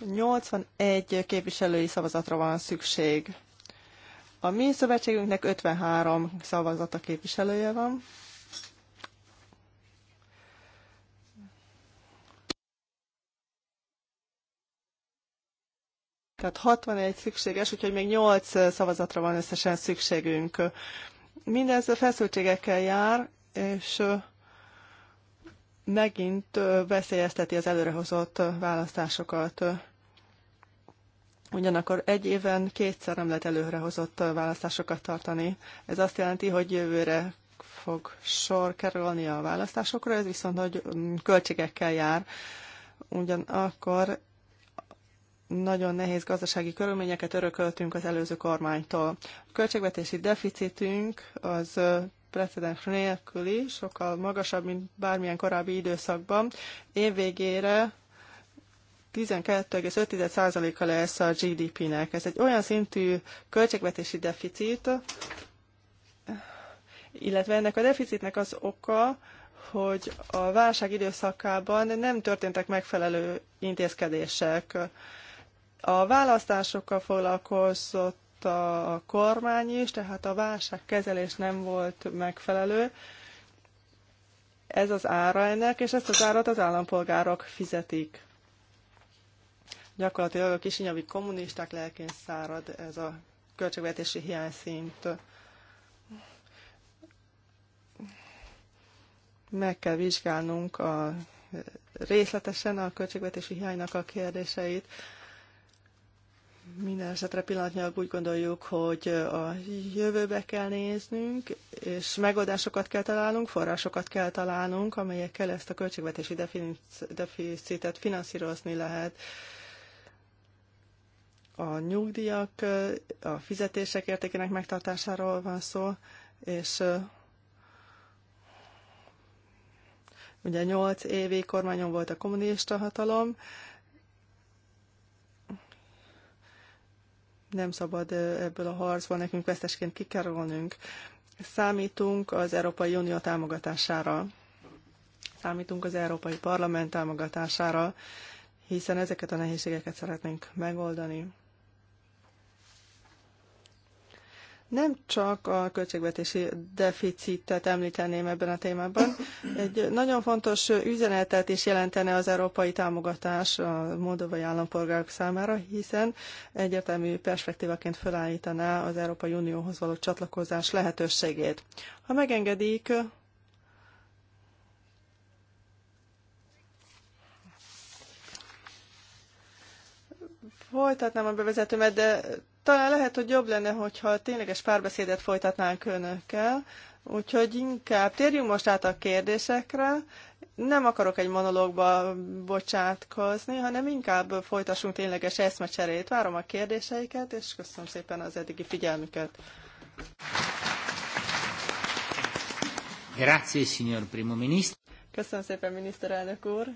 81 képviselői szavazatra van szükség. A mi szövetségünknek 53 szavazata képviselője van, Tehát 61 szükséges, úgyhogy még 8 szavazatra van összesen szükségünk. Mindez feszültségekkel jár, és megint veszélyezteti az előrehozott választásokat. Ugyanakkor egy éven kétszer nem lehet előrehozott választásokat tartani. Ez azt jelenti, hogy jövőre fog sor kerülni a választásokra, ez viszont nagy mm, költségekkel jár. Ugyanakkor nagyon nehéz gazdasági körülményeket örököltünk az előző kormánytól. A költségvetési deficitünk az precedens nélküli, sokkal magasabb, mint bármilyen korábbi időszakban. Évvégére 12,5%-a lesz a GDP-nek. Ez egy olyan szintű költségvetési deficit, illetve ennek a deficitnek az oka, hogy a válság időszakában nem történtek megfelelő intézkedések. A választásokkal foglalkozott a kormány is, tehát a válságkezelés nem volt megfelelő. Ez az ára ennek, és ezt az árat az állampolgárok fizetik. Gyakorlatilag a kisinyavi kommunisták lelkén szárad ez a költségvetési hiányszint. Meg kell vizsgálnunk a részletesen a költségvetési hiánynak a kérdéseit. Minden esetre pillanatnyilag úgy gondoljuk, hogy a jövőbe kell néznünk, és megoldásokat kell találnunk, forrásokat kell találnunk, amelyekkel ezt a költségvetési deficitet finanszírozni lehet. A nyugdíjak, a fizetések értékének megtartásáról van szó, és ugye nyolc évi kormányon volt a kommunista hatalom, Nem szabad ebből a harcból nekünk vesztesként kikerülnünk. Számítunk az Európai Unió támogatására, számítunk az Európai Parlament támogatására, hiszen ezeket a nehézségeket szeretnénk megoldani. Nem csak a költségvetési deficitet említeném ebben a témában. Egy nagyon fontos üzenetet is jelentene az európai támogatás a moldovai állampolgárok számára, hiszen egyértelmű perspektívaként felállítaná az Európai Unióhoz való csatlakozás lehetőségét. Ha megengedik, folytatnám a bevezetőmet, de talán lehet, hogy jobb lenne, hogyha tényleges párbeszédet folytatnánk önökkel, úgyhogy inkább térjünk most át a kérdésekre. Nem akarok egy monológba bocsátkozni, hanem inkább folytassunk tényleges eszmecserét. Várom a kérdéseiket, és köszönöm szépen az eddigi figyelmüket. Grazie, signor primo ministro. Köszönöm szépen, miniszterelnök úr.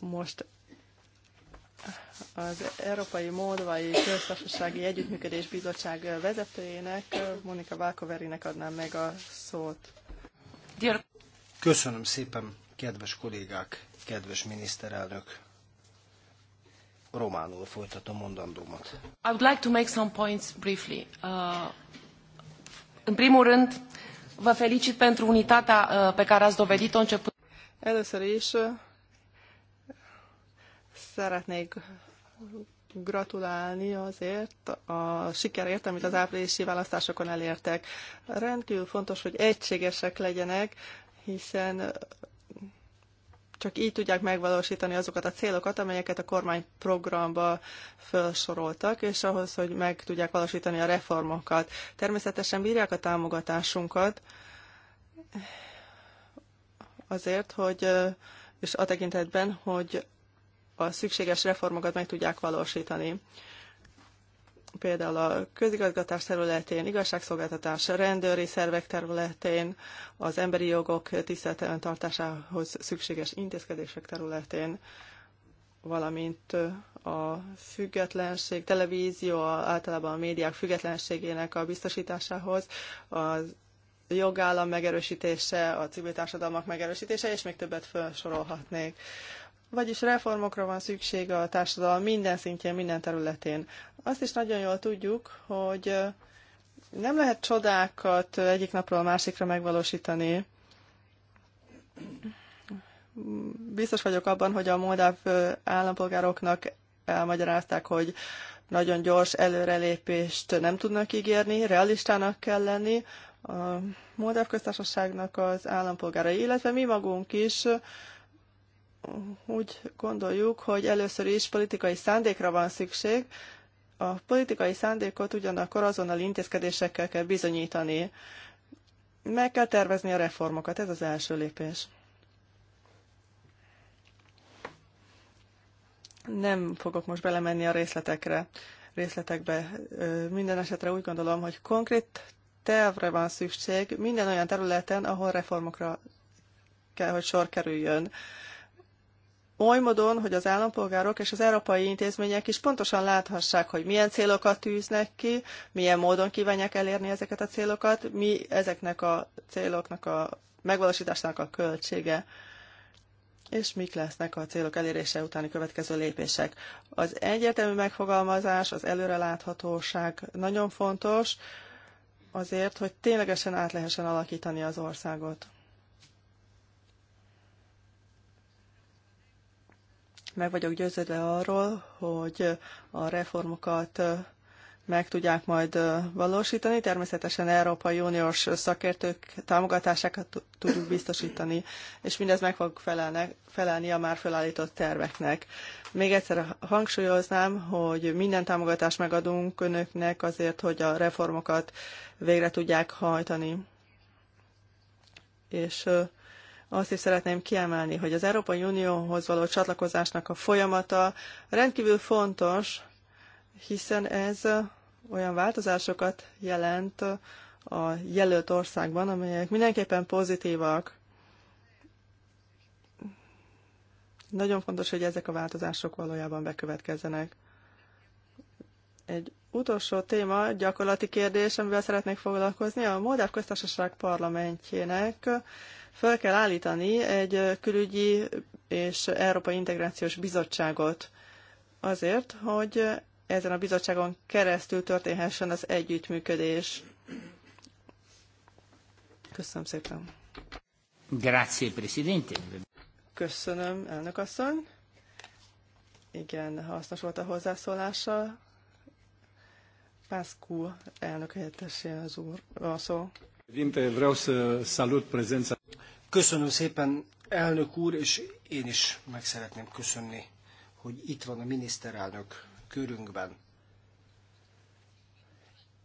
Most az Európai Moldvai Köztársasági Együttműködés Bizottság vezetőjének, Monika Válkoverinek adnám meg a szót. Köszönöm szépen, kedves kollégák, kedves miniszterelnök. Románul folytatom mondandómat. I would like to make some points briefly. Uh, în primul rând, vă felicit pentru unitatea uh, pe care ați dovedit-o început. Először is uh, szeretnék gratulálni azért a sikerért, amit az áprilisi választásokon elértek. Rendkívül fontos, hogy egységesek legyenek, hiszen csak így tudják megvalósítani azokat a célokat, amelyeket a kormányprogramba felsoroltak, és ahhoz, hogy meg tudják valósítani a reformokat. Természetesen bírják a támogatásunkat azért, hogy és a tekintetben, hogy a szükséges reformokat meg tudják valósítani. Például a közigazgatás területén, igazságszolgáltatás, rendőri szervek területén, az emberi jogok tiszteletben tartásához szükséges intézkedések területén, valamint a függetlenség, televízió, általában a médiák függetlenségének a biztosításához, a jogállam megerősítése, a civil társadalmak megerősítése, és még többet felsorolhatnék. Vagyis reformokra van szükség a társadalom minden szintjén, minden területén. Azt is nagyon jól tudjuk, hogy nem lehet csodákat egyik napról a másikra megvalósítani. Biztos vagyok abban, hogy a moldáv állampolgároknak elmagyarázták, hogy nagyon gyors előrelépést nem tudnak ígérni, realistának kell lenni. A Moldáv köztársaságnak az állampolgárai, illetve mi magunk is úgy gondoljuk, hogy először is politikai szándékra van szükség. A politikai szándékot ugyanakkor azonnal intézkedésekkel kell bizonyítani. Meg kell tervezni a reformokat, ez az első lépés. Nem fogok most belemenni a részletekre, részletekbe. Minden esetre úgy gondolom, hogy konkrét tervre van szükség minden olyan területen, ahol reformokra kell, hogy sor kerüljön oly módon, hogy az állampolgárok és az európai intézmények is pontosan láthassák, hogy milyen célokat tűznek ki, milyen módon kívánják elérni ezeket a célokat, mi ezeknek a céloknak a megvalósításának a költsége, és mik lesznek a célok elérése utáni következő lépések. Az egyértelmű megfogalmazás, az előreláthatóság nagyon fontos azért, hogy ténylegesen át lehessen alakítani az országot. Meg vagyok győződve arról, hogy a reformokat meg tudják majd valósítani. Természetesen Európai Uniós szakértők támogatásákat tudjuk biztosítani, és mindez meg fog felelne, felelni a már felállított terveknek. Még egyszer hangsúlyoznám, hogy minden támogatást megadunk önöknek azért, hogy a reformokat végre tudják hajtani. És azt is szeretném kiemelni, hogy az Európai Unióhoz való csatlakozásnak a folyamata rendkívül fontos, hiszen ez olyan változásokat jelent a jelölt országban, amelyek mindenképpen pozitívak. Nagyon fontos, hogy ezek a változások valójában bekövetkezzenek. Egy utolsó téma, gyakorlati kérdés, amivel szeretnék foglalkozni, a Moldáv Köztársaság parlamentjének fel kell állítani egy külügyi és Európai Integrációs Bizottságot azért, hogy ezen a bizottságon keresztül történhessen az együttműködés. Köszönöm szépen. Grazie, Presidente. Köszönöm, elnök asszony. Igen, hasznos volt a hozzászólása Pascu, elnök helyettese az úr, a szó. Vreau să salut prezența. Köszönöm szépen, elnök úr, és én is meg szeretném köszönni, hogy itt van a miniszterelnök körünkben.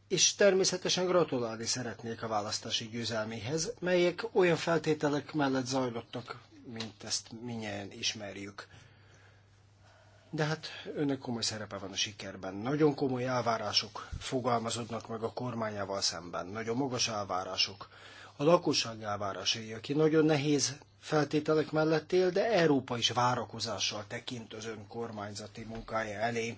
És természetesen gratulálni szeretnék a választási győzelméhez, melyek olyan feltételek mellett zajlottak, mint ezt minnyáján ismerjük de hát önnek komoly szerepe van a sikerben. Nagyon komoly elvárások fogalmazódnak meg a kormányával szemben, nagyon magas elvárások. A lakosság elvárásai, aki nagyon nehéz feltételek mellett él, de Európa is várakozással tekint az ön kormányzati munkája elé.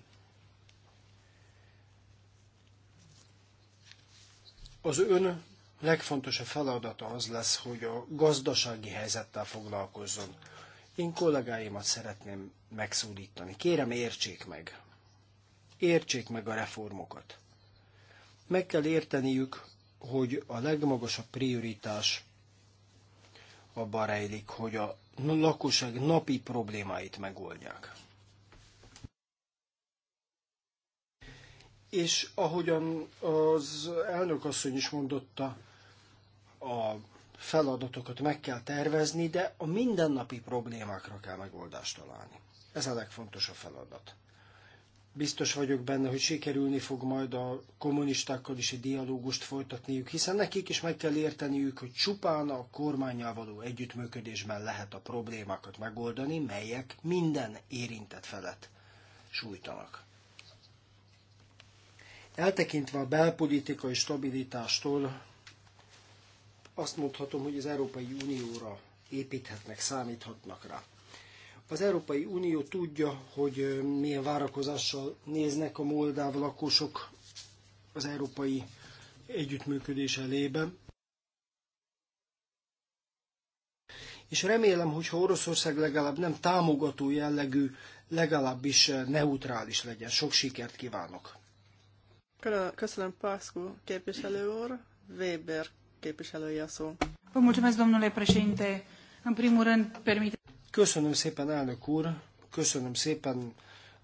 Az ön legfontosabb feladata az lesz, hogy a gazdasági helyzettel foglalkozzon én kollégáimat szeretném megszólítani. Kérem, értsék meg. Értsék meg a reformokat. Meg kell érteniük, hogy a legmagasabb prioritás abban rejlik, hogy a lakosság napi problémáit megoldják. És ahogyan az elnök asszony is mondotta, a feladatokat meg kell tervezni, de a mindennapi problémákra kell megoldást találni. Ez a legfontosabb feladat. Biztos vagyok benne, hogy sikerülni fog majd a kommunistákkal is egy dialógust folytatniuk, hiszen nekik is meg kell érteniük, hogy csupán a kormányjal való együttműködésben lehet a problémákat megoldani, melyek minden érintett felett sújtanak. Eltekintve a belpolitikai stabilitástól, azt mondhatom, hogy az Európai Unióra építhetnek, számíthatnak rá. Az Európai Unió tudja, hogy milyen várakozással néznek a moldáv lakosok az európai együttműködés elébe. És remélem, hogy ha Oroszország legalább nem támogató jellegű, legalábbis neutrális legyen. Sok sikert kívánok! Köszönöm Pászkó képviselő úr, Weber szó. Köszönöm szépen, elnök úr. Köszönöm szépen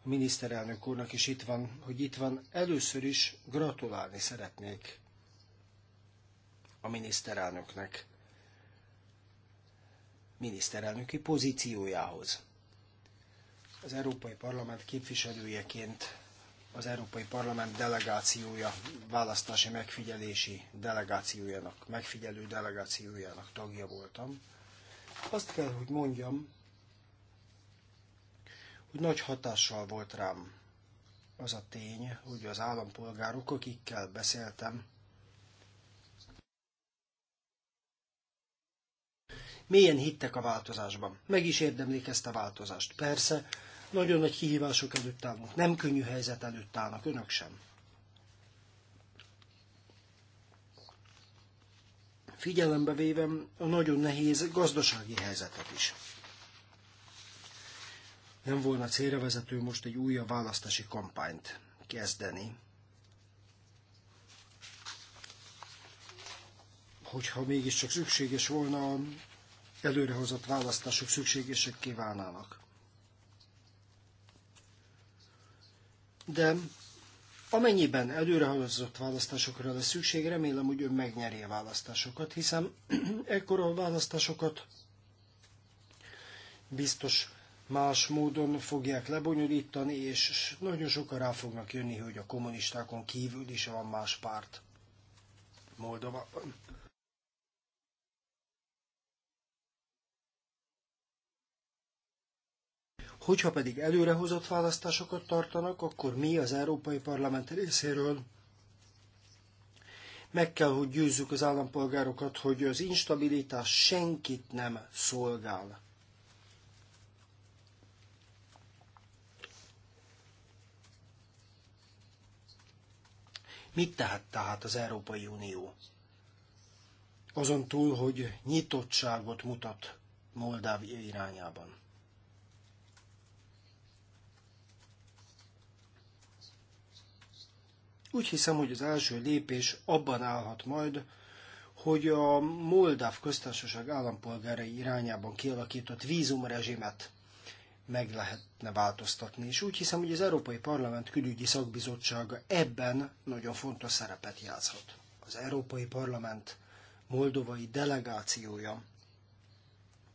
a miniszterelnök úrnak is itt van, hogy itt van. Először is gratulálni szeretnék a miniszterelnöknek miniszterelnöki pozíciójához. Az Európai Parlament képviselőjeként az Európai Parlament delegációja, választási megfigyelési delegációjának, megfigyelő delegációjának tagja voltam. Azt kell, hogy mondjam, hogy nagy hatással volt rám az a tény, hogy az állampolgárok, akikkel beszéltem, mélyen hittek a változásban. Meg is érdemlik ezt a változást. Persze, nagyon nagy kihívások előtt állunk. Nem könnyű helyzet előtt állnak, önök sem. Figyelembe vévem a nagyon nehéz gazdasági helyzetet is. Nem volna célra vezető most egy újabb választási kampányt kezdeni, hogyha mégiscsak szükséges volna, előrehozott választások szükségesek kívánának. de amennyiben előrehozott választásokra lesz szükség, remélem, hogy ő megnyeri a választásokat, hiszen ekkor a választásokat biztos más módon fogják lebonyolítani, és nagyon sokan rá fognak jönni, hogy a kommunistákon kívül is van más párt Moldovában. Hogyha pedig előrehozott választásokat tartanak, akkor mi az Európai Parlament részéről meg kell, hogy győzzük az állampolgárokat, hogy az instabilitás senkit nem szolgál. Mit tehet tehát az Európai Unió? Azon túl, hogy nyitottságot mutat Moldávia irányában. Úgy hiszem, hogy az első lépés abban állhat majd, hogy a Moldáv köztársaság állampolgárai irányában kialakított vízumrezsimet meg lehetne változtatni. És úgy hiszem, hogy az Európai Parlament külügyi szakbizottsága ebben nagyon fontos szerepet játszhat. Az Európai Parlament moldovai delegációja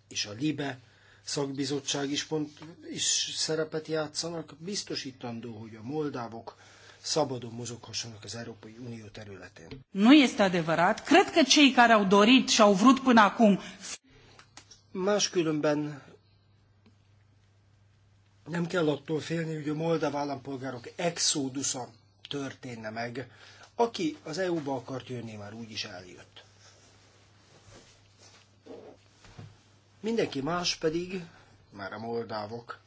és a LIBE szakbizottság is, pont, is szerepet játszanak, biztosítandó, hogy a moldávok szabadon mozoghassanak az Európai Unió területén. Nu este adevărat. Cred că cei care au dorit și au vrut până acum... Máskülönben nem kell attól félni, hogy a moldav állampolgárok exódusza történne meg. Aki az EU-ba akart jönni, már úgy is eljött. Mindenki más pedig, már a moldávok,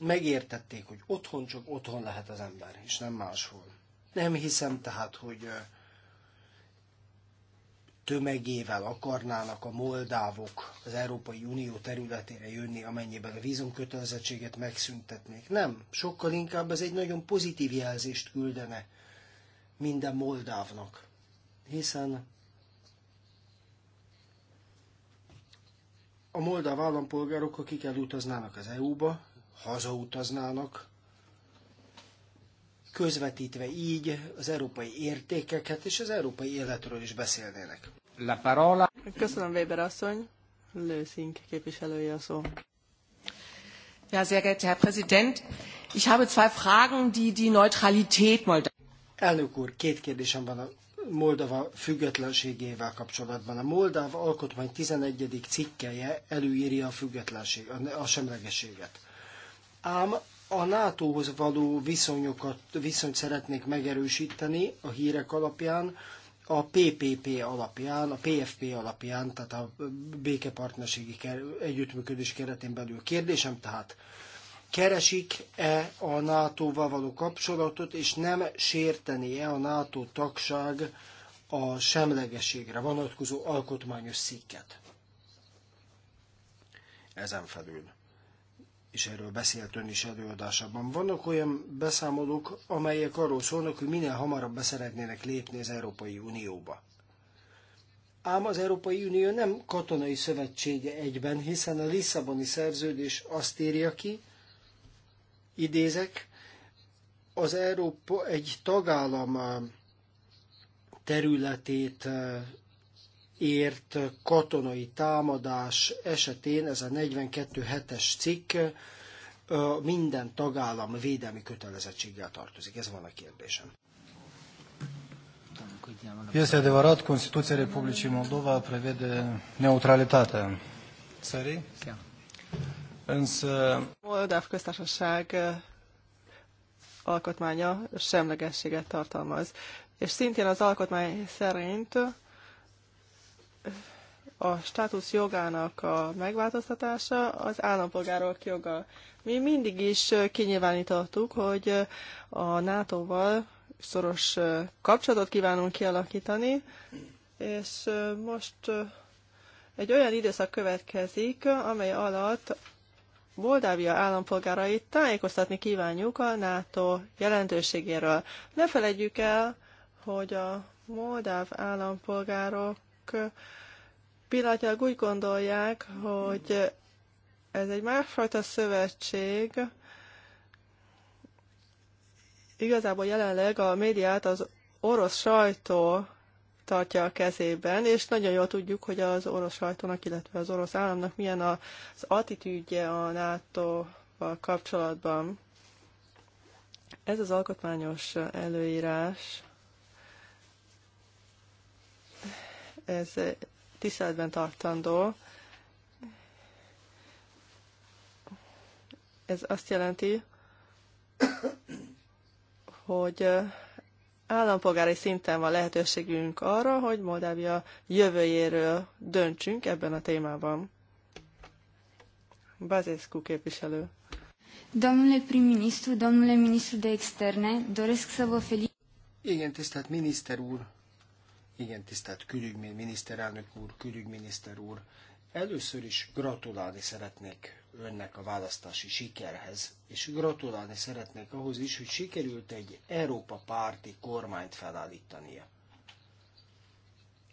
megértették, hogy otthon csak otthon lehet az ember, és nem máshol. Nem hiszem tehát, hogy tömegével akarnának a moldávok az Európai Unió területére jönni, amennyiben a vízumkötelezettséget megszüntetnék. Nem, sokkal inkább ez egy nagyon pozitív jelzést küldene minden moldávnak, hiszen a moldáv állampolgárok, akik elutaznának az EU-ba, hazautaznának, közvetítve így az európai értékeket és az európai életről is beszélnének. La parola. Köszönöm, Weber asszony. Lőszink képviselője a szó. Ja, sehr geehrter Herr Präsident, ich habe zwei Fragen, die die Neutralität Moldau. Elnök úr, két kérdésem van a Moldova függetlenségével kapcsolatban. A Moldáv alkotmány 11. cikkeje előírja a függetlenség, a semlegességet. Ám a NATO-hoz való viszonyokat, viszonyt szeretnék megerősíteni a hírek alapján, a PPP alapján, a PFP alapján, tehát a békepartnerségi együttműködés keretén belül. Kérdésem tehát, keresik-e a NATO-val való kapcsolatot, és nem sérteni-e a NATO tagság a semlegességre vonatkozó alkotmányos szikket? Ezen felül és erről beszélt ön is előadásában. Vannak olyan beszámolók, amelyek arról szólnak, hogy minél hamarabb beszeretnének lépni az Európai Unióba. Ám az Európai Unió nem katonai szövetsége egyben, hiszen a Lisszaboni szerződés azt írja ki, idézek, az Európa egy tagállam eh, területét eh, ért katonai támadás esetén ez a 42.7-es cikk minden tagállam védelmi kötelezettséggel tartozik. Ez van a kérdésem. Este adevărat, Constituția Republicii Moldova prevede neutralitatea țării, însă... Moldav köztársaság alkotmánya semlegességet tartalmaz. És szintén az alkotmány szerint a státusz jogának a megváltoztatása az állampolgárok joga. Mi mindig is kinyilvánítottuk, hogy a NATO-val szoros kapcsolatot kívánunk kialakítani, és most egy olyan időszak következik, amely alatt Moldávia állampolgárait tájékoztatni kívánjuk a NATO jelentőségéről. Ne felejtjük el, hogy a moldáv állampolgárok pillanatnyilag úgy gondolják, hogy ez egy másfajta szövetség, igazából jelenleg a médiát az orosz sajtó tartja a kezében, és nagyon jól tudjuk, hogy az orosz sajtónak, illetve az orosz államnak milyen az attitűdje a NATO-val kapcsolatban. Ez az alkotmányos előírás ez tiszteletben tartandó. Ez azt jelenti, hogy állampolgári szinten van lehetőségünk arra, hogy Moldávia jövőjéről döntsünk ebben a témában. Bazescu képviselő. Domnule prim-ministru, domnule ministru de externe, doresc să vă felicit. Igen, tisztelt miniszter úr, igen, tisztelt külügyminiszter, miniszterelnök úr, külügyminiszter úr, először is gratulálni szeretnék önnek a választási sikerhez, és gratulálni szeretnék ahhoz is, hogy sikerült egy Európa párti kormányt felállítania.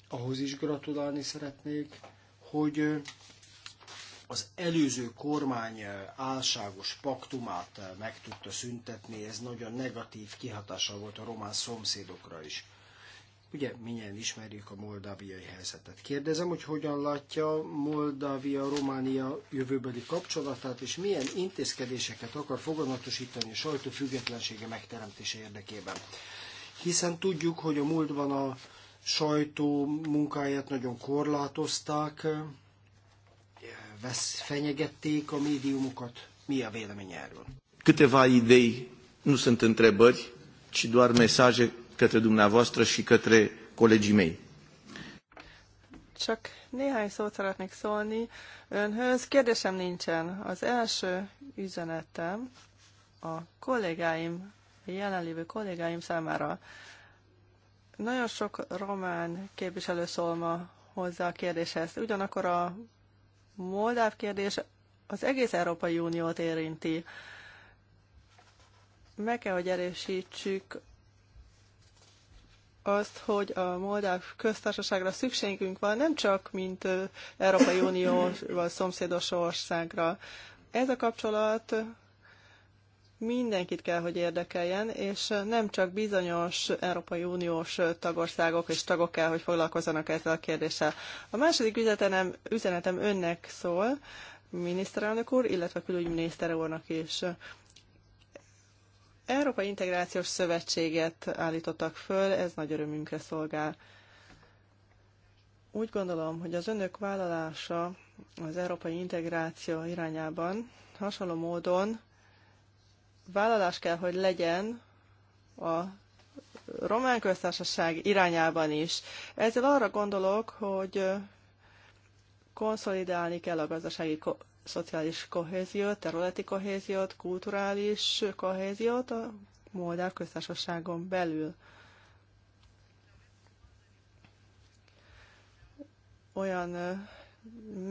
Ahhoz is gratulálni szeretnék, hogy az előző kormány álságos paktumát meg tudta szüntetni, ez nagyon negatív kihatása volt a román szomszédokra is. Ugye minnyien ismerjük a moldáviai helyzetet. Kérdezem, hogy hogyan látja Moldávia-Románia jövőbeli kapcsolatát, és milyen intézkedéseket akar foganatosítani a sajtó függetlensége megteremtése érdekében. Hiszen tudjuk, hogy a múltban a sajtó munkáját nagyon korlátozták, vesz, fenyegették a médiumokat. Mi a vélemény erről? Câteva idei nu sunt întrebări, ci doar mesaje către dumneavoastră și către colegii mei. Csak néhány szót szeretnék szólni önhöz. Kérdésem nincsen. Az első üzenetem a kollégáim, jelenlévő kollégáim számára. Nagyon sok román képviselő szól ma hozzá a kérdéshez. Ugyanakkor a moldáv kérdés az egész Európai Uniót érinti. Meg kell, hogy erősítsük azt, hogy a Moldáv köztársaságra szükségünk van, nem csak mint Európai Unió vagy szomszédos országra. Ez a kapcsolat mindenkit kell, hogy érdekeljen, és nem csak bizonyos Európai Uniós tagországok és tagok kell, hogy foglalkozzanak ezzel a kérdéssel. A második üzenetem, üzenetem önnek szól, miniszterelnök úr, illetve külügyminiszter úrnak is. Európai Integrációs Szövetséget állítottak föl, ez nagy örömünkre szolgál. Úgy gondolom, hogy az önök vállalása az európai integráció irányában hasonló módon vállalás kell, hogy legyen a román köztársaság irányában is. Ezzel arra gondolok, hogy Konszolidálni kell a gazdasági ko- szociális kohéziót, területi kohéziót, kulturális kohéziót a Moldáv köztársaságon belül. Olyan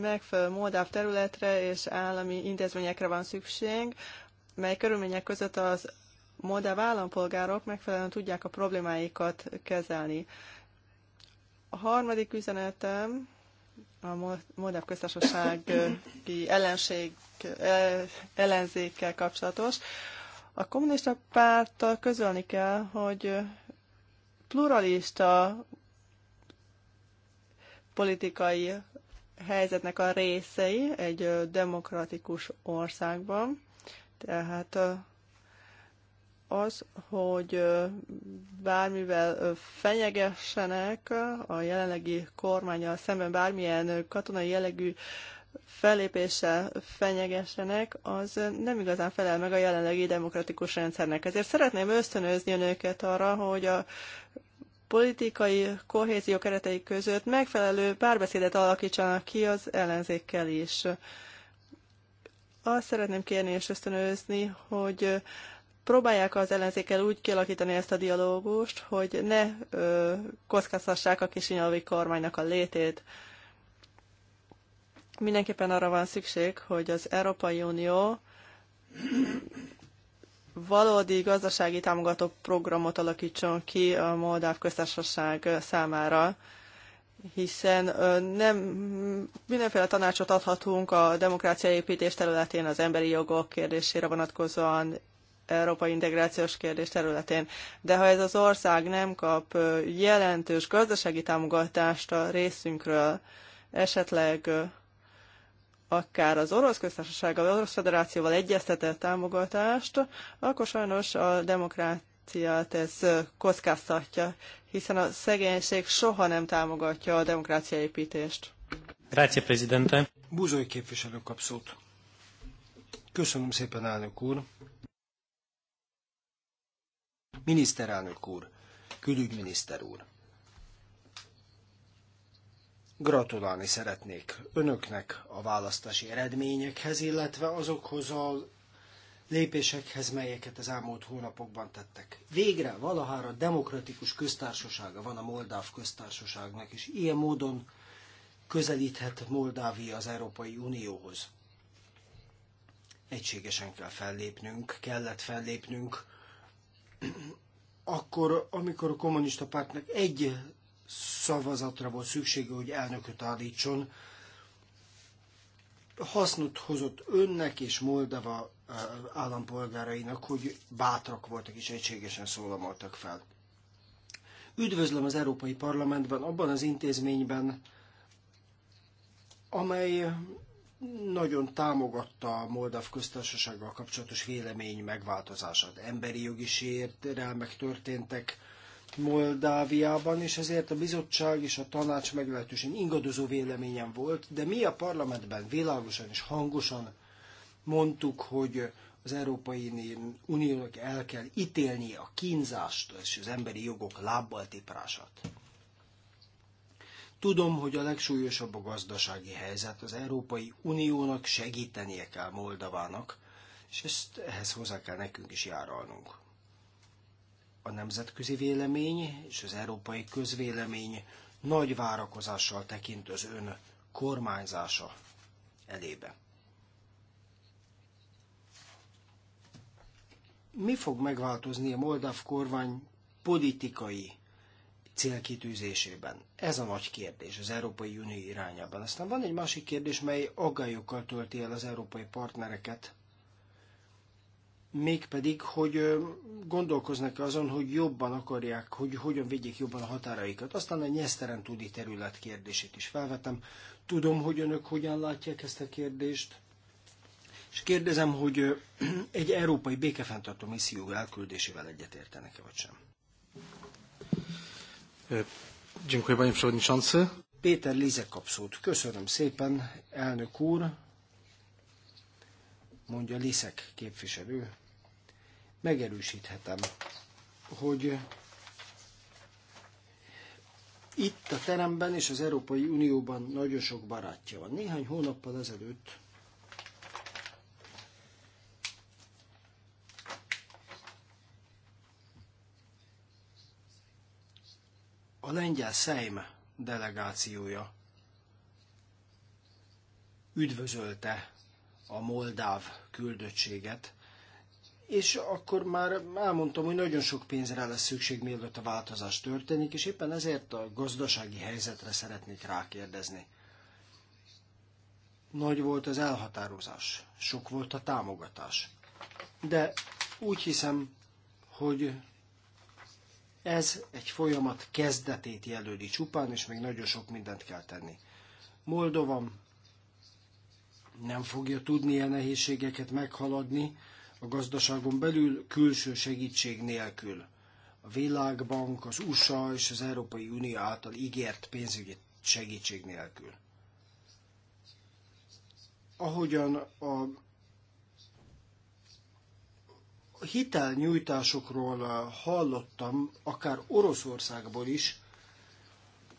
megfelelő moldáv területre és állami intézményekre van szükség, mely körülmények között az moldáv állampolgárok megfelelően tudják a problémáikat kezelni. A harmadik üzenetem a Moldáv köztársasági ellenség, eh, ellenzékkel kapcsolatos. A kommunista párttal közölni kell, hogy pluralista politikai helyzetnek a részei egy demokratikus országban, tehát az, hogy bármivel fenyegessenek a jelenlegi kormányal szemben bármilyen katonai jellegű fellépéssel fenyegessenek, az nem igazán felel meg a jelenlegi demokratikus rendszernek. Ezért szeretném ösztönözni önöket arra, hogy a politikai kohézió keretei között megfelelő párbeszédet alakítsanak ki az ellenzékkel is. Azt szeretném kérni és ösztönözni, hogy próbálják az ellenzékkel úgy kialakítani ezt a dialógust, hogy ne kockáztassák a kisinyalvi kormánynak a létét. Mindenképpen arra van szükség, hogy az Európai Unió valódi gazdasági támogató programot alakítson ki a Moldáv köztársaság számára, hiszen nem mindenféle tanácsot adhatunk a demokrácia építés területén, az emberi jogok kérdésére vonatkozóan, európai integrációs kérdés területén. De ha ez az ország nem kap jelentős gazdasági támogatást a részünkről, esetleg akár az Orosz Köztársasággal, az Orosz Federációval egyeztetett támogatást, akkor sajnos a demokráciát ez kockáztatja, hiszen a szegénység soha nem támogatja a demokrácia építést. Grazie, Presidente. Búzói képviselő kap szót. Köszönöm szépen, elnök úr. Miniszterelnök úr, külügyminiszter úr, gratulálni szeretnék önöknek a választási eredményekhez, illetve azokhoz a lépésekhez, melyeket az elmúlt hónapokban tettek. Végre valahára demokratikus köztársasága van a Moldáv köztársaságnak, és ilyen módon közelíthet Moldávia az Európai Unióhoz. Egységesen kell fellépnünk, kellett fellépnünk akkor, amikor a kommunista pártnak egy szavazatra volt szüksége, hogy elnököt állítson, hasznot hozott önnek és Moldava eh, állampolgárainak, hogy bátrak voltak és egységesen szólamoltak fel. Üdvözlöm az Európai Parlamentben, abban az intézményben, amely nagyon támogatta a Moldav köztársasággal kapcsolatos vélemény megváltozását. Emberi jogi sérelmek történtek Moldáviában, és ezért a bizottság és a tanács meglehetősen ingadozó véleményen volt, de mi a parlamentben világosan és hangosan mondtuk, hogy az Európai Uniónak el kell ítélni a kínzást és az emberi jogok lábbal tiprását. Tudom, hogy a legsúlyosabb a gazdasági helyzet. Az Európai Uniónak segítenie kell Moldavának, és ezt ehhez hozzá kell nekünk is járalnunk. A nemzetközi vélemény és az európai közvélemény nagy várakozással tekint az ön kormányzása elébe. Mi fog megváltozni a Moldav kormány politikai célkitűzésében. Ez a nagy kérdés az Európai Unió irányában. Aztán van egy másik kérdés, mely aggályokkal tölti el az európai partnereket, mégpedig, hogy gondolkoznak -e azon, hogy jobban akarják, hogy hogyan védjék jobban a határaikat. Aztán a nyeszteren túli terület kérdését is felvetem. Tudom, hogy önök hogyan látják ezt a kérdést, és kérdezem, hogy egy európai békefenntartó misszió elküldésével egyetértenek-e vagy sem. E, dziękuję, panie przewodniczący. Péter Lize Köszönöm szépen, elnök úr, mondja Liszek képviselő. Megerősíthetem, hogy itt a teremben és az Európai Unióban nagyon sok barátja van. Néhány hónappal ezelőtt a lengyel Szejm delegációja üdvözölte a moldáv küldöttséget, és akkor már elmondtam, hogy nagyon sok pénzre lesz szükség, mielőtt a változás történik, és éppen ezért a gazdasági helyzetre szeretnék rákérdezni. Nagy volt az elhatározás, sok volt a támogatás. De úgy hiszem, hogy ez egy folyamat kezdetét jelöli csupán, és még nagyon sok mindent kell tenni. Moldovam nem fogja tudni ilyen nehézségeket meghaladni a gazdaságon belül külső segítség nélkül. A Világbank, az USA és az Európai Unió által ígért pénzügyi segítség nélkül. Ahogyan a hitelnyújtásokról eh, hallottam, akár Oroszországból is,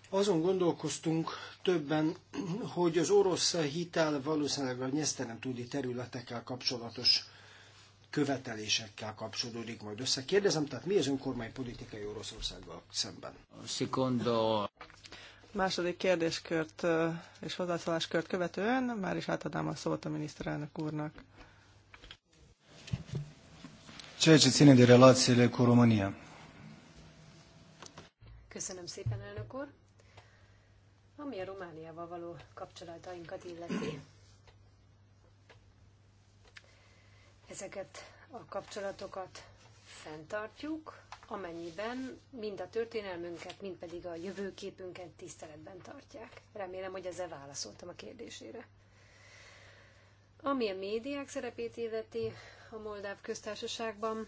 azon gondolkoztunk többen, hogy az orosz hitel valószínűleg a nyesztelen túli területekkel kapcsolatos követelésekkel kapcsolódik majd össze. Kérdezem, tehát mi az önkormány politikai Oroszországgal szemben? Sikondo. Második kérdéskört eh, és hozzászóláskört követően már is átadnám a szót a miniszterelnök úrnak ceea ce ține de relațiile cu România. Köszönöm szépen, elnök úr. Ami a Romániával való kapcsolatainkat illeti, ezeket a kapcsolatokat fenntartjuk, amennyiben mind a történelmünket, mind pedig a jövőképünket tiszteletben tartják. Remélem, hogy ezzel válaszoltam a kérdésére. Ami a médiák szerepét illeti, a Moldáv köztársaságban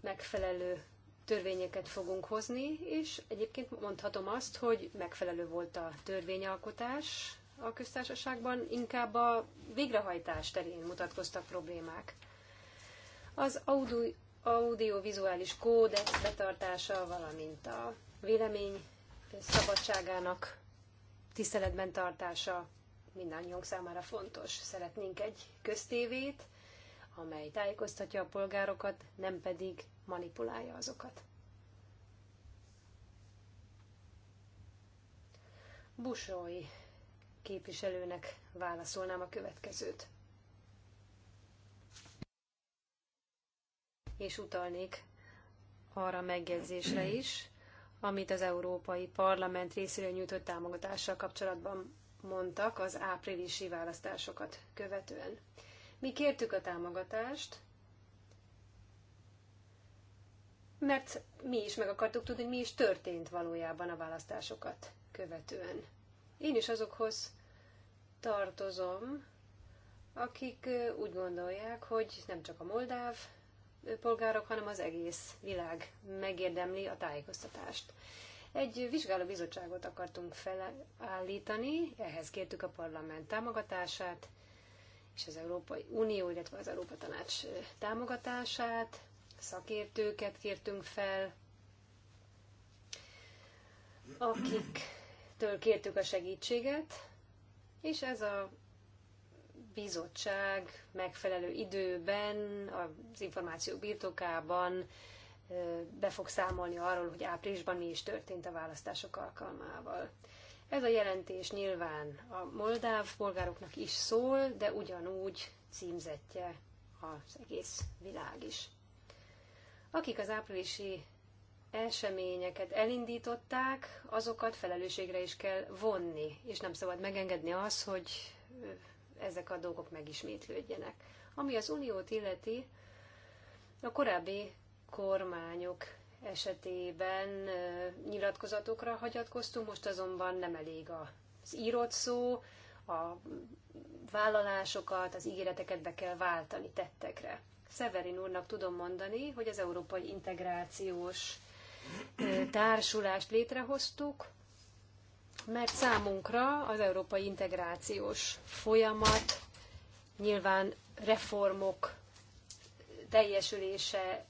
megfelelő törvényeket fogunk hozni, és egyébként mondhatom azt, hogy megfelelő volt a törvényalkotás a köztársaságban, inkább a végrehajtás terén mutatkoztak problémák. Az audio, audiovizuális kódex betartása, valamint a vélemény szabadságának tiszteletben tartása mindannyiunk számára fontos. Szeretnénk egy köztévét, amely tájékoztatja a polgárokat, nem pedig manipulálja azokat. Busói képviselőnek válaszolnám a következőt. És utalnék arra megjegyzésre is, amit az Európai Parlament részéről nyújtott támogatással kapcsolatban mondtak az áprilisi választásokat követően. Mi kértük a támogatást, mert mi is meg akartuk tudni, hogy mi is történt valójában a választásokat követően. Én is azokhoz tartozom, akik úgy gondolják, hogy nem csak a moldáv polgárok, hanem az egész világ megérdemli a tájékoztatást. Egy vizsgálóbizottságot akartunk felállítani, ehhez kértük a parlament támogatását, és az Európai Unió, illetve az Európa Tanács támogatását, szakértőket kértünk fel, akiktől kértük a segítséget, és ez a bizottság megfelelő időben, az információk birtokában be fog számolni arról, hogy áprilisban mi is történt a választások alkalmával. Ez a jelentés nyilván a moldáv polgároknak is szól, de ugyanúgy címzetje az egész világ is. Akik az áprilisi eseményeket elindították, azokat felelősségre is kell vonni, és nem szabad megengedni az, hogy ezek a dolgok megismétlődjenek. Ami az uniót illeti, a korábbi kormányok esetében nyilatkozatokra hagyatkoztunk, most azonban nem elég az írott szó, a vállalásokat, az ígéreteket be kell váltani tettekre. Severin úrnak tudom mondani, hogy az európai integrációs társulást létrehoztuk, mert számunkra az európai integrációs folyamat nyilván reformok teljesülése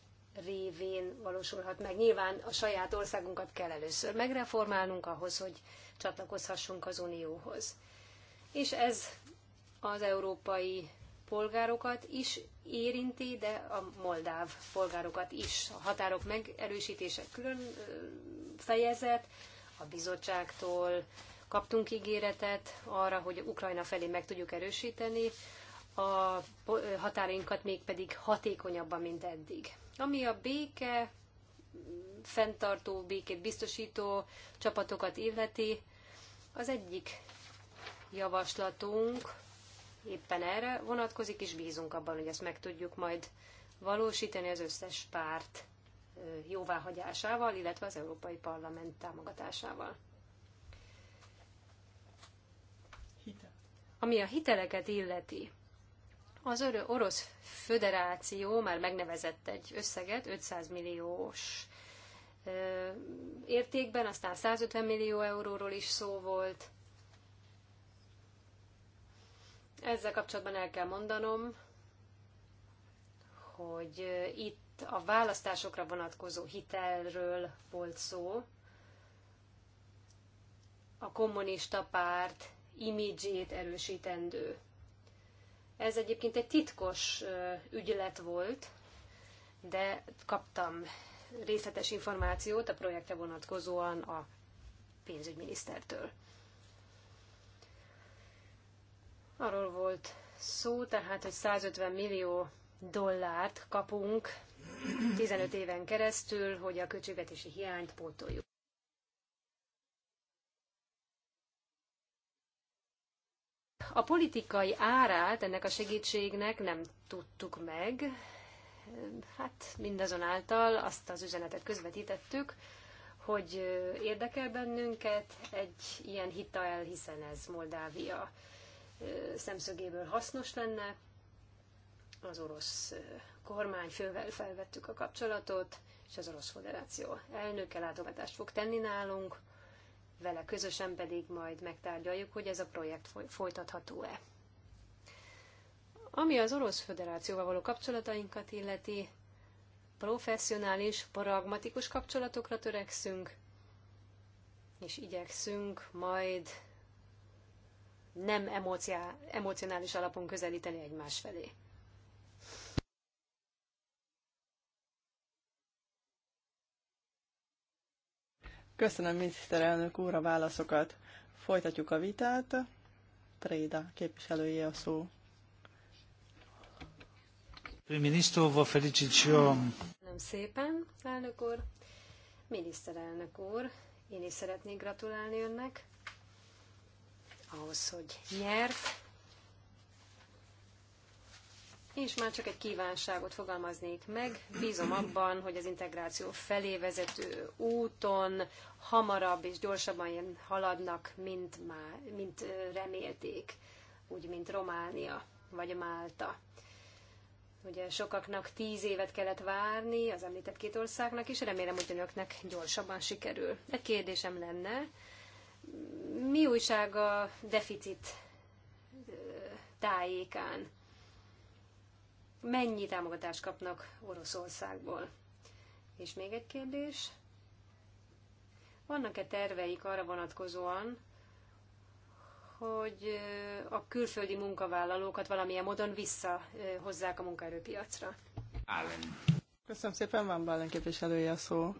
révén valósulhat meg. Nyilván a saját országunkat kell először megreformálnunk ahhoz, hogy csatlakozhassunk az Unióhoz. És ez az európai polgárokat is érinti, de a moldáv polgárokat is. A határok megerősítése külön fejezet, a bizottságtól kaptunk ígéretet arra, hogy Ukrajna felé meg tudjuk erősíteni a határainkat, mégpedig hatékonyabban, mint eddig. Ami a béke fenntartó, békét biztosító csapatokat illeti, az egyik javaslatunk éppen erre vonatkozik, és bízunk abban, hogy ezt meg tudjuk majd valósítani az összes párt jóváhagyásával, illetve az Európai Parlament támogatásával. Hitel. Ami a hiteleket illeti, az Orosz Föderáció már megnevezett egy összeget, 500 milliós értékben, aztán 150 millió euróról is szó volt. Ezzel kapcsolatban el kell mondanom, hogy itt a választásokra vonatkozó hitelről volt szó. A kommunista párt imidzsét erősítendő ez egyébként egy titkos ügylet volt, de kaptam részletes információt a projektre vonatkozóan a pénzügyminisztertől. Arról volt szó, tehát, hogy 150 millió dollárt kapunk 15 éven keresztül, hogy a költségvetési hiányt pótoljuk. A politikai árát ennek a segítségnek nem tudtuk meg. Hát mindazonáltal azt az üzenetet közvetítettük, hogy érdekel bennünket egy ilyen hitel, hiszen ez Moldávia szemszögéből hasznos lenne. Az orosz kormány fővel felvettük a kapcsolatot, és az Orosz foderáció elnöke látogatást fog tenni nálunk vele közösen pedig majd megtárgyaljuk, hogy ez a projekt folytatható-e. Ami az Orosz Föderációval való kapcsolatainkat illeti, professzionális, pragmatikus kapcsolatokra törekszünk, és igyekszünk majd nem emocionális alapon közelíteni egymás felé. Köszönöm miniszterelnök úr a válaszokat. Folytatjuk a vitát. Préda képviselője a szó. Ministro, vă Köszönöm szépen, elnök úr. Miniszterelnök úr, én is szeretnék gratulálni önnek ahhoz, hogy nyert, és már csak egy kívánságot fogalmaznék meg. Bízom abban, hogy az integráció felé vezető úton hamarabb és gyorsabban haladnak, mint, már, mint remélték, úgy, mint Románia vagy Málta. Ugye sokaknak tíz évet kellett várni az említett két országnak, is remélem, hogy önöknek gyorsabban sikerül. Egy kérdésem lenne, mi újság a deficit tájékán? mennyi támogatást kapnak Oroszországból. És még egy kérdés. Vannak-e terveik arra vonatkozóan, hogy a külföldi munkavállalókat valamilyen módon visszahozzák a munkaerőpiacra? Allen. Köszönöm szépen, Van Bálen képviselője a szó.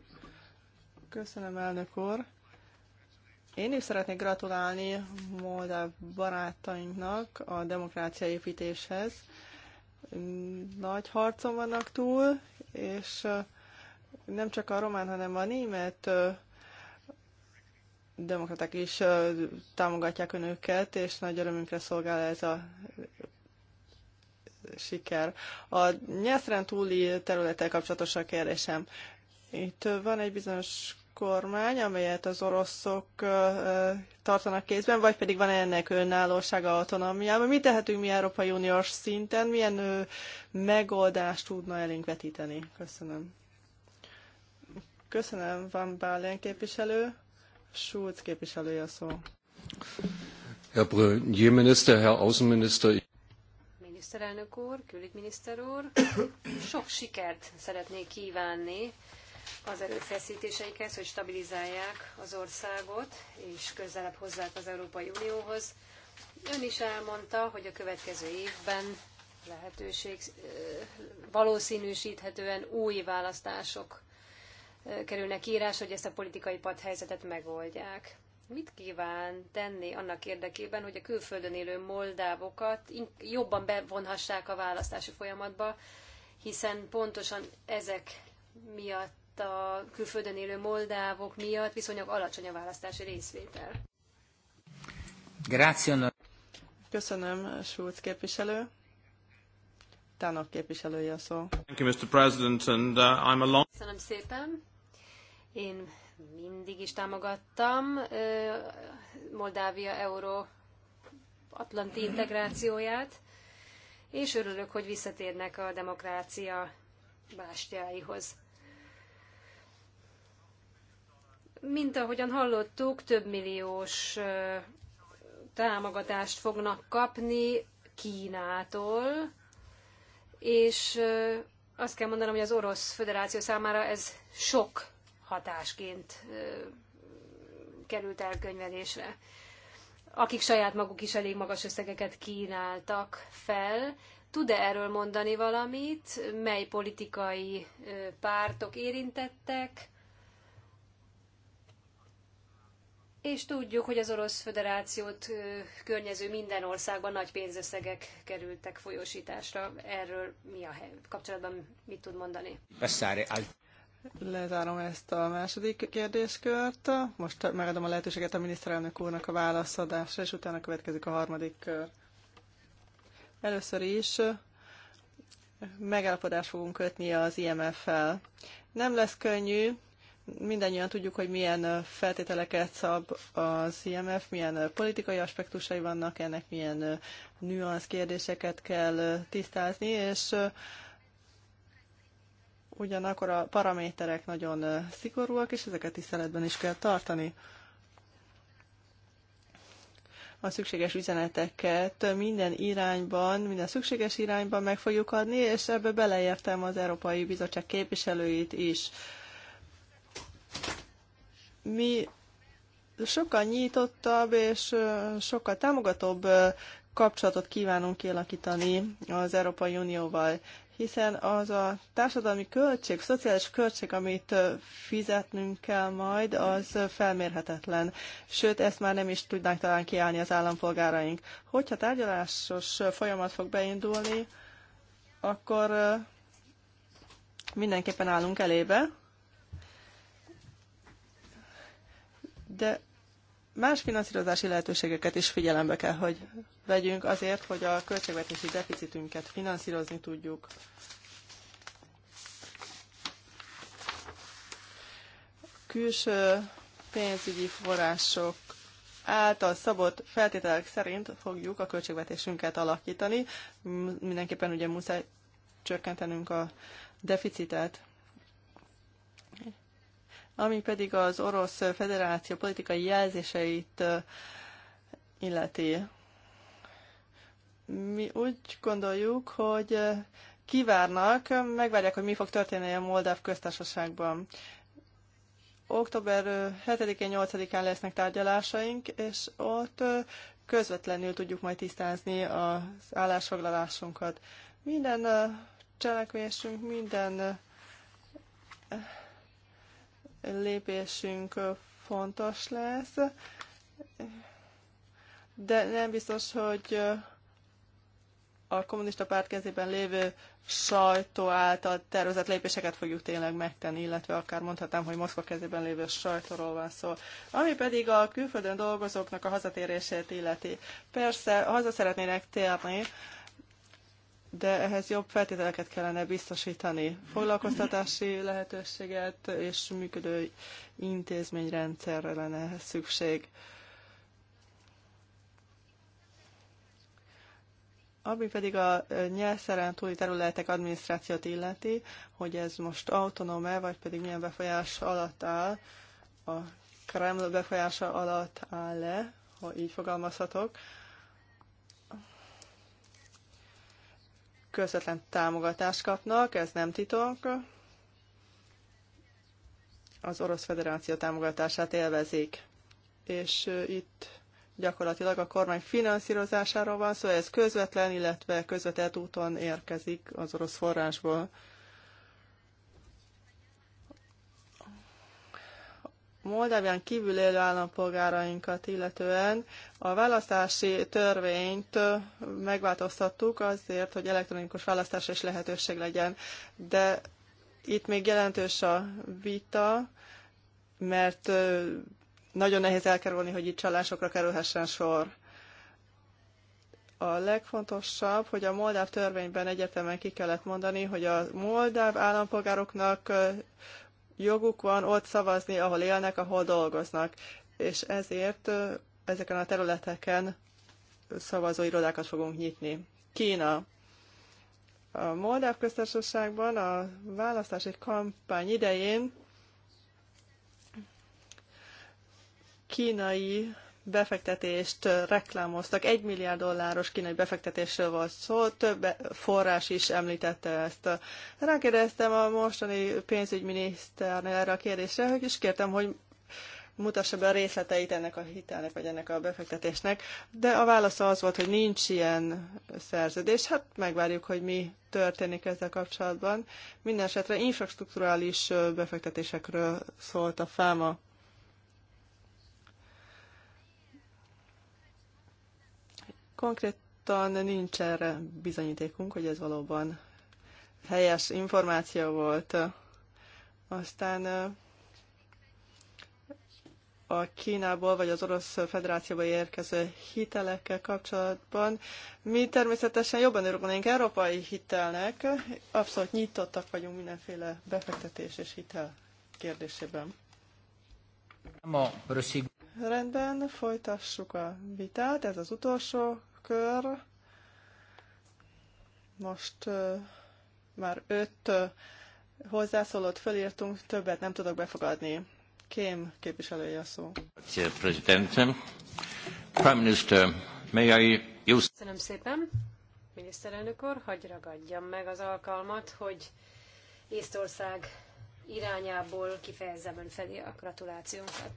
Köszönöm, elnök úr. Én is szeretnék gratulálni Moldáv barátainknak a demokrácia építéshez nagy harcon vannak túl, és nem csak a román, hanem a német demokraták is támogatják önöket, és nagy örömünkre szolgál ez a siker. A nyelvszeren túli területtel kapcsolatos a kérdésem. Itt van egy bizonyos kormány, amelyet az oroszok tartanak kézben, vagy pedig van ennek önállósága, autonómiája? Mit tehetünk mi Európai Uniós szinten? Milyen megoldást tudna elénk vetíteni? Köszönöm. Köszönöm, Van Bálén képviselő. Schulz képviselője szó. Herr Premierminister, Herr Außenminister, miniszterelnök úr, külügyminiszter úr. Sok sikert szeretnék kívánni az erőfeszítéseikhez, hogy stabilizálják az országot, és közelebb hozzák az Európai Unióhoz. Ön is elmondta, hogy a következő évben lehetőség valószínűsíthetően új választások kerülnek írás, hogy ezt a politikai padhelyzetet megoldják. Mit kíván tenni annak érdekében, hogy a külföldön élő moldávokat jobban bevonhassák a választási folyamatba, hiszen pontosan ezek miatt a külföldön élő moldávok miatt viszonylag alacsony a választási részvétel. Grazie. Köszönöm, Schulz képviselő. Tánok képviselője a szó. Thank you, Mr. President, and uh, I'm a long... Köszönöm szépen. Én mindig is támogattam uh, Moldávia euró atlanti integrációját, és örülök, hogy visszatérnek a demokrácia bástyáihoz. Mint ahogyan hallottuk, több milliós támogatást fognak kapni Kínától, és azt kell mondanom, hogy az Orosz Föderáció számára ez sok hatásként került elkönyvelésre. Akik saját maguk is elég magas összegeket kínáltak fel, tud-e erről mondani valamit, mely politikai pártok érintettek, és tudjuk, hogy az Orosz Föderációt környező minden országban nagy pénzösszegek kerültek folyósításra. Erről mi a hely, kapcsolatban mit tud mondani? Lezárom ezt a második kérdéskört. Most megadom a lehetőséget a miniszterelnök úrnak a válaszadásra, és utána következik a harmadik kör. Először is megállapodást fogunk kötni az IMF-fel. Nem lesz könnyű, mindannyian tudjuk, hogy milyen feltételeket szab az IMF, milyen politikai aspektusai vannak, ennek milyen nüansz kérdéseket kell tisztázni, és ugyanakkor a paraméterek nagyon szigorúak, és ezeket tiszteletben is kell tartani. A szükséges üzeneteket minden irányban, minden szükséges irányban meg fogjuk adni, és ebbe beleértem az Európai Bizottság képviselőit is mi sokkal nyitottabb és sokkal támogatóbb kapcsolatot kívánunk kialakítani az Európai Unióval, hiszen az a társadalmi költség, szociális költség, amit fizetnünk kell majd, az felmérhetetlen. Sőt, ezt már nem is tudnánk talán kiállni az állampolgáraink. Hogyha tárgyalásos folyamat fog beindulni, akkor mindenképpen állunk elébe, de más finanszírozási lehetőségeket is figyelembe kell, hogy vegyünk azért, hogy a költségvetési deficitünket finanszírozni tudjuk. Külső pénzügyi források által szabott feltételek szerint fogjuk a költségvetésünket alakítani. Mindenképpen ugye muszáj csökkentenünk a deficitet. Ami pedig az Orosz Federáció politikai jelzéseit illeti. Mi úgy gondoljuk, hogy kivárnak, megvárják, hogy mi fog történni a Moldáv köztársaságban. Október 7-én, 8-án lesznek tárgyalásaink, és ott közvetlenül tudjuk majd tisztázni az állásfoglalásunkat. Minden cselekvésünk, minden lépésünk fontos lesz, de nem biztos, hogy a kommunista párt kezében lévő sajtó által tervezett lépéseket fogjuk tényleg megtenni, illetve akár mondhatnám, hogy Moszkva kezében lévő sajtóról van szó. Ami pedig a külföldön dolgozóknak a hazatérését illeti. Persze, haza szeretnének térni, de ehhez jobb feltételeket kellene biztosítani, foglalkoztatási lehetőséget és működő intézményrendszerre lenne ehhez szükség. Ami pedig a nyelvszeren túli területek adminisztrációt illeti, hogy ez most autonóm-e, vagy pedig milyen befolyás alatt áll, a Kreml befolyása alatt áll-e, ha így fogalmazhatok, közvetlen támogatást kapnak, ez nem titok. Az Orosz Federáció támogatását élvezik. És itt gyakorlatilag a kormány finanszírozásáról van szó, szóval ez közvetlen, illetve közvetett úton érkezik az orosz forrásból. Moldávián kívül élő állampolgárainkat illetően a választási törvényt megváltoztattuk azért, hogy elektronikus választás is lehetőség legyen. De itt még jelentős a vita, mert nagyon nehéz elkerülni, hogy itt csalásokra kerülhessen sor. A legfontosabb, hogy a moldáv törvényben egyetemen ki kellett mondani, hogy a moldáv állampolgároknak joguk van ott szavazni, ahol élnek, ahol dolgoznak. És ezért ezeken a területeken szavazóirodákat fogunk nyitni. Kína. A Moldáv köztársaságban a választási kampány idején kínai befektetést reklámoztak. Egy milliárd dolláros kínai befektetésről volt szó, több forrás is említette ezt. Rákérdeztem a mostani pénzügyminiszternél erre a kérdésre, is kértem, hogy mutassa be a részleteit ennek a hitelnek, vagy ennek a befektetésnek, de a válasza az volt, hogy nincs ilyen szerződés. Hát megvárjuk, hogy mi történik ezzel kapcsolatban. Mindenesetre infrastruktúrális befektetésekről szólt a fáma. Konkrétan nincs erre bizonyítékunk, hogy ez valóban helyes információ volt. Aztán a Kínából vagy az Orosz Federációba érkező hitelekkel kapcsolatban. Mi természetesen jobban örülnénk európai hitelnek, abszolút nyitottak vagyunk mindenféle befektetés és hitel kérdésében. Rendben, folytassuk a vitát, ez az utolsó kör. Most már öt hozzászólót fölírtunk, többet nem tudok befogadni. Kém képviselője a szó. Köszönöm szépen, miniszterelnök úr, hagyj ragadjam meg az alkalmat, hogy Észtország irányából kifejezzem ön felé a gratulációnkat.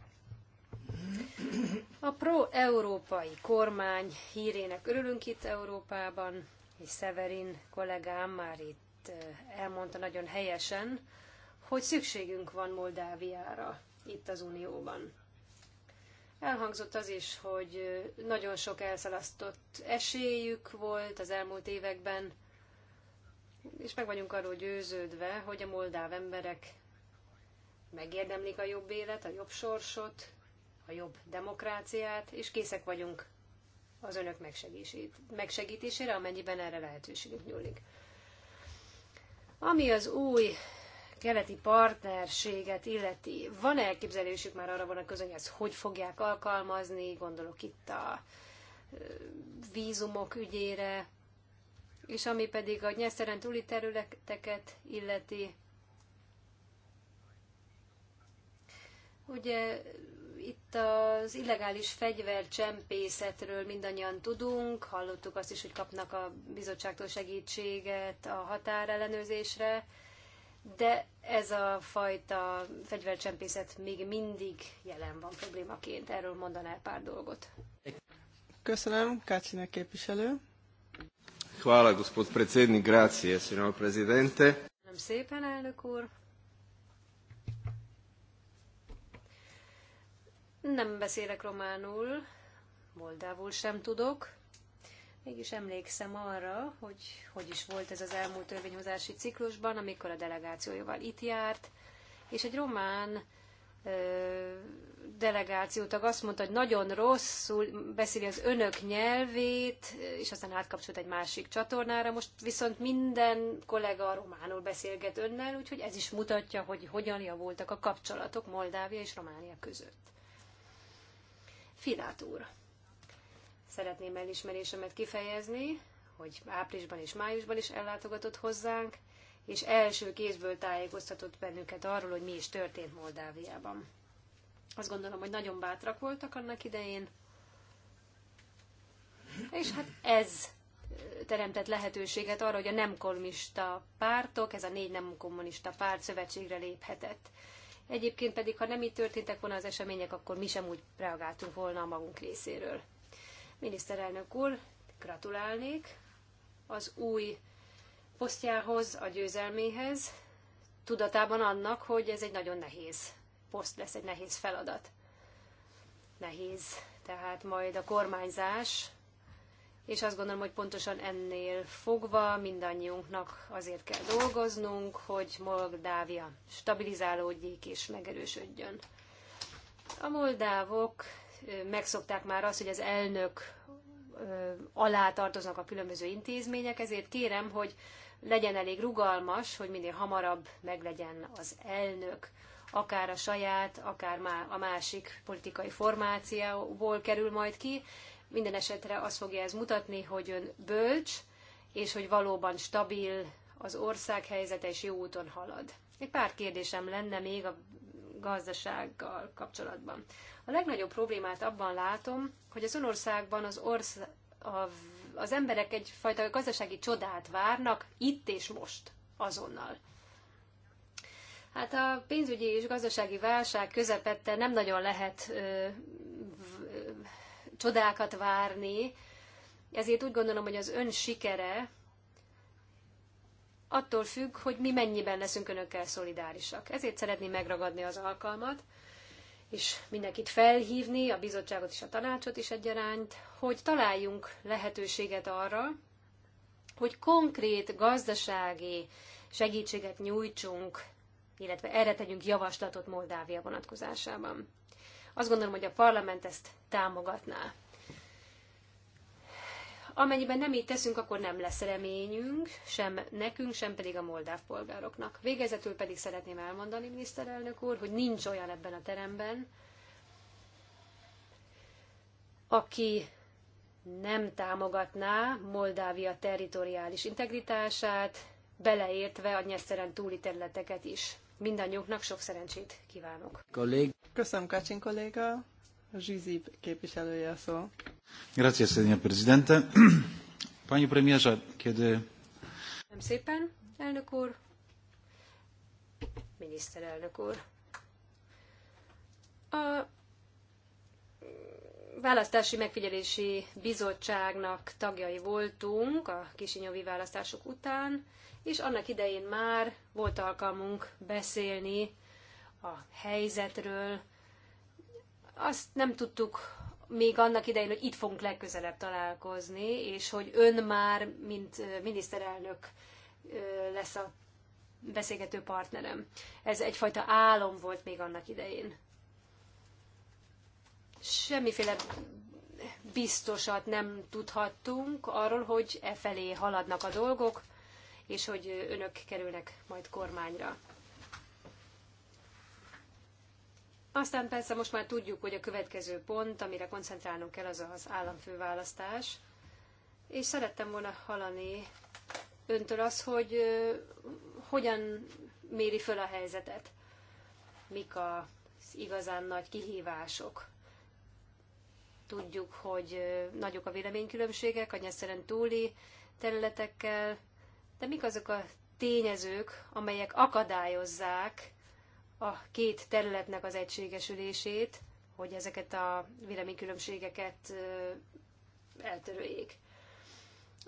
A pro-európai kormány hírének örülünk itt Európában, és Severin kollégám már itt elmondta nagyon helyesen, hogy szükségünk van Moldáviára itt az Unióban. Elhangzott az is, hogy nagyon sok elszalasztott esélyük volt az elmúlt években, és meg vagyunk arról győződve, hogy a moldáv emberek megérdemlik a jobb élet, a jobb sorsot, a jobb demokráciát, és készek vagyunk az önök megsegítésére, amennyiben erre lehetőségünk nyúlik. Ami az új keleti partnerséget illeti, van -e elképzelésük már arra vonatkozóan, hogy ezt hogy fogják alkalmazni, gondolok itt a vízumok ügyére, és ami pedig a nyeszteren túli területeket illeti, ugye itt az illegális fegyvercsempészetről mindannyian tudunk, hallottuk azt is, hogy kapnak a bizottságtól segítséget a határellenőrzésre, de ez a fajta fegyvercsempészet még mindig jelen van problémaként. Erről mondanál pár dolgot. Köszönöm, Kácsinek képviselő. Hvala, gospod predsednik, grazie, signor presidente. Köszönöm szépen, elnök úr. Nem beszélek románul, moldávul sem tudok. Mégis emlékszem arra, hogy hogy is volt ez az elmúlt törvényhozási ciklusban, amikor a delegációjával itt járt, és egy román ö, delegációtag azt mondta, hogy nagyon rosszul beszéli az önök nyelvét, és aztán átkapcsolt egy másik csatornára. Most viszont minden kollega románul beszélget önnel, úgyhogy ez is mutatja, hogy hogyan javultak a kapcsolatok Moldávia és Románia között. Filátúr. úr. Szeretném elismerésemet kifejezni, hogy áprilisban és májusban is ellátogatott hozzánk, és első kézből tájékoztatott bennünket arról, hogy mi is történt Moldáviában. Azt gondolom, hogy nagyon bátrak voltak annak idején, és hát ez eh, teremtett lehetőséget arra, hogy a nem kommunista pártok, ez a négy nem kommunista párt szövetségre léphetett. Egyébként pedig, ha nem így történtek volna az események, akkor mi sem úgy reagáltunk volna a magunk részéről. Miniszterelnök úr, gratulálnék az új posztjához, a győzelméhez, tudatában annak, hogy ez egy nagyon nehéz poszt lesz, egy nehéz feladat. Nehéz tehát majd a kormányzás és azt gondolom, hogy pontosan ennél fogva mindannyiunknak azért kell dolgoznunk, hogy Moldávia stabilizálódjék és megerősödjön. A moldávok megszokták már azt, hogy az elnök alá tartoznak a különböző intézmények, ezért kérem, hogy legyen elég rugalmas, hogy minél hamarabb meglegyen az elnök, akár a saját, akár a másik politikai formációból kerül majd ki, minden esetre azt fogja ez mutatni, hogy ön bölcs, és hogy valóban stabil az ország helyzete, és jó úton halad. Egy pár kérdésem lenne még a gazdasággal kapcsolatban. A legnagyobb problémát abban látom, hogy az országban az, orsz, a, az emberek egyfajta gazdasági csodát várnak itt és most, azonnal. Hát a pénzügyi és gazdasági válság közepette nem nagyon lehet ö, csodákat várni, ezért úgy gondolom, hogy az ön sikere attól függ, hogy mi mennyiben leszünk önökkel szolidárisak. Ezért szeretném megragadni az alkalmat, és mindenkit felhívni, a bizottságot és a tanácsot is egyaránt, hogy találjunk lehetőséget arra, hogy konkrét gazdasági segítséget nyújtsunk, illetve erre tegyünk javaslatot Moldávia vonatkozásában. Azt gondolom, hogy a parlament ezt támogatná. Amennyiben nem így teszünk, akkor nem lesz reményünk, sem nekünk, sem pedig a moldáv polgároknak. Végezetül pedig szeretném elmondani, miniszterelnök úr, hogy nincs olyan ebben a teremben, aki nem támogatná Moldávia territoriális integritását, beleértve a nyeszteren túli területeket is mindannyiunknak sok szerencsét kívánok. Kollég. Köszönöm, Kacsin kolléga. Zsizib képviselője a szó. Grazie, senior prezidente. Pányi premierze, kérdő. Nem szépen, elnök úr, miniszterelnök úr. A választási megfigyelési bizottságnak tagjai voltunk a kisinyovi választások után, és annak idején már volt alkalmunk beszélni a helyzetről. Azt nem tudtuk még annak idején, hogy itt fogunk legközelebb találkozni, és hogy ön már, mint miniszterelnök lesz a beszélgető partnerem. Ez egyfajta álom volt még annak idején semmiféle biztosat nem tudhattunk arról, hogy e felé haladnak a dolgok, és hogy önök kerülnek majd kormányra. Aztán persze most már tudjuk, hogy a következő pont, amire koncentrálnunk kell, az az államfőválasztás. És szerettem volna hallani öntől az, hogy hogyan méri föl a helyzetet. Mik az igazán nagy kihívások Tudjuk, hogy nagyok a véleménykülönbségek a nyeszeren túli területekkel, de mik azok a tényezők, amelyek akadályozzák a két területnek az egységesülését, hogy ezeket a véleménykülönbségeket eltöröljék.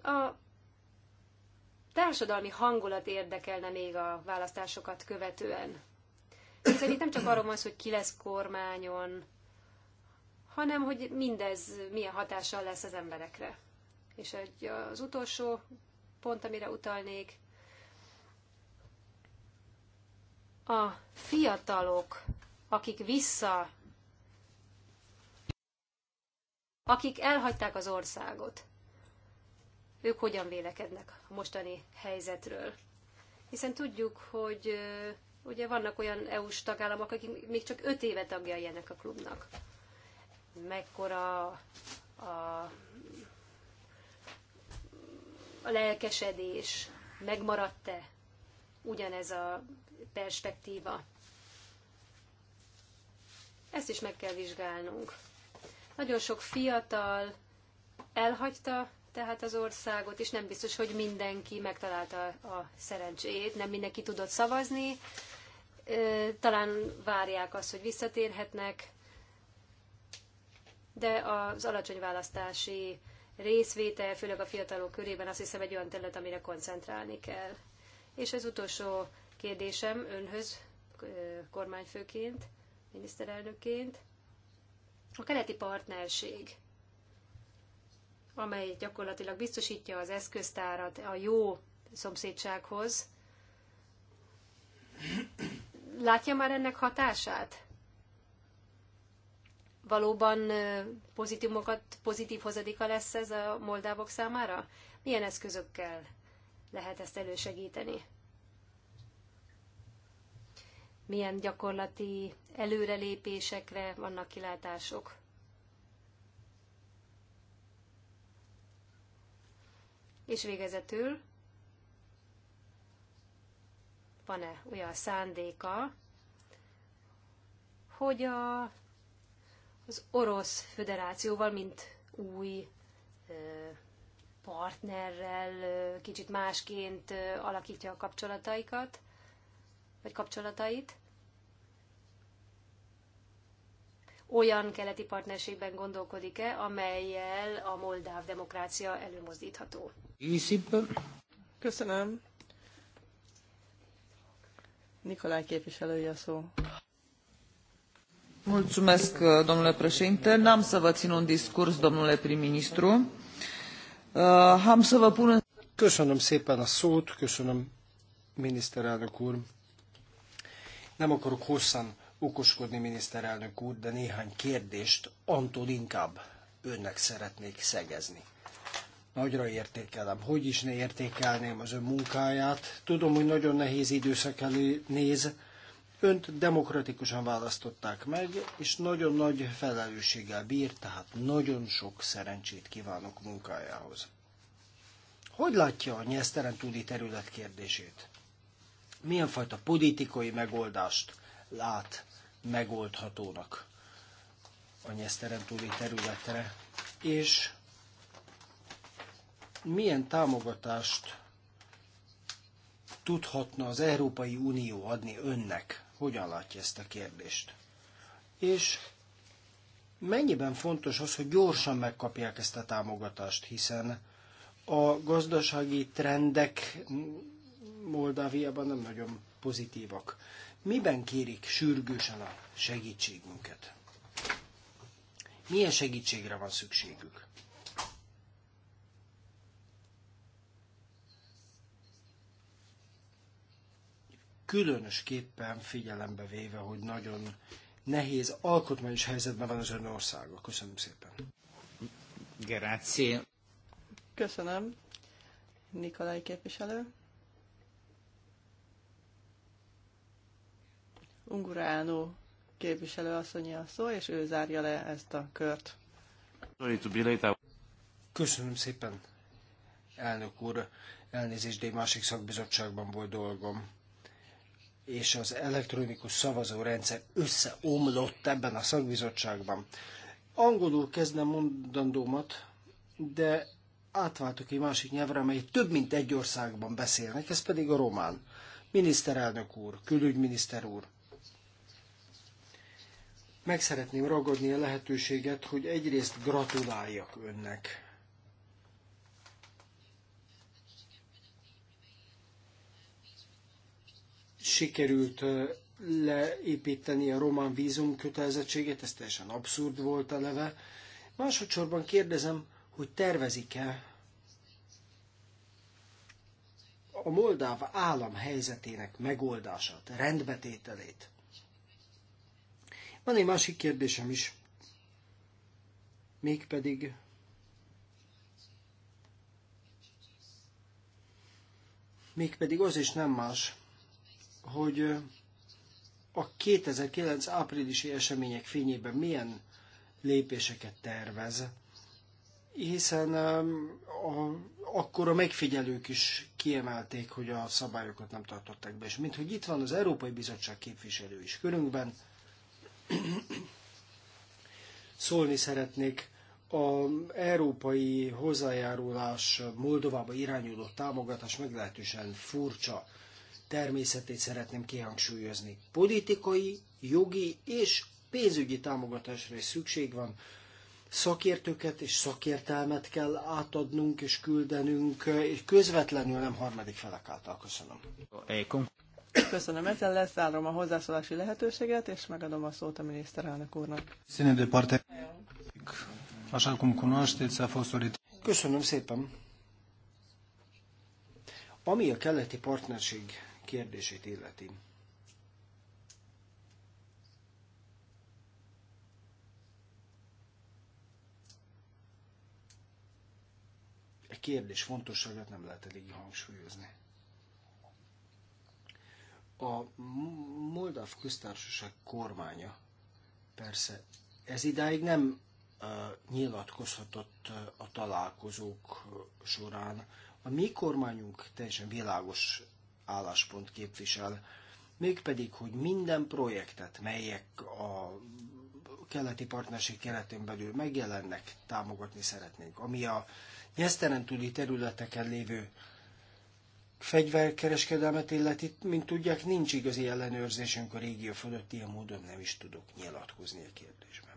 A társadalmi hangulat érdekelne még a választásokat követően. Hiszen itt nem csak arról van szó, hogy ki lesz kormányon, hanem hogy mindez milyen hatással lesz az emberekre. És egy, az utolsó pont, amire utalnék, a fiatalok, akik vissza, akik elhagyták az országot, ők hogyan vélekednek a mostani helyzetről. Hiszen tudjuk, hogy ugye vannak olyan EU-s tagállamok, akik még csak öt éve tagjai ennek a klubnak mekkora a, a lelkesedés, megmaradt-e ugyanez a perspektíva. Ezt is meg kell vizsgálnunk. Nagyon sok fiatal elhagyta tehát az országot, és nem biztos, hogy mindenki megtalálta a szerencsét, nem mindenki tudott szavazni. Talán várják azt, hogy visszatérhetnek, de az alacsony választási részvétel, főleg a fiatalok körében azt hiszem egy olyan terület, amire koncentrálni kell. És az utolsó kérdésem önhöz, kormányfőként, miniszterelnökként, a keleti partnerség, amely gyakorlatilag biztosítja az eszköztárat a jó szomszédsághoz, látja már ennek hatását? valóban pozitívokat pozitív hozadéka lesz ez a moldávok számára? Milyen eszközökkel lehet ezt elősegíteni? Milyen gyakorlati előrelépésekre vannak kilátások? És végezetül van-e olyan szándéka, hogy a az Orosz Föderációval, mint új partnerrel kicsit másként alakítja a kapcsolataikat, vagy kapcsolatait. Olyan keleti partnerségben gondolkodik-e, amelyel a moldáv demokrácia előmozdítható? Köszönöm. Nikolaj képviselője a szó. Uh, N-am să vă țin un discurs, domnule prim-ministru. Uh, am să vă pun... Köszönöm szépen a szót, köszönöm, miniszterelnök úr. Nem akarok hosszan okoskodni, miniszterelnök úr, de néhány kérdést antól inkább önnek szeretnék szegezni. Nagyra értékelem. Hogy is ne értékelném az ön munkáját. Tudom, hogy nagyon nehéz időszak elé néz, Önt demokratikusan választották meg, és nagyon nagy felelősséggel bír, tehát nagyon sok szerencsét kívánok munkájához. Hogy látja a nyeszteren túli terület kérdését? Milyen fajta politikai megoldást lát megoldhatónak a nyeszteren túli területre? És milyen támogatást tudhatna az Európai Unió adni önnek hogyan látja ezt a kérdést. És mennyiben fontos az, hogy gyorsan megkapják ezt a támogatást, hiszen a gazdasági trendek Moldáviában nem nagyon pozitívak. Miben kérik sürgősen a segítségünket? Milyen segítségre van szükségük? különösképpen figyelembe véve, hogy nagyon nehéz alkotmányos helyzetben van az ön országa. Köszönöm szépen. Grazie. Köszönöm. Nikolai képviselő. Ungurano képviselő asszonyi a szó, és ő zárja le ezt a kört. Köszönöm szépen, elnök úr. Elnézést, de másik szakbizottságban volt dolgom és az elektronikus szavazórendszer összeomlott ebben a szakbizottságban. Angolul kezdem mondandómat, de átváltok egy másik nyelvre, amely több mint egy országban beszélnek, ez pedig a román. Miniszterelnök úr, külügyminiszter úr, meg szeretném ragadni a lehetőséget, hogy egyrészt gratuláljak önnek sikerült leépíteni a román vízum kötelezettséget, ez teljesen abszurd volt a leve. Másodszorban kérdezem, hogy tervezik-e a moldáv állam helyzetének megoldását, rendbetételét. Van egy másik kérdésem is, mégpedig mégpedig az is nem más, hogy a 2009 áprilisi események fényében milyen lépéseket tervez, hiszen a, akkor a megfigyelők is kiemelték, hogy a szabályokat nem tartották be. És mint hogy itt van az Európai Bizottság képviselő is körünkben, szólni szeretnék az európai hozzájárulás Moldovába irányuló támogatás meglehetősen furcsa természetét szeretném kihangsúlyozni. Politikai, jogi és pénzügyi támogatásra is szükség van. Szakértőket és szakértelmet kell átadnunk és küldenünk, és közvetlenül nem harmadik felek által. Köszönöm. Köszönöm, ezzel lezárom a hozzászólási lehetőséget, és megadom a szót a miniszterelnök úrnak. Köszönöm szépen. Ami a keleti partnerség kérdését illeti. E kérdés fontosságát nem lehet elég hangsúlyozni. A Moldáv köztársaság kormánya persze ez idáig nem uh, nyilatkozhatott a találkozók során. A mi kormányunk teljesen világos álláspont képvisel, mégpedig, hogy minden projektet, melyek a keleti partnerség keretén belül megjelennek, támogatni szeretnénk. Ami a nyeszteren túli területeken lévő fegyverkereskedelmet illeti, mint tudják, nincs igazi ellenőrzésünk a régió fölött, ilyen módon nem is tudok nyilatkozni a kérdésben.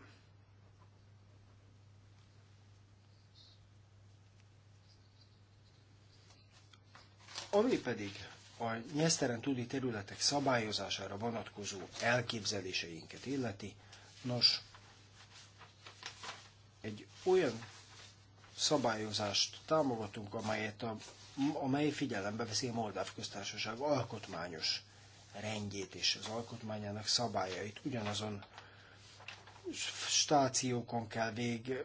Ami pedig a nyeszteren túli területek szabályozására vonatkozó elképzeléseinket illeti. Nos, egy olyan szabályozást támogatunk, amelyet a, amely figyelembe veszi a Moldáv köztársaság alkotmányos rendjét és az alkotmányának szabályait ugyanazon stációkon kell vég,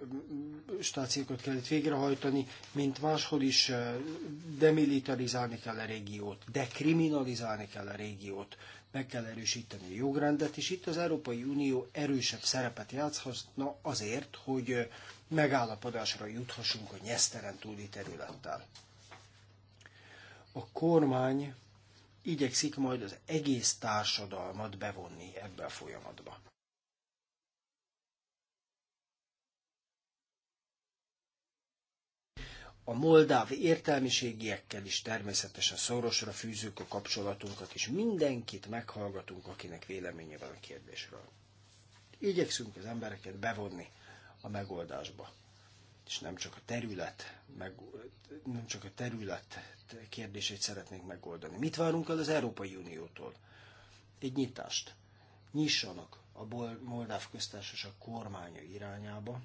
stációkat kell itt végrehajtani, mint máshol is eh, demilitarizálni kell a régiót, dekriminalizálni kell a régiót, meg kell erősíteni a jogrendet, és itt az Európai Unió erősebb szerepet játszhatna azért, hogy eh, megállapodásra juthassunk a nyeszteren túli területtel. A kormány igyekszik majd az egész társadalmat bevonni ebbe a folyamatba. a moldáv értelmiségiekkel is természetesen szorosra fűzünk a kapcsolatunkat, és mindenkit meghallgatunk, akinek véleménye van a kérdésről. Igyekszünk az embereket bevonni a megoldásba. És nem csak a terület, meg, nem csak a terület kérdését szeretnénk megoldani. Mit várunk el az Európai Uniótól? Egy nyitást. Nyissanak a Moldáv köztársaság kormánya irányába,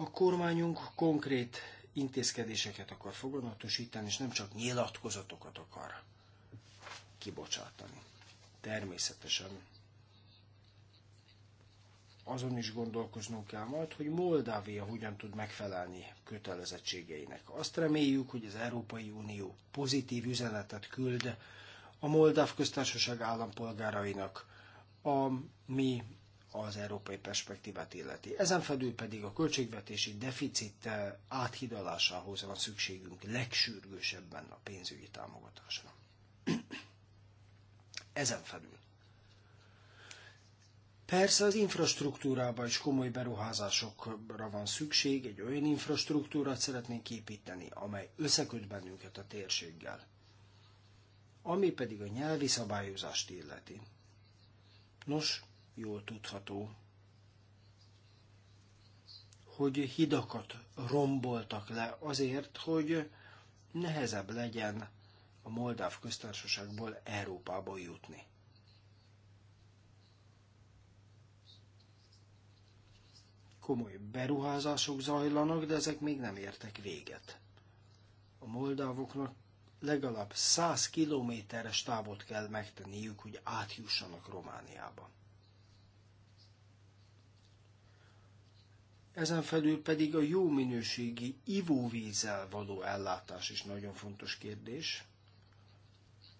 A kormányunk konkrét intézkedéseket akar foganatosítani, és nem csak nyilatkozatokat akar kibocsátani. Természetesen azon is gondolkoznunk kell majd, hogy Moldávia hogyan tud megfelelni kötelezettségeinek. Azt reméljük, hogy az Európai Unió pozitív üzenetet küld a Moldáv köztársaság állampolgárainak, a mi az európai perspektívát illeti. Ezen felül pedig a költségvetési deficit eh, áthidalásához van szükségünk legsürgősebben a pénzügyi támogatásra. Ezen felül. Persze az infrastruktúrában is komoly beruházásokra van szükség, egy olyan infrastruktúrát szeretnénk építeni, amely összeköt bennünket a térséggel. Ami pedig a nyelvi szabályozást illeti. Nos, jól tudható, hogy hidakat romboltak le azért, hogy nehezebb legyen a Moldáv köztársaságból Európába jutni. Komoly beruházások zajlanak, de ezek még nem értek véget. A moldávoknak legalább 100 kilométeres távot kell megtenniük, hogy átjussanak Romániába. ezen felül pedig a jó minőségi ivóvízzel való ellátás is nagyon fontos kérdés.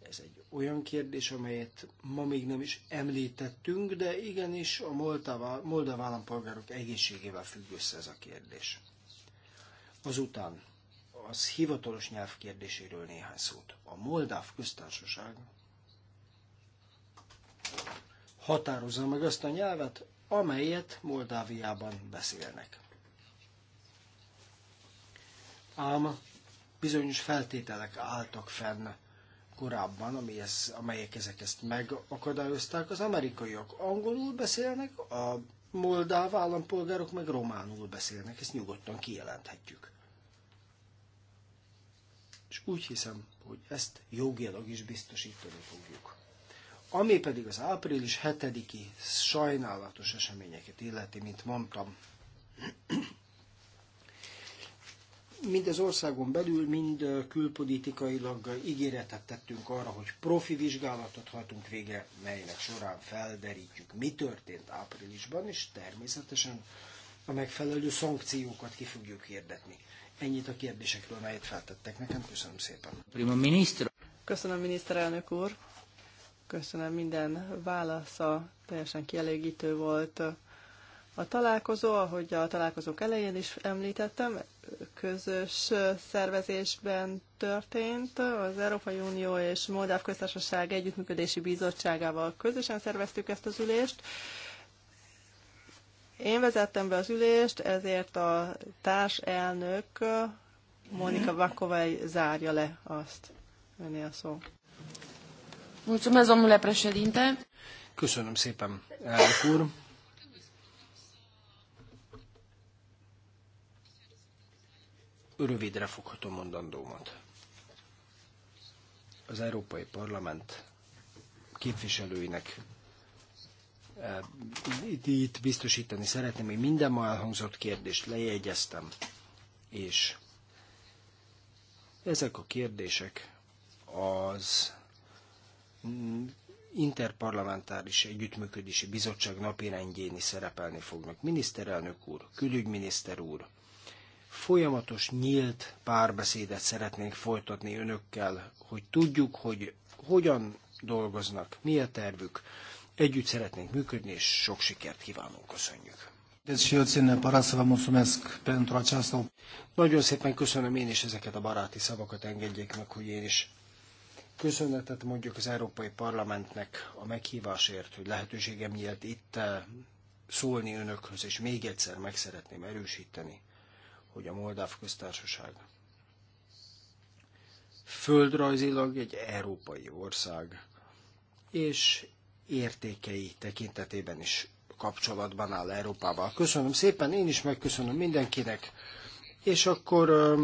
Ez egy olyan kérdés, amelyet ma még nem is említettünk, de igenis a moldav állampolgárok egészségével függ össze ez a kérdés. Azután az hivatalos nyelv kérdéséről néhány szót. A Moldáv köztársaság határozza meg azt a nyelvet, amelyet Moldáviában beszélnek. Ám bizonyos feltételek álltak fenn korábban, amelyek ezek ezt megakadályozták. Az amerikaiak angolul beszélnek, a moldáv állampolgárok meg románul beszélnek, ezt nyugodtan kijelenthetjük. És úgy hiszem, hogy ezt jogilag is biztosítani fogjuk. Ami pedig az április 7-i sajnálatos eseményeket illeti, mint mondtam, mind az országon belül, mind külpolitikailag ígéretet tettünk arra, hogy profi vizsgálatot hajtunk végre, melynek során felderítjük, mi történt áprilisban, és természetesen a megfelelő szankciókat ki fogjuk hirdetni. Ennyit a kérdésekről, melyet feltettek nekem. Köszönöm szépen. Prima miniszter. Köszönöm, miniszterelnök úr. Köszönöm, minden válasza teljesen kielégítő volt. A találkozó, ahogy a találkozók elején is említettem, közös szervezésben történt. Az Európai Unió és Moldáv Köztársaság Együttműködési Bizottságával közösen szerveztük ezt az ülést. Én vezettem be az ülést, ezért a társelnök Monika Vakovai zárja le azt. Önél szó. Mulțumesc, domnule președinte. Köszönöm szépen, elnök úr. Rövidre foghatom mondandómat. Az Európai Parlament képviselőinek eh, itt biztosítani szeretném, hogy minden ma elhangzott kérdést lejegyeztem, és ezek a kérdések az interparlamentáris együttműködési bizottság napirendjén is szerepelni fognak. Miniszterelnök úr, külügyminiszter úr, folyamatos nyílt párbeszédet szeretnénk folytatni önökkel, hogy tudjuk, hogy hogyan dolgoznak, mi a tervük. Együtt szeretnénk működni, és sok sikert kívánunk, köszönjük. Nagyon szépen köszönöm én is ezeket a baráti szavakat, engedjék meg, hogy én is Köszönetet mondjuk az Európai Parlamentnek a meghívásért, hogy lehetőségem nyílt itt eh, szólni önökhöz, és még egyszer meg szeretném erősíteni, hogy a Moldáv köztársaság földrajzilag egy európai ország, és értékei tekintetében is kapcsolatban áll Európával. Köszönöm szépen, én is megköszönöm mindenkinek, és akkor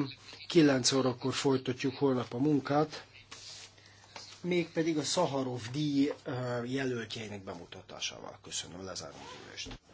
9 eh, órakor folytatjuk holnap a munkát mégpedig a Szaharov díj jelöltjeinek bemutatásával. Köszönöm, lezárom a